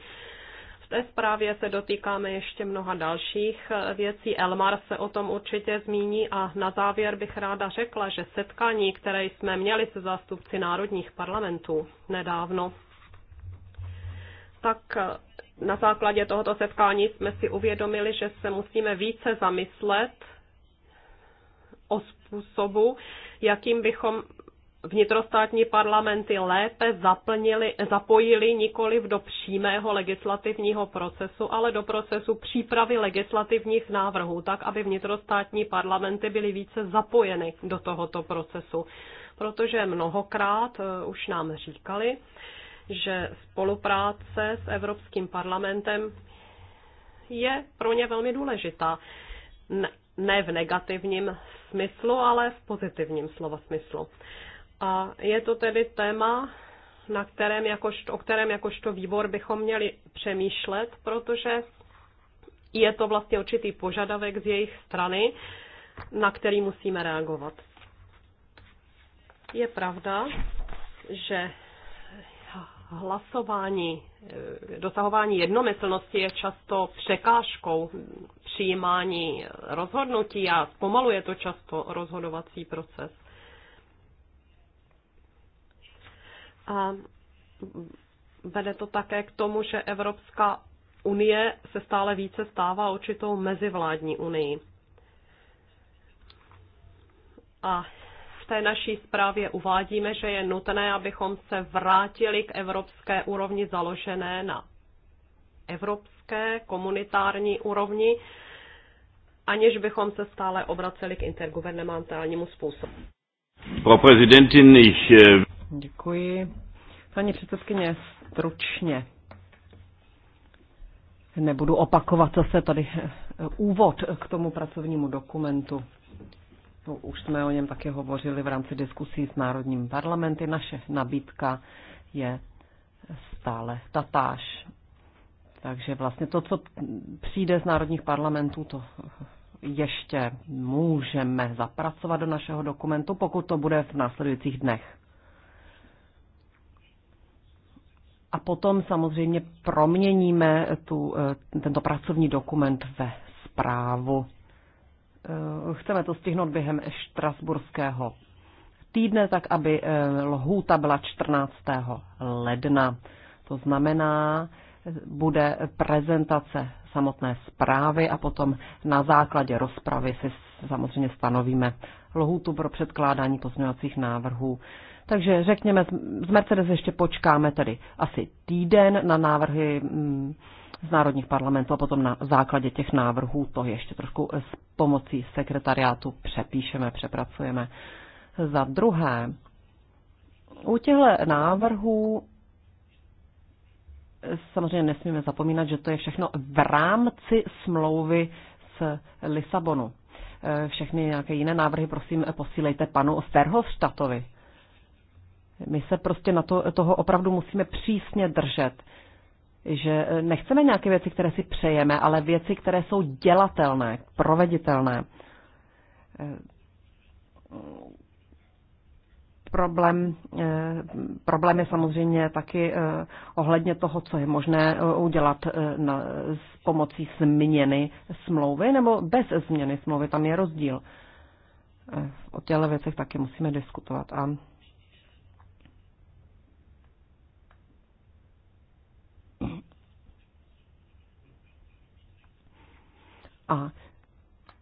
V té zprávě se dotýkáme ještě mnoha dalších eh, věcí. Elmar se o tom určitě zmíní a na závěr bych ráda řekla, že setkání, které jsme měli se zástupci národních parlamentů nedávno, tak eh, na základě tohoto setkání jsme si uvědomili, že se musíme více zamyslet o způsobu, jakým bychom vnitrostátní parlamenty lépe zaplnili, zapojili nikoli do přímého legislativního procesu, ale do procesu přípravy legislativních návrhů, tak aby vnitrostátní parlamenty byly více zapojeny do tohoto procesu. Protože mnohokrát eh, už nám říkali, že spolupráce s Evropským parlamentem je pro ně velmi důležitá. Ne v negativním smyslu, ale v pozitivním slova smyslu. A je to tedy téma, na kterém jakožto, o kterém jakožto výbor bychom měli přemýšlet, protože je to vlastně určitý požadavek z jejich strany, na který musíme reagovat. Je pravda, že hlasování, eh, dosahování jednomyslnosti je často překážkou přijímání rozhodnutí a zpomaluje to často rozhodovací proces. A vede to také k tomu, že Evropská unie se stále více stává určitou mezivládní unii. A té naší zprávě uvádíme, že je nutné, abychom se vrátili k evropské úrovni založené na evropské komunitární úrovni, aniž bychom se stále obraceli k intergovernmentálnímu způsobu. Pro Präsidentin, ich... Eh, Děkuji. Paní předsedkyně, stručně. Nebudu opakovat zase tady eh, úvod k tomu pracovnímu dokumentu. No, už jsme o něm také hovořili v rámci diskusí s národním parlamenty. Naše nabídka je stále tatáž. Takže vlastně to, co přijde z národních parlamentů, to ještě můžeme zapracovat do našeho dokumentu, pokud to bude v následujících dnech. A potom samozřejmě proměníme tu, eh, tento pracovní dokument ve zprávu Eh, chceme to stihnout během štrasburského týdne, tak aby eh, lhůta byla 14. ledna. To znamená, bude prezentace samotné zprávy a potom na základě rozpravy si samozřejmě stanovíme lhůtu pro předkládání pozměňovacích návrhů. Takže řekněme, z Mercedes ještě počkáme tedy asi týden na návrhy mm, z národních parlamentů a potom na základě těch návrhů to ještě trošku s pomocí sekretariátu přepíšeme, přepracujeme. Za druhé, u těchto návrhů samozřejmě nesmíme zapomínat, že to je všechno v rámci smlouvy s Lisabonu. Všechny nějaké jiné návrhy, prosím, posílejte panu Verhofstadtovi. My se prostě na to, toho opravdu musíme přísně držet že e, nechceme nějaké věci, které si přejeme, ale věci, které jsou dělatelné, proveditelné. E, problém, e, problém je samozřejmě taky ohledně toho, co je možné udělat na, s pomocí změny smlouvy nebo bez změny smlouvy. Tam je rozdíl. O těchto věcech taky musíme diskutovat. A A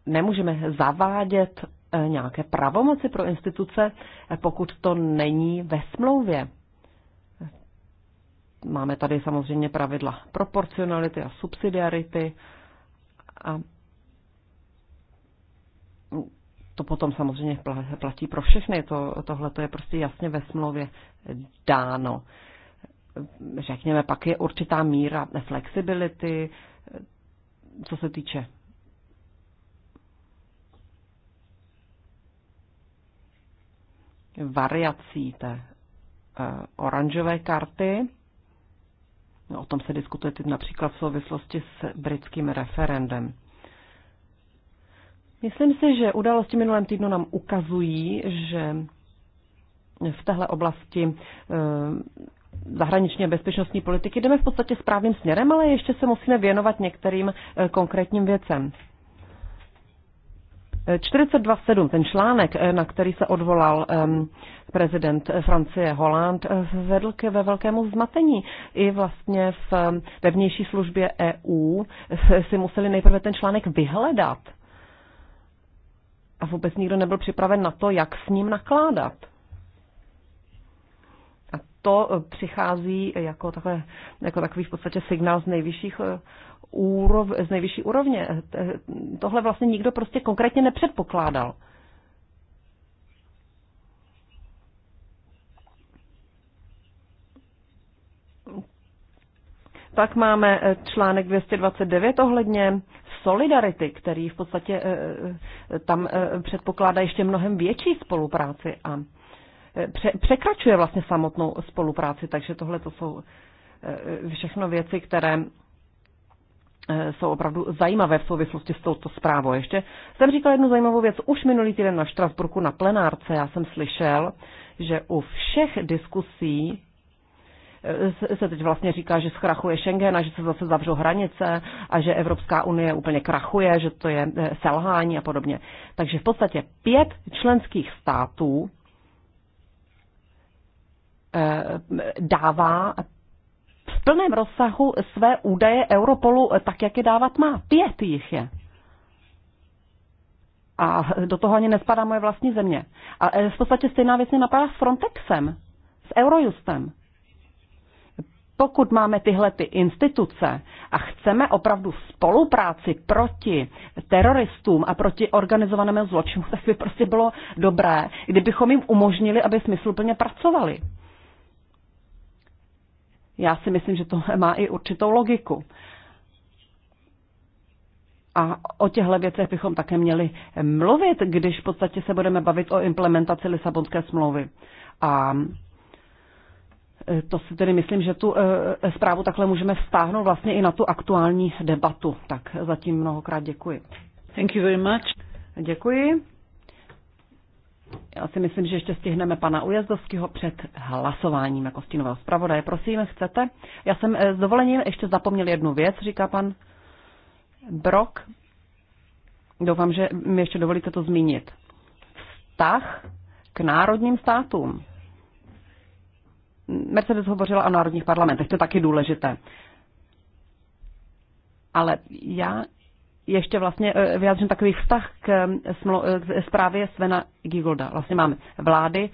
nemůžeme zavádět eh, nějaké pravomoci pro instituce, eh, pokud to není ve smlouvě. Máme tady samozřejmě pravidla proporcionality a subsidiarity a to potom samozřejmě platí pro všechny. To, Tohle je prostě jasně ve smlouvě dáno. Řekněme, pak je určitá míra flexibility, co se týče variací té eh, oranžové karty. O tom se diskutuje teď například v souvislosti s britským referendem. Myslím si, že události minulém týdnu nám ukazují, že v téhle oblasti eh, zahraniční a bezpečnostní politiky jdeme v podstatě správným směrem, ale ještě se musíme věnovat některým eh, konkrétním věcem. 42.7, ten článek, eh, na který se odvolal prezident Francie Holland, eh, vedl ke ve velkému zmatení. I vlastně v, ve vnější službě EU si museli nejprve ten článek vyhledat. A vůbec nikdo nebyl připraven na to, jak s ním nakládat. A to eh, přichází jako, takové, jako takový v podstatě signál z nejvyšších úrov, z nejvyšší úrovně. Tohle vlastně nikdo prostě konkrétně nepředpokládal. Pak máme eh, článek 229 ohledně solidarity, který v podstatě eh, eh, tam předpokládá ještě mnohem větší spolupráci a překračuje vlastně samotnou spolupráci, takže tohle to jsou všechno věci, které Eh, jsou opravdu zajímavé v souvislosti s touto zprávou. Ještě jsem říkal jednu zajímavou věc. Už minulý týden na Štrasburku na plenárce já jsem slyšel, že u všech diskusí eh, se teď vlastně říká, že zkrachuje Schengen a že se zase zavřou hranice a že Evropská unie úplně krachuje, že to je eh, selhání a podobně. Takže v podstatě pět členských států dává plném rozsahu své údaje Europolu eh, tak, jak je dávat má. Pět jich je. A do toho ani nespadá moje vlastní země. A eh, v podstatě stejná věc mě napadá s Frontexem, s Eurojustem. Pokud máme tyhle ty instituce a chceme opravdu spolupráci proti teroristům a proti organizovanému zločinu, tak by prostě bylo dobré, kdybychom jim umožnili, aby smysluplně pracovali. Já si myslím, že to má i určitou logiku. A o těchto věcech bychom také měli mluvit, když v podstatě se budeme bavit o implementaci Lisabonské smlouvy. A e, to si tedy myslím, že tu e, e, zprávu takhle můžeme vztáhnout vlastně i na tu aktuální debatu. Tak zatím mnohokrát děkuji. Thank you very much. Děkuji. Já si myslím, že ještě stihneme pana Ujezdovského před hlasováním jako stínového zpravodaje. Prosím, chcete? Já jsem eh, s dovolením ještě zapomněl jednu věc, říká pan Brok. Doufám, že mi ještě dovolíte to zmínit. Vztah k národním státům. Mercedes hovořila o národních parlamentech, to je taky důležité. Ale já ještě vlastně eh, vyjádřím takový vztah k, eh, eh, k zprávě Svena Gigolda. Vlastně máme vlády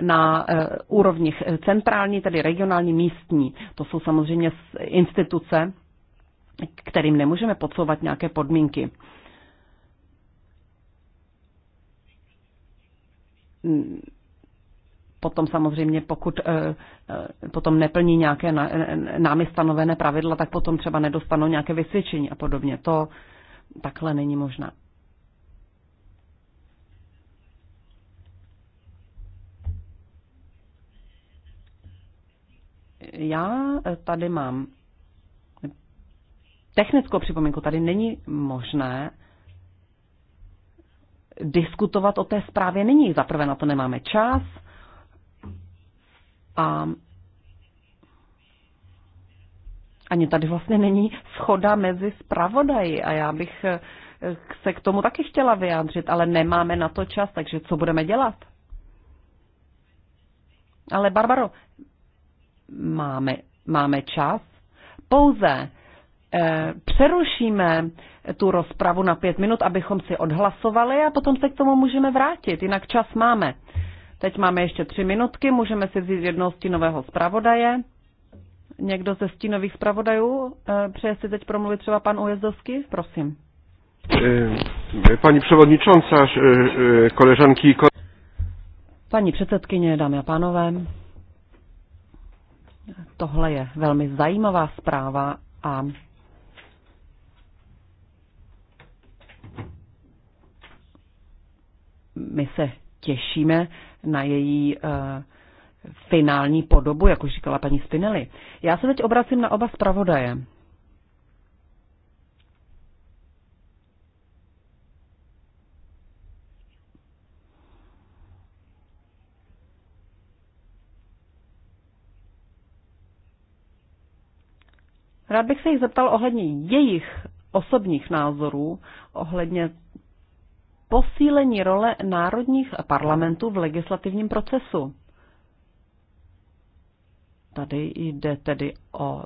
na úrovních centrální, tedy regionální, místní. To jsou samozřejmě instituce, kterým nemůžeme podsouvat nějaké podmínky. Potom samozřejmě, pokud potom neplní nějaké námi stanovené pravidla, tak potom třeba nedostanou nějaké vysvědčení a podobně. To takhle není možná. Já tady mám technickou připomínku. Tady není možné diskutovat o té zprávě nyní. Zaprvé na to nemáme čas a ani tady vlastně není schoda mezi zpravodaji a já bych eh, se k tomu taky chtěla vyjádřit, ale nemáme na to čas, takže co budeme dělat? Ale Barbaro, máme, máme čas. Pouze eh, přerušíme tu rozpravu na pět minut, abychom si odhlasovali a potom se k tomu můžeme vrátit, jinak čas máme. Teď máme ještě tři minutky, můžeme si vzít jednosti nového zpravodaje Někdo ze stínových zpravodajů? Eh, přeje si teď promluvit třeba pan Ujezdovský? Prosím. Eh, eh, Pani przewodnicząca, koleżanki i Paní předsedkyně, dámy a pánové, tohle je velmi zajímavá zpráva a my se těšíme na její finální podobu, jak už říkala paní Spinelli. Já se teď obracím na oba zpravodaje. Rád bych se jich zeptal ohledně jejich osobních názorů, ohledně posílení role národních parlamentů v legislativním procesu. Tady jde tedy o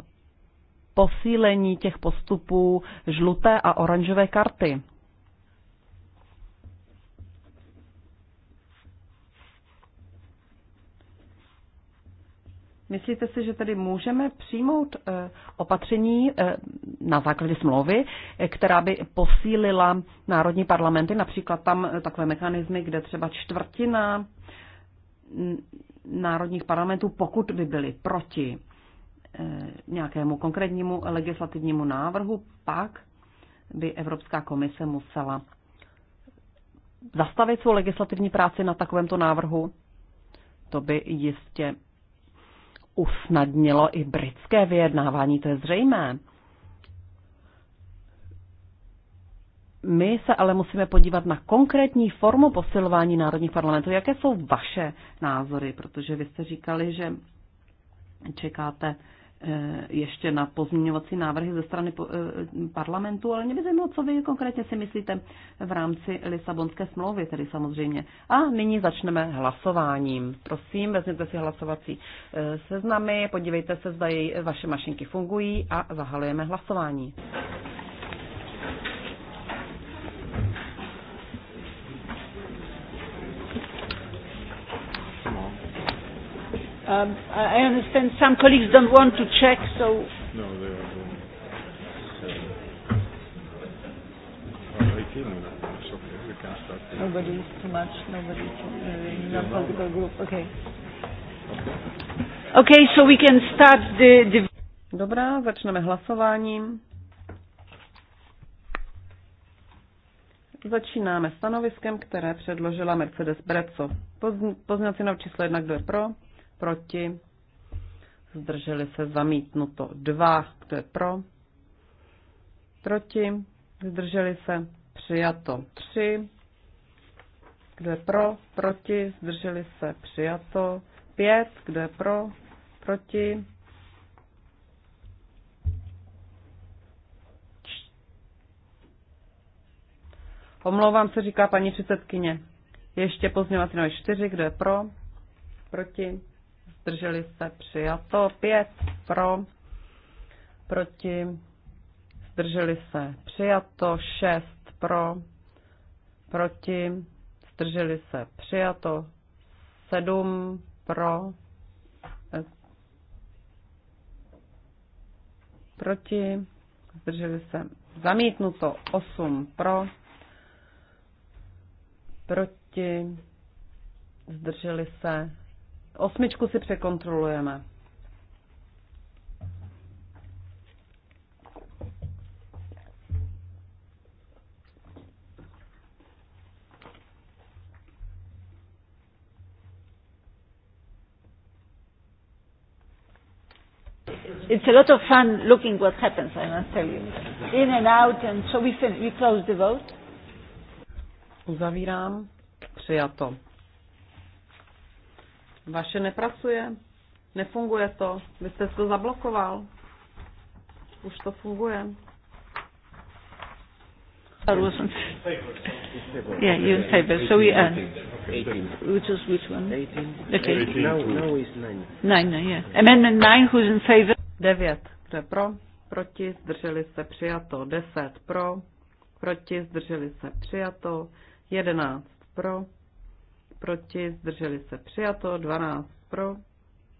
posílení těch postupů žluté a oranžové karty. Myslíte si, že tedy můžeme přijmout eh, opatření eh, na základě smlouvy, která by posílila národní parlamenty, například tam eh, takové mechanismy, kde třeba čtvrtina národních parlamentů, pokud by byli proti eh, nějakému konkrétnímu legislativnímu návrhu, pak by Evropská komise musela zastavit svou legislativní práci na takovémto návrhu. To by jistě usnadnilo i britské vyjednávání, to je zřejmé. My se ale musíme podívat na konkrétní formu posilování národních parlamentů. Jaké jsou vaše názory? Protože vy jste říkali, že čekáte eh, ještě na pozměňovací návrhy ze strany eh, parlamentu, ale mě by zajímalo, co vy konkrétně si myslíte v rámci Lisabonské smlouvy, tedy samozřejmě. A nyní začneme hlasováním. Prosím, vezměte si hlasovací eh, seznamy, podívejte se, zda vaše mašinky fungují a zahalujeme hlasování. Um, I understand some colleagues don't want to check, so. No, they are going. Uh, 18 minutes. It's okay. We can start. Nobody is too much. Nobody is uh, not political group. Okay. okay. Okay, so we can start the. the Dobrá, začneme hlasováním. Začínáme stanoviskem, které předložila Mercedes Breco. Pozn- Poznací číslo 1, kdo je pro? proti, zdrželi se zamítnuto dva, kdo je pro, proti, zdrželi se přijato tři, kdo je pro, proti, zdrželi se přijato pět, kdo je pro, proti, Omlouvám se, říká paní předsedkyně. Ještě pozměňovací návrh čtyři, kdo je pro? Proti? zdrželi se přijato, 5 pro, proti, zdrželi se přijato, 6 pro, proti, zdrželi se přijato, 7 eh, pro, proti, zdrželi se zamítnuto, 8 pro, proti, zdrželi se Osmičku si překontrolujeme. it's a lot of fun looking what happens, I must tell you. In and out, and so we, we close the vote. Uzavírám. Přijato. Vaše nepracuje? Nefunguje to? Vy jste to zablokoval? Už to funguje. Yeah, you're in favor. So we end. Which is which one? Okay. Now, now is 9. 9, yeah. Amendment 9, who's in favor? 9. Kdo je pro? Proti? Zdrželi se přijato. Deset. pro. Proti? Zdrželi se přijato. Jedenáct. pro proti, zdrželi se přijato, 12 pro,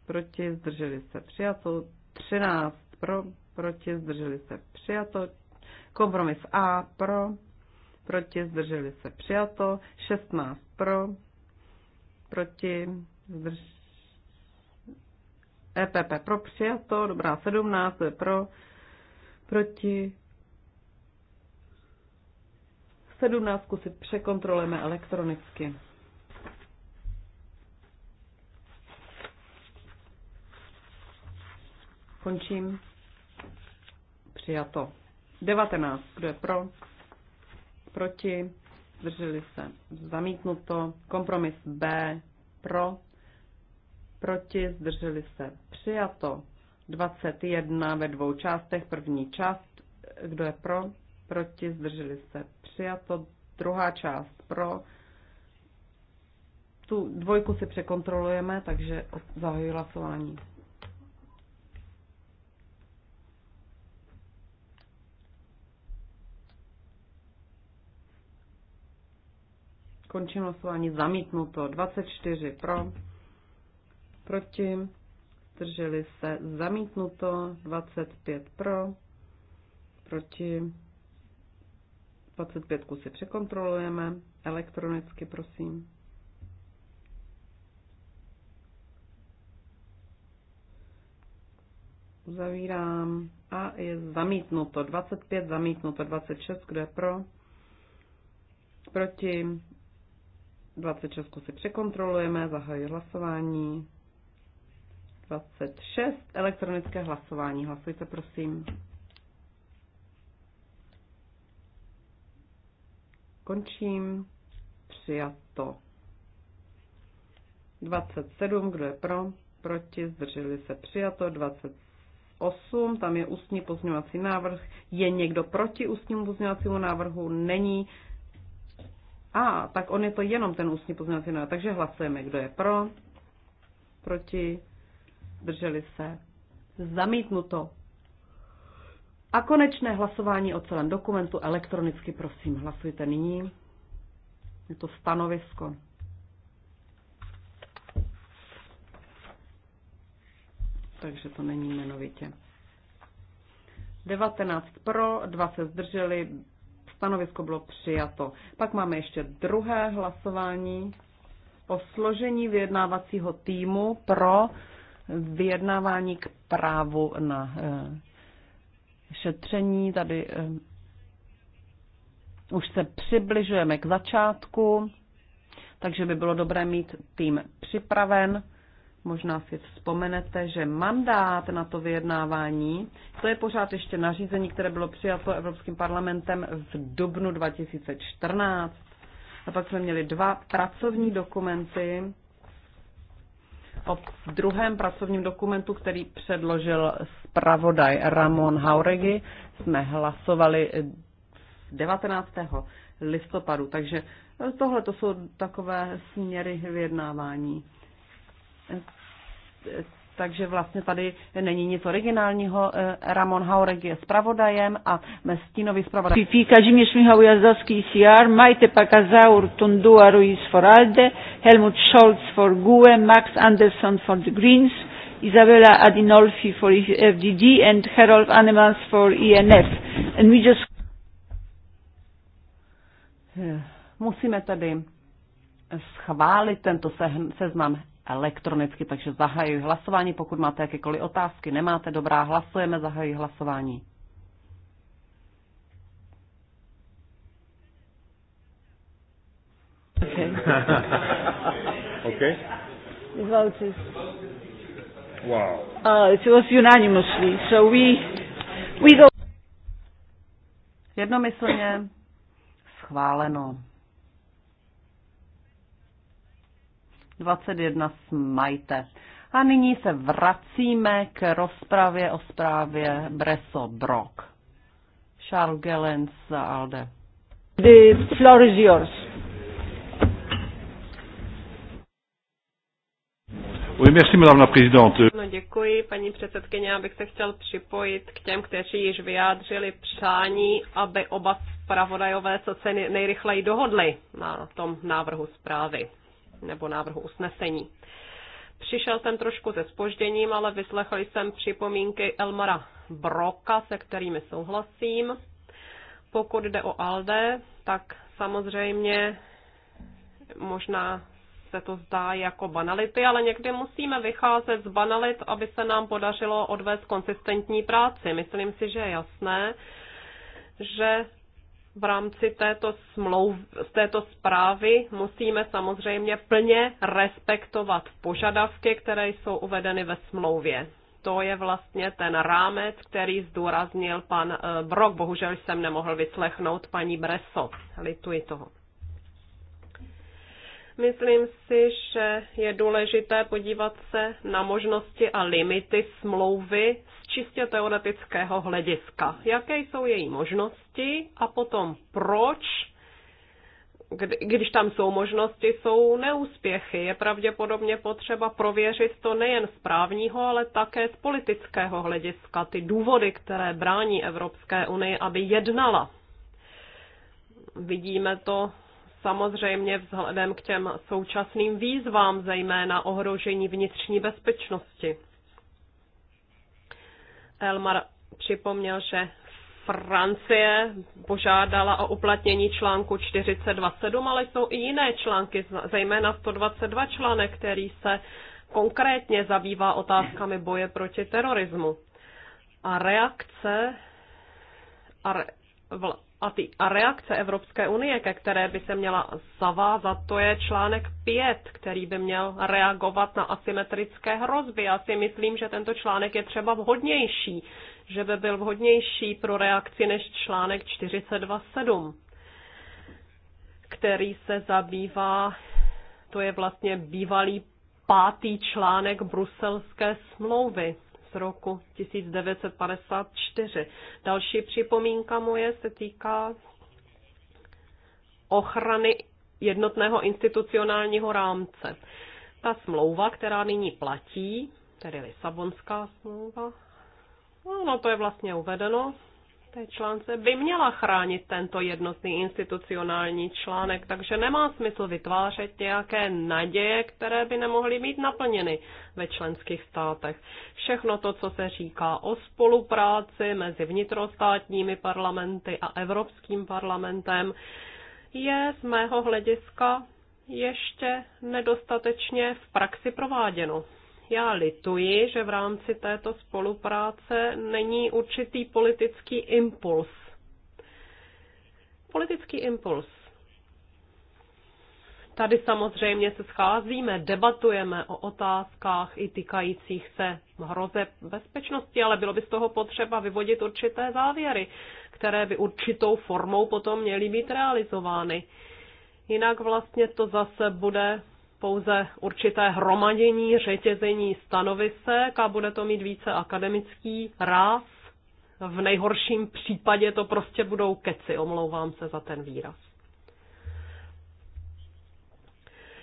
proti, zdrželi se přijato, 13 pro, proti, zdrželi se přijato, kompromis A pro, proti, zdrželi se přijato, 16 pro, proti, zdrž... EPP pro přijato, dobrá 17, je pro, proti, 17 si překontrolujeme elektronicky. Končím. Přijato. 19. Kdo je pro? Proti? Zdrželi se. Zamítnuto. Kompromis B. Pro? Proti? Zdrželi se. Přijato. 21 ve dvou částech. První část. Kdo je pro? Proti? Zdrželi se. Přijato. Druhá část. Pro? Tu dvojku si překontrolujeme, takže zahajuji hlasování. Končím hlasování. Zamítnuto. 24 pro. Proti. Zdrželi se. Zamítnuto. 25 pro. Proti. 25 si překontrolujeme. Elektronicky, prosím. Uzavírám. A je zamítnuto. 25 zamítnuto. 26, kdo je pro? Proti 26 si překontrolujeme, zahajuji hlasování. 26 elektronické hlasování. Hlasujte, prosím. Končím. Přijato. 27, kdo je pro? Proti, zdrželi se přijato. 28, tam je ústní pozměňovací návrh. Je někdo proti ústnímu pozměňovacímu návrhu? Není. A, tak on je to jenom ten ústní pozměňovací návrh. Takže hlasujeme, kdo je pro, proti, drželi se, zamítnuto. A konečné hlasování o celém dokumentu elektronicky, prosím, hlasujte nyní. Je to stanovisko. Takže to není jmenovitě. 19 pro, 20 se zdrželi, Stanovisko bylo přijato. Pak máme ještě druhé hlasování o složení vyjednávacího týmu pro vyjednávání k právu na eh, šetření. Tady eh, už se přibližujeme k začátku, takže by bylo dobré mít tým připraven. Možná si vzpomenete, že mandát na to vyjednávání, to je pořád ještě nařízení, které bylo přijato Evropským parlamentem v dubnu 2014. A pak jsme měli dva pracovní dokumenty o druhém pracovním dokumentu, který předložil zpravodaj Ramon Hauregi, jsme hlasovali 19. listopadu. Takže tohle to jsou takové směry vyjednávání takže vlastně tady není nic originálního. Ramon Haurek je zpravodajem a stínový zpravodaj. Fifi Kazimierz Michał Jazdowski CR, Majte Pakazaur Tunduaru Ruiz for ALDE, Helmut Scholz for GUE, Max Anderson for the Greens, Isabella Adinolfi for e FDD and Harold Anemans for ENF. And we just... Eh, musíme tady schválit tento seznam elektronicky, takže zahajuji hlasování. Pokud máte jakékoliv otázky, nemáte dobrá, hlasujeme, zahajuji hlasování. Okay. okay. The Wow. Uh, it was unanimously, so we we go. Jednomyslně schváleno. 21 smajte. A nyní se vracíme k rozpravě o zprávě Breso Brock. Charles Gellens za ALDE. The floor is yours. Oui, merci, madame la présidente. No, děkuji, paní předsedkyně. Abych se chtěl připojit k těm, kteří již vyjádřili přání, aby oba zpravodajové se nejrychleji dohodli na tom návrhu zprávy nebo návrhu usnesení. Přišel jsem trošku se spožděním, ale vyslechl jsem připomínky Elmara Broka, se kterými souhlasím. Pokud jde o ALDE, tak samozřejmě možná se to zdá jako banality, ale někdy musíme vycházet z banalit, aby se nám podařilo odvést konsistentní práci. Myslím si, že je jasné, že v rámci této, smlouv, této zprávy musíme samozřejmě plně respektovat požadavky, které jsou uvedeny ve smlouvě. To je vlastně ten rámec, který zdůraznil pan eh, Brok. Bohužel jsem nemohl vyslechnout paní Breso. Lituji toho. Myslím si, že je důležité podívat se na možnosti a limity smlouvy z čistě teoretického hlediska. Jaké jsou její možnosti a potom proč, když tam jsou možnosti, jsou neúspěchy. Je pravděpodobně potřeba prověřit to nejen z právního, ale také z politického hlediska, ty důvody, které brání Evropské unii, aby jednala vidíme to samozřejmě vzhledem k těm současným výzvám, zejména ohrožení vnitřní bezpečnosti. Elmar připomněl, že Francie požádala o uplatnění článku 427, ale jsou i jiné články, zejména 122 článek, který se konkrétně zabývá otázkami boje proti terorismu. A reakce a re, vl, a, ty, a reakce Evropské unie, ke které by se měla zavázat, to je článek 5, který by měl reagovat na asymetrické hrozby. Já si myslím, že tento článek je třeba vhodnější, že by byl vhodnější pro reakci než článek 427, který se zabývá, to je vlastně bývalý pátý článek bruselské smlouvy roku 1954. Další připomínka moje se týká ochrany jednotného institucionálního rámce. Ta smlouva, která nyní platí, tedy Lisabonská smlouva, no, no to je vlastně uvedeno té článce by měla chránit tento jednotný institucionální článek, takže nemá smysl vytvářet nějaké naděje, které by nemohly být naplněny ve členských státech. Všechno to, co se říká o spolupráci mezi vnitrostátními parlamenty a Evropským parlamentem, je z mého hlediska ještě nedostatečně v praxi prováděno já lituji, že v rámci této spolupráce není určitý politický impuls. Politický impuls. Tady samozřejmě se scházíme, debatujeme o otázkách i týkajících se hroze bezpečnosti, ale bylo by z toho potřeba vyvodit určité závěry, které by určitou formou potom měly být realizovány. Jinak vlastně to zase bude pouze určité hromadění, řetězení stanovisek a bude to mít více akademický ráz. V nejhorším případě to prostě budou keci, omlouvám se za ten výraz.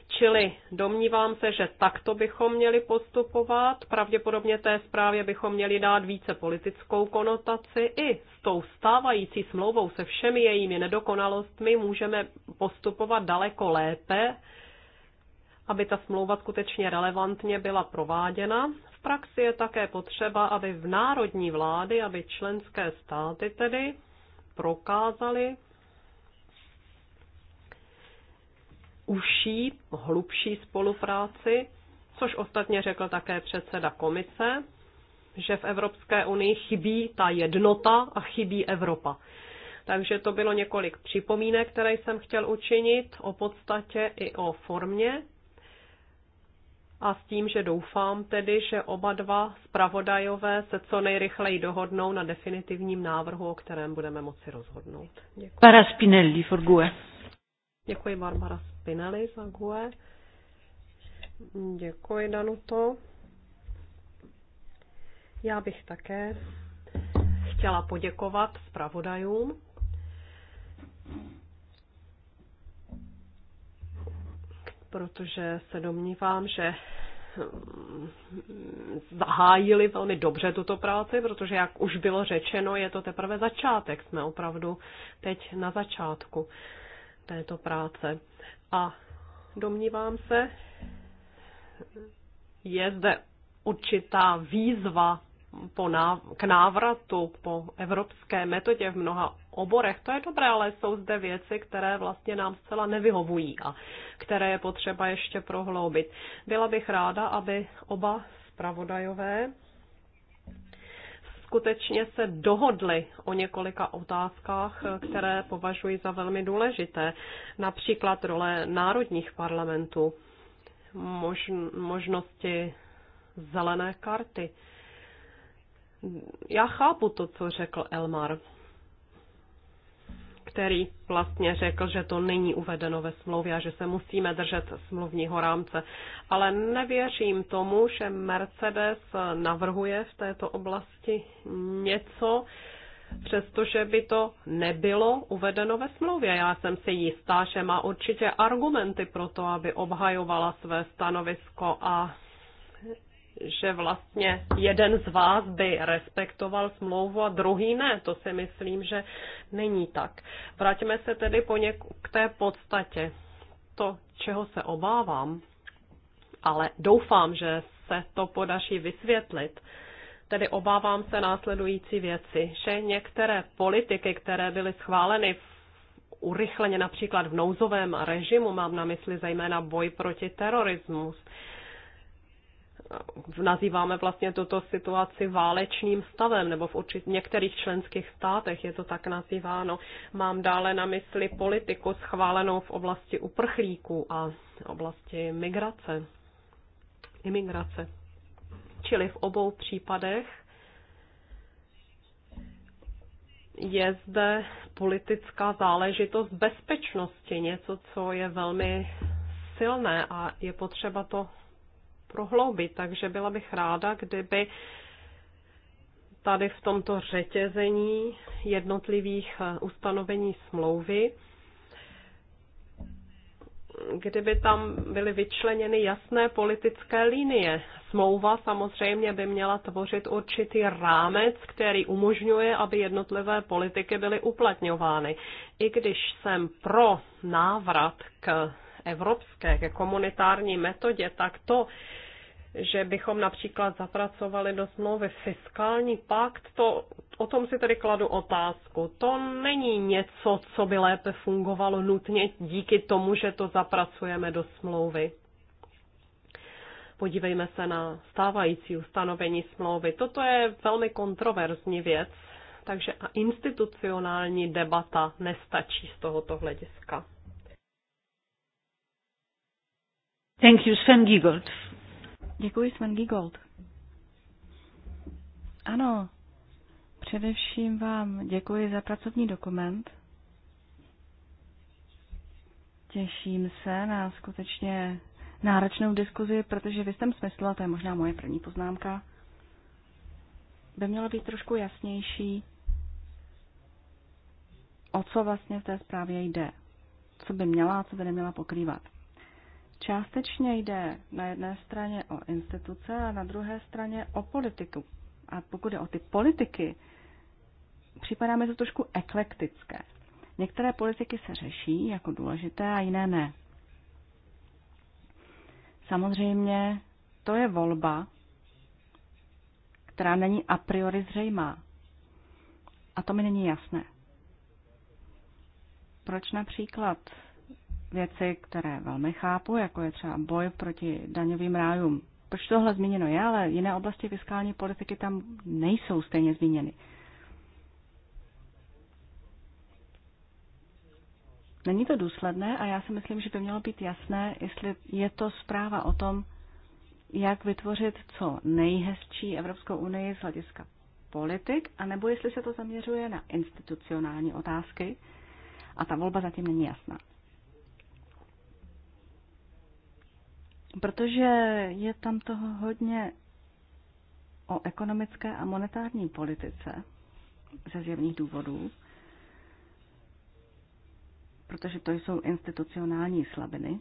Čili domnívám se, že takto bychom měli postupovat. Pravděpodobně té zprávě bychom měli dát více politickou konotaci. I s tou stávající smlouvou se všemi jejími nedokonalostmi můžeme postupovat daleko lépe aby ta smlouva skutečně relevantně byla prováděna. V praxi je také potřeba, aby v národní vlády, aby členské státy tedy prokázaly užší, hlubší spolupráci, což ostatně řekl také předseda komise, že v Evropské unii chybí ta jednota a chybí Evropa. Takže to bylo několik připomínek, které jsem chtěl učinit o podstatě i o formě a s tím, že doufám tedy, že oba dva zpravodajové se co nejrychleji dohodnou na definitivním návrhu, o kterém budeme moci rozhodnout. Děkuji. Para Spinelli for GUE. Děkuji Barbara Spinelli za GUE. Děkuji Danuto. Já bych také chtěla poděkovat zpravodajům protože se domnívám, že mm, zahájili velmi dobře tuto práci, protože, jak už bylo řečeno, je to teprve začátek. Jsme opravdu teď na začátku této práce. A domnívám se, je zde určitá výzva po náv- k návratu po evropské metodě v mnoha oborech. To je dobré, ale jsou zde věci, které vlastně nám zcela nevyhovují a které je potřeba ještě prohloubit. Byla bych ráda, aby oba zpravodajové skutečně se dohodli o několika otázkách, které považuji za velmi důležité, například role národních parlamentů, možnosti zelené karty. Já chápu to, co řekl Elmar který vlastně řekl, že to není uvedeno ve smlouvě a že se musíme držet smluvního rámce. Ale nevěřím tomu, že Mercedes navrhuje v této oblasti něco, přestože by to nebylo uvedeno ve smlouvě. Já jsem si jistá, že má určitě argumenty pro to, aby obhajovala své stanovisko a že vlastně jeden z vás by respektoval smlouvu a druhý ne. To si myslím, že není tak. Vraťme se tedy po něk- k té podstatě. To, čeho se obávám, ale doufám, že se to podaří vysvětlit, tedy obávám se následující věci, že některé politiky, které byly schváleny v urychleně například v nouzovém režimu, mám na mysli zejména boj proti terorismu, nazýváme vlastně tuto situaci válečným stavem, nebo v určit, některých členských státech je to tak nazýváno. Mám dále na mysli politiku schválenou v oblasti uprchlíků a oblasti migrace, imigrace. Čili v obou případech je zde politická záležitost bezpečnosti, něco, co je velmi silné a je potřeba to prohloubit. Takže byla bych ráda, kdyby tady v tomto řetězení jednotlivých eh, ustanovení smlouvy, kdyby tam byly vyčleněny jasné politické linie. Smlouva samozřejmě by měla tvořit určitý rámec, který umožňuje, aby jednotlivé politiky byly uplatňovány. I když jsem pro návrat k evropské, ke komunitární metodě, tak to, že bychom například zapracovali do smlouvy fiskální pakt, to, o tom si tedy kladu otázku. To není něco, co by lépe fungovalo nutně díky tomu, že to zapracujeme do smlouvy. Podívejme se na stávající ustanovení smlouvy. Toto je velmi kontroverzní věc, takže a institucionální debata nestačí z tohoto hlediska. Thank you, Sven Giegold. Děkuji, Sven Giegold. Ano, především vám děkuji za pracovní dokument. Těším se na skutečně náročnou diskuzi, protože vy jste smysl, a to je možná moje první poznámka, by mělo být trošku jasnější, o co vlastně v té zprávě jde, co by měla a co by neměla pokrývat. Částečně jde na jedné straně o instituce a na druhé straně o politiku. A pokud je o ty politiky, připadá mi to trošku eklektické. Některé politiky se řeší jako důležité a jiné ne. Samozřejmě to je volba, která není a priori zřejmá. A to mi není jasné. Proč například věci, které velmi chápu, jako je třeba boj proti daňovým rájům. Proč tohle zmíněno je, ale jiné oblasti fiskální politiky tam nejsou stejně zmíněny. Není to důsledné a já si myslím, že by mělo být jasné, jestli je to zpráva o tom, jak vytvořit co nejhezčí Evropskou unii z hlediska politik, anebo jestli se to zaměřuje na institucionální otázky a ta volba zatím není jasná. protože je tam toho hodně o ekonomické a monetární politice ze zjevných důvodů, protože to jsou institucionální slabiny,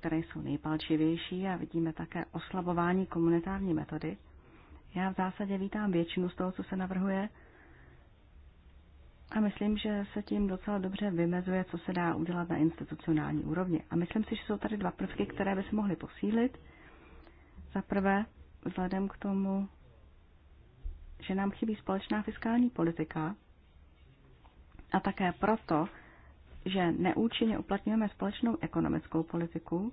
které jsou nejpalčivější a vidíme také oslabování komunitární metody. Já v zásadě vítám většinu z toho, co se navrhuje, a myslím, že se tím docela dobře vymezuje, co se dá udělat na institucionální úrovni. A myslím si, že jsou tady dva prvky, které by se mohly posílit. Za prvé, vzhledem k tomu, že nám chybí společná fiskální politika a také proto, že neúčinně uplatňujeme společnou ekonomickou politiku,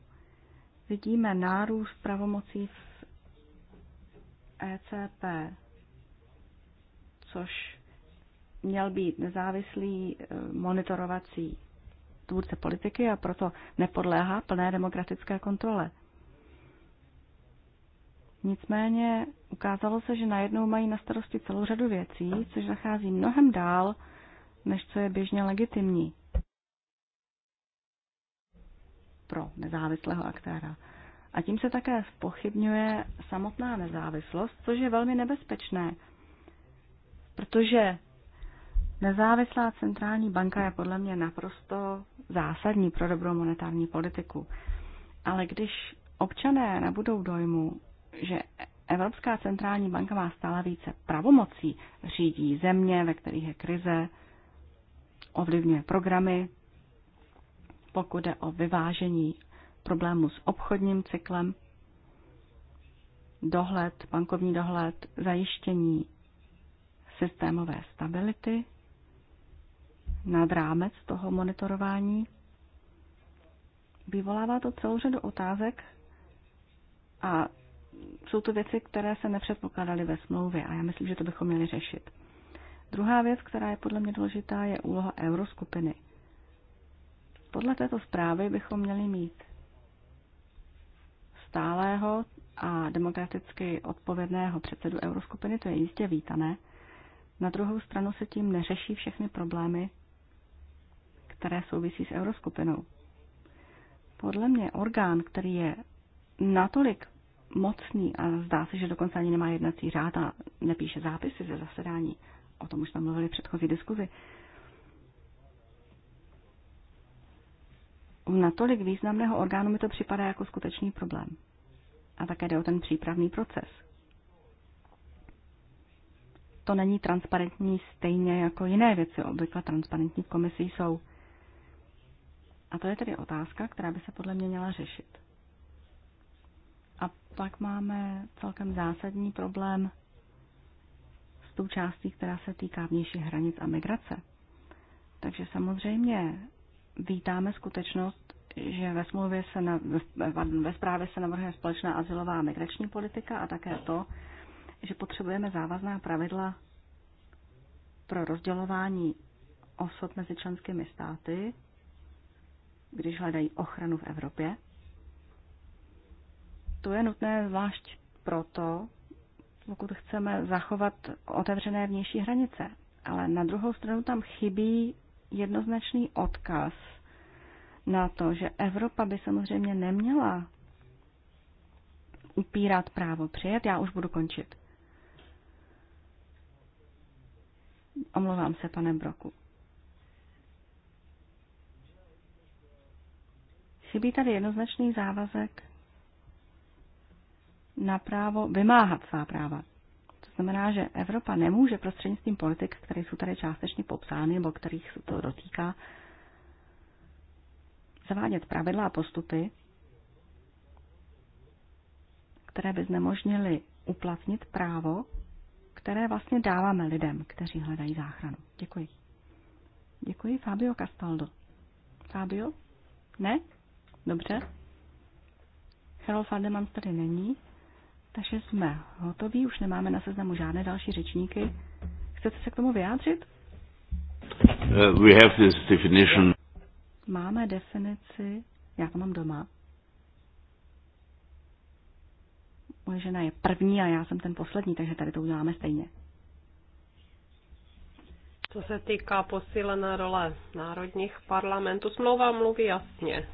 vidíme nárůst pravomocí v ECP, což měl být nezávislý eh, monitorovací tvůrce politiky a proto nepodléhá plné demokratické kontrole. Nicméně ukázalo se, že najednou mají na starosti celou řadu věcí, což zachází mnohem dál, než co je běžně legitimní pro nezávislého aktéra. A tím se také spochybňuje samotná nezávislost, což je velmi nebezpečné, protože Nezávislá centrální banka je podle mě naprosto zásadní pro dobrou monetární politiku. Ale když občané nebudou dojmu, že Evropská centrální banka má stále více pravomocí, řídí země, ve kterých je krize, ovlivňuje programy, pokud jde o vyvážení problémů s obchodním cyklem, dohled, bankovní dohled, zajištění systémové stability, nad rámec toho monitorování. Vyvolává to celou řadu otázek a jsou to věci, které se nepředpokládaly ve smlouvě a já myslím, že to bychom měli řešit. Druhá věc, která je podle mě důležitá, je úloha euroskupiny. Podle této zprávy bychom měli mít stálého a demokraticky odpovědného předsedu euroskupiny, to je jistě vítané. Na druhou stranu se tím neřeší všechny problémy, které souvisí s euroskupinou. Podle mě orgán, který je natolik mocný a zdá se, že dokonce ani nemá jednací řád a nepíše zápisy ze zasedání, o tom už jsme mluvili v předchozí diskuzi, u natolik významného orgánu mi to připadá jako skutečný problém. A také jde o ten přípravný proces. To není transparentní stejně jako jiné věci, obvykle transparentní v komisi jsou. A to je tedy otázka, která by se podle mě měla řešit. A pak máme celkem zásadní problém s tou částí, která se týká vnějších hranic a migrace. Takže samozřejmě vítáme skutečnost, že ve smlouvě se na, ve zprávě se navrhuje společná asilová migrační politika a také to, že potřebujeme závazná pravidla pro rozdělování osob mezi členskými státy když hledají ochranu v Evropě. To je nutné zvlášť proto, pokud chceme zachovat otevřené vnější hranice. Ale na druhou stranu tam chybí jednoznačný odkaz na to, že Evropa by samozřejmě neměla upírat právo přijet. Já už budu končit. Omlouvám se, pane Broku. Chybí tady jednoznačný závazek na právo vymáhat svá práva. To znamená, že Evropa nemůže prostřednictvím politik, které jsou tady částečně popsány nebo kterých se to dotýká, zavádět pravidla a postupy, které by znemožnily uplatnit právo, které vlastně dáváme lidem, kteří hledají záchranu. Děkuji. Děkuji, Fabio Castaldo. Fabio? Ne? Dobře. Karol Fardemans tady není, takže jsme hotoví, už nemáme na seznamu žádné další řečníky. Chcete se k tomu vyjádřit? Uh, we have this definition. Máme definici, já to mám doma. Moje žena je první a já jsem ten poslední, takže tady to uděláme stejně. Co se týká posílené role národních parlamentů, smlouva mluví jasně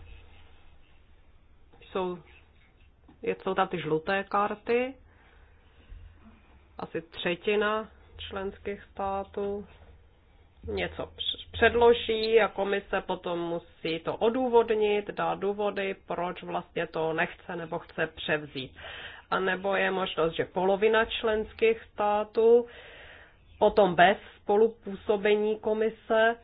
jsou, jsou tam ty žluté karty, asi třetina členských států něco předloží a komise potom musí to odůvodnit, dá důvody, proč vlastně to nechce nebo chce převzít. A nebo je možnost, že polovina členských států potom bez spolupůsobení komise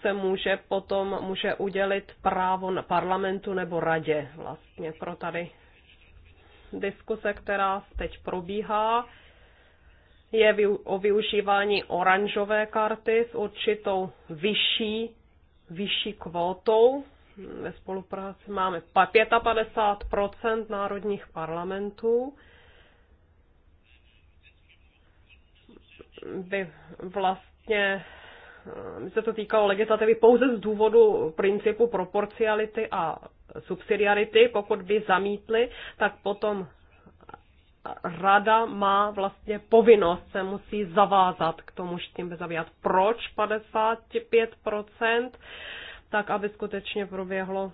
se může potom může udělit právo na parlamentu nebo radě vlastně pro tady diskuse, která teď probíhá, je o využívání oranžové karty s určitou vyšší, vyšší kvótou. Ve spolupráci máme 55 národních parlamentů. By vlastně my eh, se to týkalo legislativy pouze z důvodu principu proporciality a subsidiarity, pokud by zamítli, tak potom rada má vlastně povinnost, se musí zavázat k tomu, že tím zavíjat. Proč 55%? Tak, aby skutečně proběhlo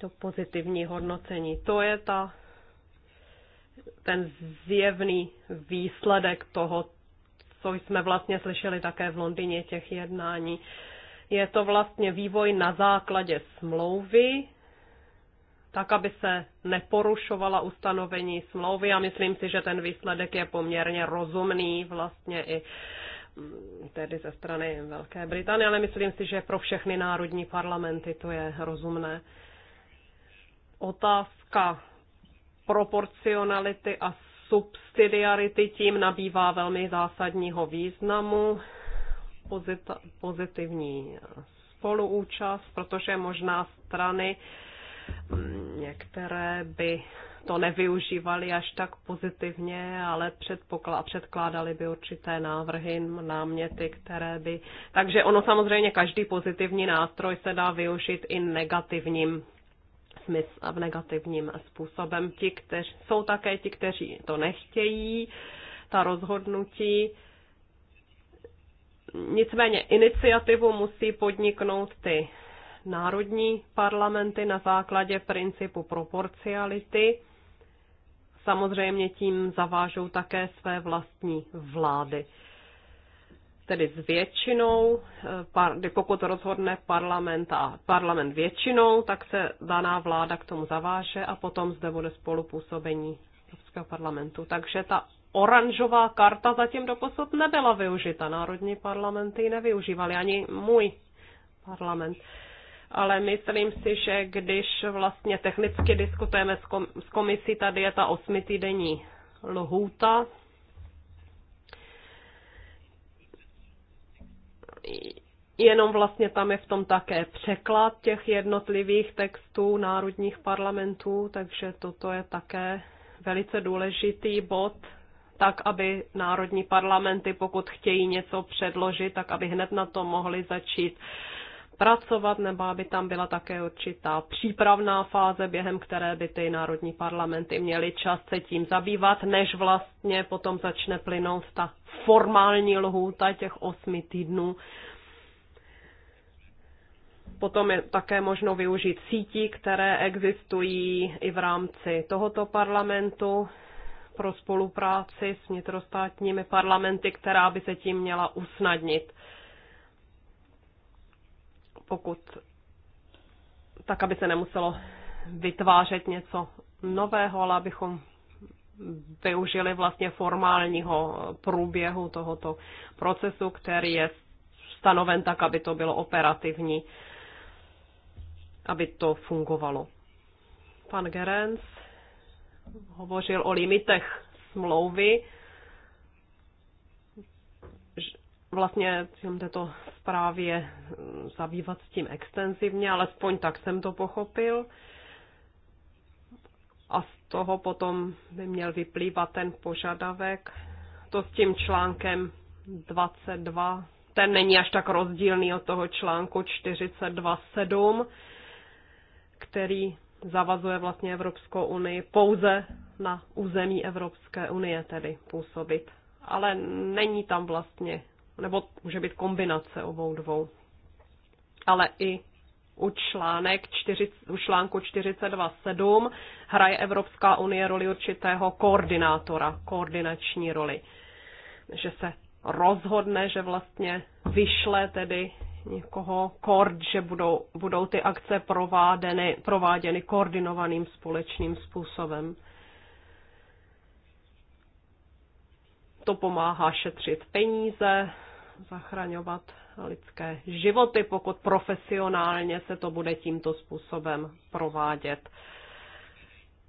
to pozitivní hodnocení. To je ta, ten zjevný výsledek toho co jsme vlastně slyšeli také v Londýně těch jednání. Je to vlastně vývoj na základě smlouvy, tak, aby se neporušovala ustanovení smlouvy a myslím si, že ten výsledek je poměrně rozumný vlastně i mm, tedy ze strany Velké Británie, ale myslím si, že pro všechny národní parlamenty to je rozumné. Otázka proporcionality a subsidiarity tím nabývá velmi zásadního významu, pozitivní spoluúčast, protože možná strany, mm, některé by to nevyužívali až tak pozitivně, ale předkládali by určité návrhy, náměty, které by... Takže ono samozřejmě každý pozitivní nástroj se dá využít i negativním smysl a v negativním způsobem. Ti, kteří, jsou také ti, kteří to nechtějí, ta rozhodnutí. Nicméně iniciativu musí podniknout ty národní parlamenty na základě principu proporciality. Samozřejmě tím zavážou také své vlastní vlády tedy s většinou, eh, pokud rozhodne parlament a parlament většinou, tak se daná vláda k tomu zaváže a potom zde bude spolupůsobení Evropského parlamentu. Takže ta oranžová karta zatím doposud nebyla využita. Národní parlamenty ji nevyužívaly, ani můj parlament. Ale myslím si, že když vlastně technicky diskutujeme s komisí, tady je ta osmitýdenní lhůta, jenom vlastně tam je v tom také překlad těch jednotlivých textů národních parlamentů, takže toto je také velice důležitý bod, tak aby národní parlamenty, pokud chtějí něco předložit, tak aby hned na to mohli začít pracovat, nebo aby tam byla také určitá přípravná fáze, během které by ty národní parlamenty měly čas se tím zabývat, než vlastně potom začne plynout ta formální lhůta těch osmi týdnů. Potom je také možno využít sítí, které existují i v rámci tohoto parlamentu pro spolupráci s vnitrostátními parlamenty, která by se tím měla usnadnit pokud tak, aby se nemuselo vytvářet něco nového, ale abychom využili vlastně formálního průběhu tohoto procesu, který je stanoven tak, aby to bylo operativní, aby to fungovalo. Pan Gerenc hovořil o limitech smlouvy. vlastně při této zprávě eh, zabývat s tím extenzivně, alespoň tak jsem to pochopil. A z toho potom by měl vyplývat ten požadavek. To s tím článkem 22, ten není až tak rozdílný od toho článku 42.7, který zavazuje vlastně Evropskou unii pouze na území Evropské unie tedy působit. Ale není tam vlastně nebo může být kombinace obou dvou. Ale i u, článek 40, u článku 42.7 hraje Evropská unie roli určitého koordinátora, koordinační roli. Že se rozhodne, že vlastně vyšle tedy někoho kord, že budou, budou ty akce prováděny, prováděny koordinovaným společným způsobem. to pomáhá šetřit peníze, zachraňovat lidské životy, pokud profesionálně se to bude tímto způsobem provádět.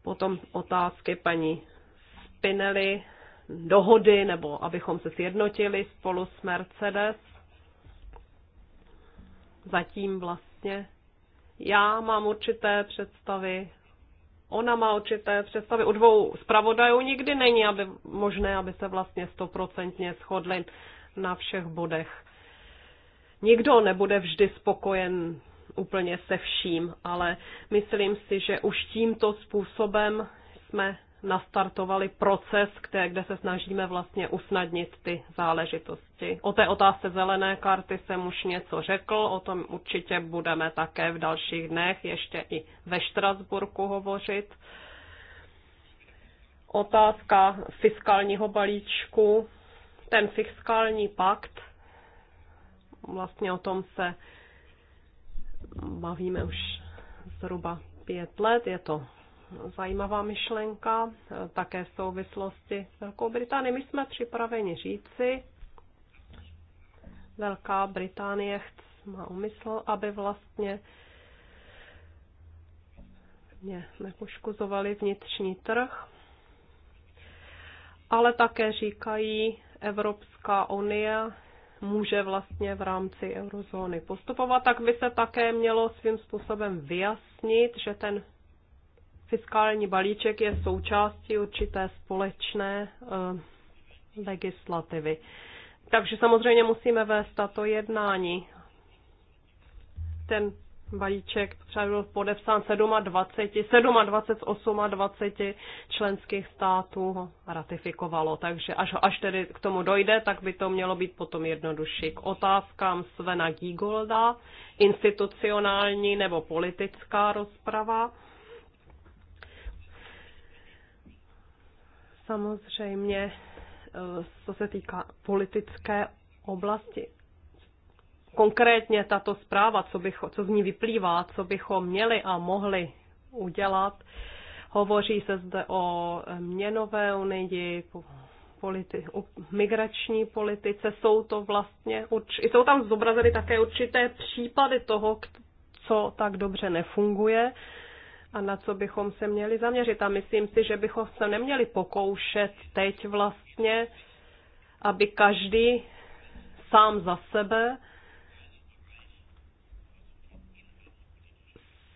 Potom otázky paní Spinelli, dohody, nebo abychom se sjednotili spolu s Mercedes. Zatím vlastně já mám určité představy ona má určité představy. U dvou zpravodajů nikdy není aby, možné, aby se vlastně stoprocentně shodli na všech bodech. Nikdo nebude vždy spokojen úplně se vším, ale myslím si, že už tímto způsobem jsme nastartovali proces, kde, kde se snažíme vlastně usnadnit ty záležitosti. O té otázce zelené karty jsem už něco řekl, o tom určitě budeme také v dalších dnech ještě i ve Štrasburku hovořit. Otázka fiskálního balíčku. Ten fiskální pakt, vlastně o tom se bavíme už zhruba pět let, je to zajímavá myšlenka, také v souvislosti s Velkou Británií. My jsme připraveni říci, Velká Británie chce, má umysl, aby vlastně mě nepoškozovali vnitřní trh, ale také říkají, Evropská unie může vlastně v rámci eurozóny postupovat, tak by se také mělo svým způsobem vyjasnit, že ten Fiskální balíček je součástí určité společné eh, legislativy. Takže samozřejmě musíme vést tato jednání. Ten balíček třeba byl podepsán 27, 27 z 28 členských států ho ratifikovalo. Takže až, až tedy k tomu dojde, tak by to mělo být potom jednodušší. K otázkám Svena Gigolda, institucionální nebo politická rozprava. Samozřejmě, e, co se týká politické oblasti, konkrétně tato zpráva, co, bych, co z ní vyplývá, co bychom měli a mohli udělat, hovoří se zde o měnové unii, politi- o migrační politice, jsou to vlastně, jsou tam zobrazeny také určité případy toho, co tak dobře nefunguje a na co bychom se měli zaměřit. A myslím si, že bychom se neměli pokoušet teď vlastně, aby každý sám za sebe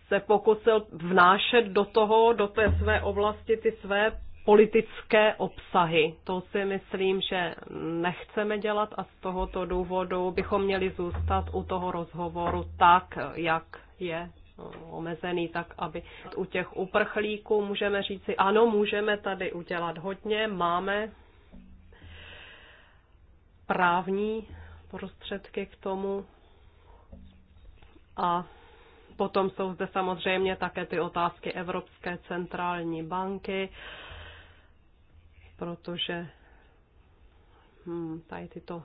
se pokusil vnášet do toho, do té své oblasti ty své politické obsahy. To si myslím, že nechceme dělat a z tohoto důvodu bychom měli zůstat u toho rozhovoru tak, jak je omezený tak, aby u těch uprchlíků můžeme říci, ano, můžeme tady udělat hodně, máme právní prostředky k tomu a Potom jsou zde samozřejmě také ty otázky Evropské centrální banky, protože hmm, tady tyto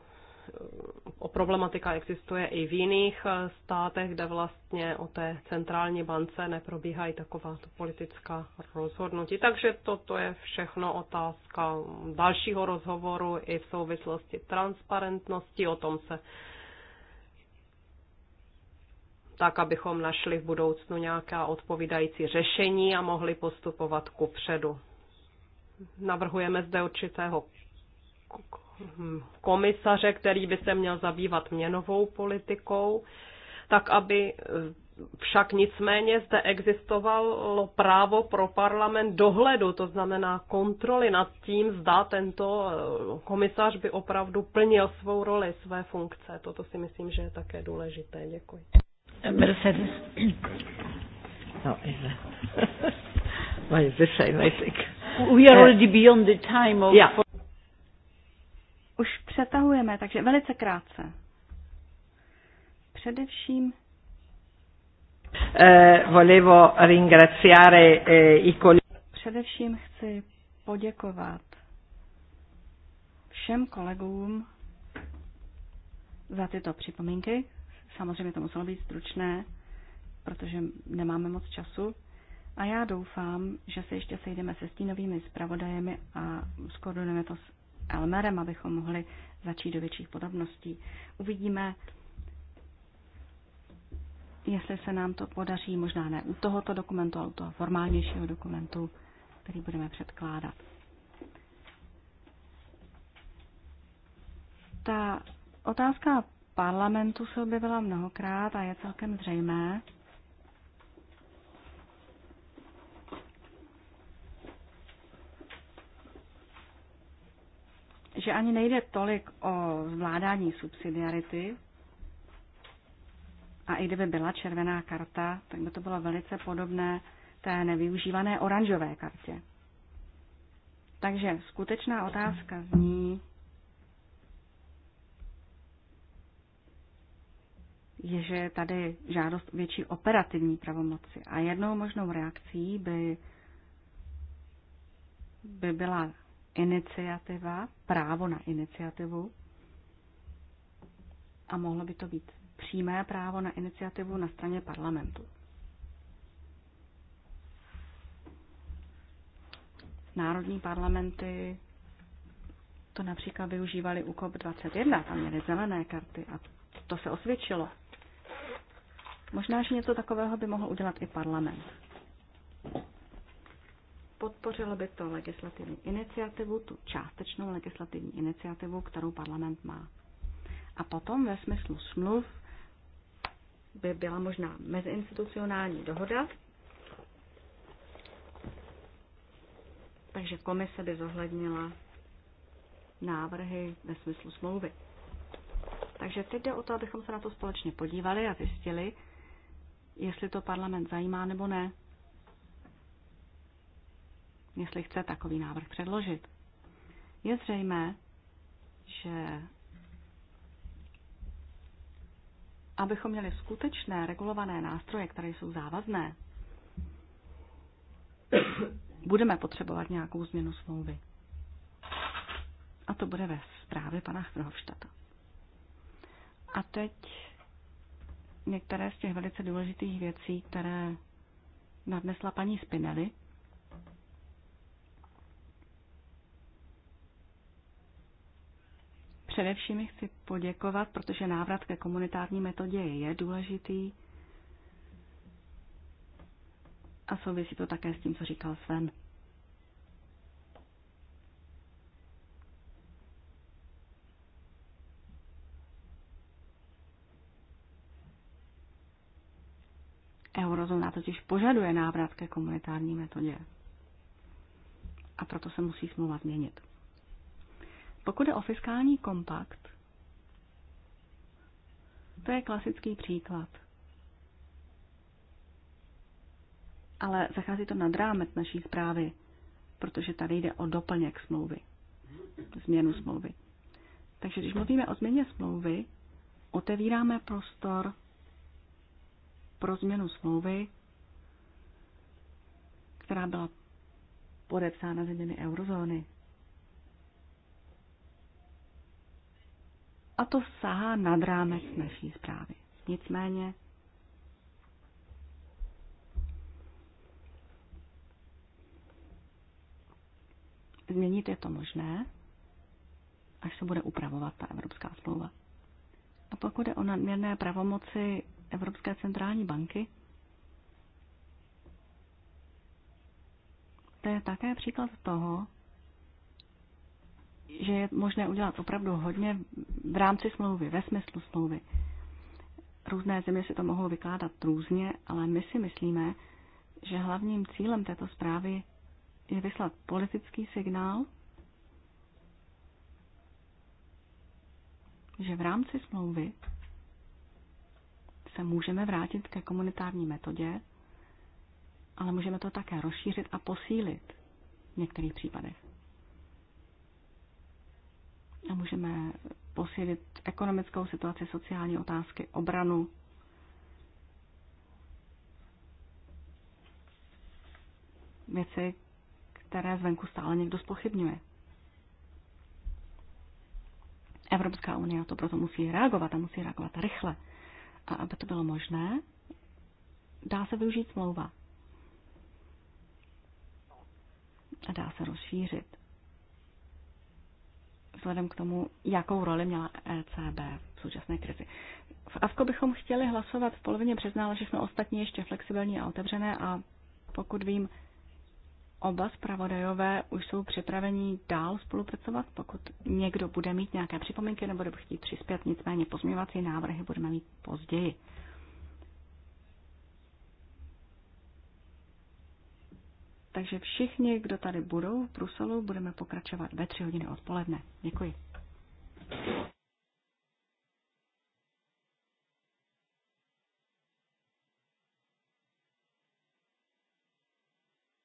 O problematika existuje i v jiných eh, státech, kde vlastně o té centrální bance neprobíhají taková politická rozhodnutí. Takže toto je všechno otázka dalšího rozhovoru i v souvislosti transparentnosti. O tom se tak, abychom našli v budoucnu nějaká odpovídající řešení a mohli postupovat ku předu. Navrhujeme zde určitého komisaře, který by se měl zabývat měnovou politikou, tak aby eh, však nicméně zde existovalo právo pro parlament dohledu, to znamená kontroly nad tím, zda tento eh, komisař by opravdu plnil svou roli, své funkce. Toto si myslím, že je také důležité. Děkuji. Mercedes. No, my, this I We are already eh, beyond the time of... Yeah. Už přetahujeme, takže velice krátce. Především eh, volevo ringraziare eh, i Především chci poděkovat všem kolegům za tyto připomínky. Samozřejmě to muselo být stručné, protože nemáme moc času. A já doufám, že se ještě sejdeme se stínovými zpravodajemi a skoordinujeme to s Elmerem, abychom mohli začít do větších podobností. Uvidíme, jestli se nám to podaří, možná ne u tohoto dokumentu, ale u toho formálnějšího dokumentu, který budeme předkládat. Ta otázka parlamentu se objevila mnohokrát a je celkem zřejmé, že ani nejde tolik o zvládání subsidiarity, a i kdyby byla červená karta, tak by to bylo velice podobné té nevyužívané oranžové kartě. Takže skutečná otázka zní, je, že je tady žádost větší operativní pravomoci. A jednou možnou reakcí by, by byla iniciativa, právo na iniciativu. A mohlo by to být přímé právo na iniciativu na straně parlamentu. Národní parlamenty to například využívali u COP21, tam měly zelené karty a to se osvědčilo. Možná, že něco takového by mohl udělat i parlament podpořilo by to legislativní iniciativu, tu částečnou legislativní iniciativu, kterou parlament má. A potom ve smyslu smluv by byla možná meziinstitucionální dohoda, takže komise by zohlednila návrhy ve smyslu smlouvy. Takže teď jde o to, abychom se na to společně podívali a zjistili, jestli to parlament zajímá nebo ne jestli chce takový návrh předložit. Je zřejmé, že abychom měli skutečné regulované nástroje, které jsou závazné, budeme potřebovat nějakou změnu smlouvy. A to bude ve zprávě pana Hrhovštata. A teď některé z těch velice důležitých věcí, které nadnesla paní Spinelli. Především chci poděkovat, protože návrat ke komunitární metodě je důležitý a souvisí to také s tím, co říkal Sven. Eurozóna totiž požaduje návrat ke komunitární metodě. A proto se musí smlouva změnit. Pokud je o fiskální kompakt, to je klasický příklad. Ale zachází to nad rámec naší zprávy, protože tady jde o doplněk smlouvy, změnu smlouvy. Takže když mluvíme o změně smlouvy, otevíráme prostor pro změnu smlouvy, která byla podepsána zeměmi eurozóny. A to sahá nad rámec naší zprávy. Nicméně změnit je to možné, až se bude upravovat ta Evropská smlouva. A pokud je o nadměrné pravomoci Evropské centrální banky, to je také příklad toho, že je možné udělat opravdu hodně v rámci smlouvy, ve smyslu smlouvy. Různé země si to mohou vykládat různě, ale my si myslíme, že hlavním cílem této zprávy je vyslat politický signál, že v rámci smlouvy se můžeme vrátit ke komunitární metodě, ale můžeme to také rozšířit a posílit v některých případech a můžeme posílit ekonomickou situaci, sociální otázky, obranu. Věci, které zvenku stále někdo spochybňuje. Evropská unie to proto musí reagovat a musí reagovat rychle. A aby to bylo možné, dá se využít smlouva. A dá se rozšířit vzhledem k tomu, jakou roli měla ECB v současné krizi. V AFKO bychom chtěli hlasovat v polovině března, ale všechno ostatní ještě flexibilní a otevřené a pokud vím, oba zpravodajové už jsou připraveni dál spolupracovat, pokud někdo bude mít nějaké připomínky nebo bude chtít přispět, nicméně pozměňovací návrhy budeme mít později. Takže všichni, kdo tady budou v Bruselu, budeme pokračovat ve tři hodiny odpoledne. Děkuji.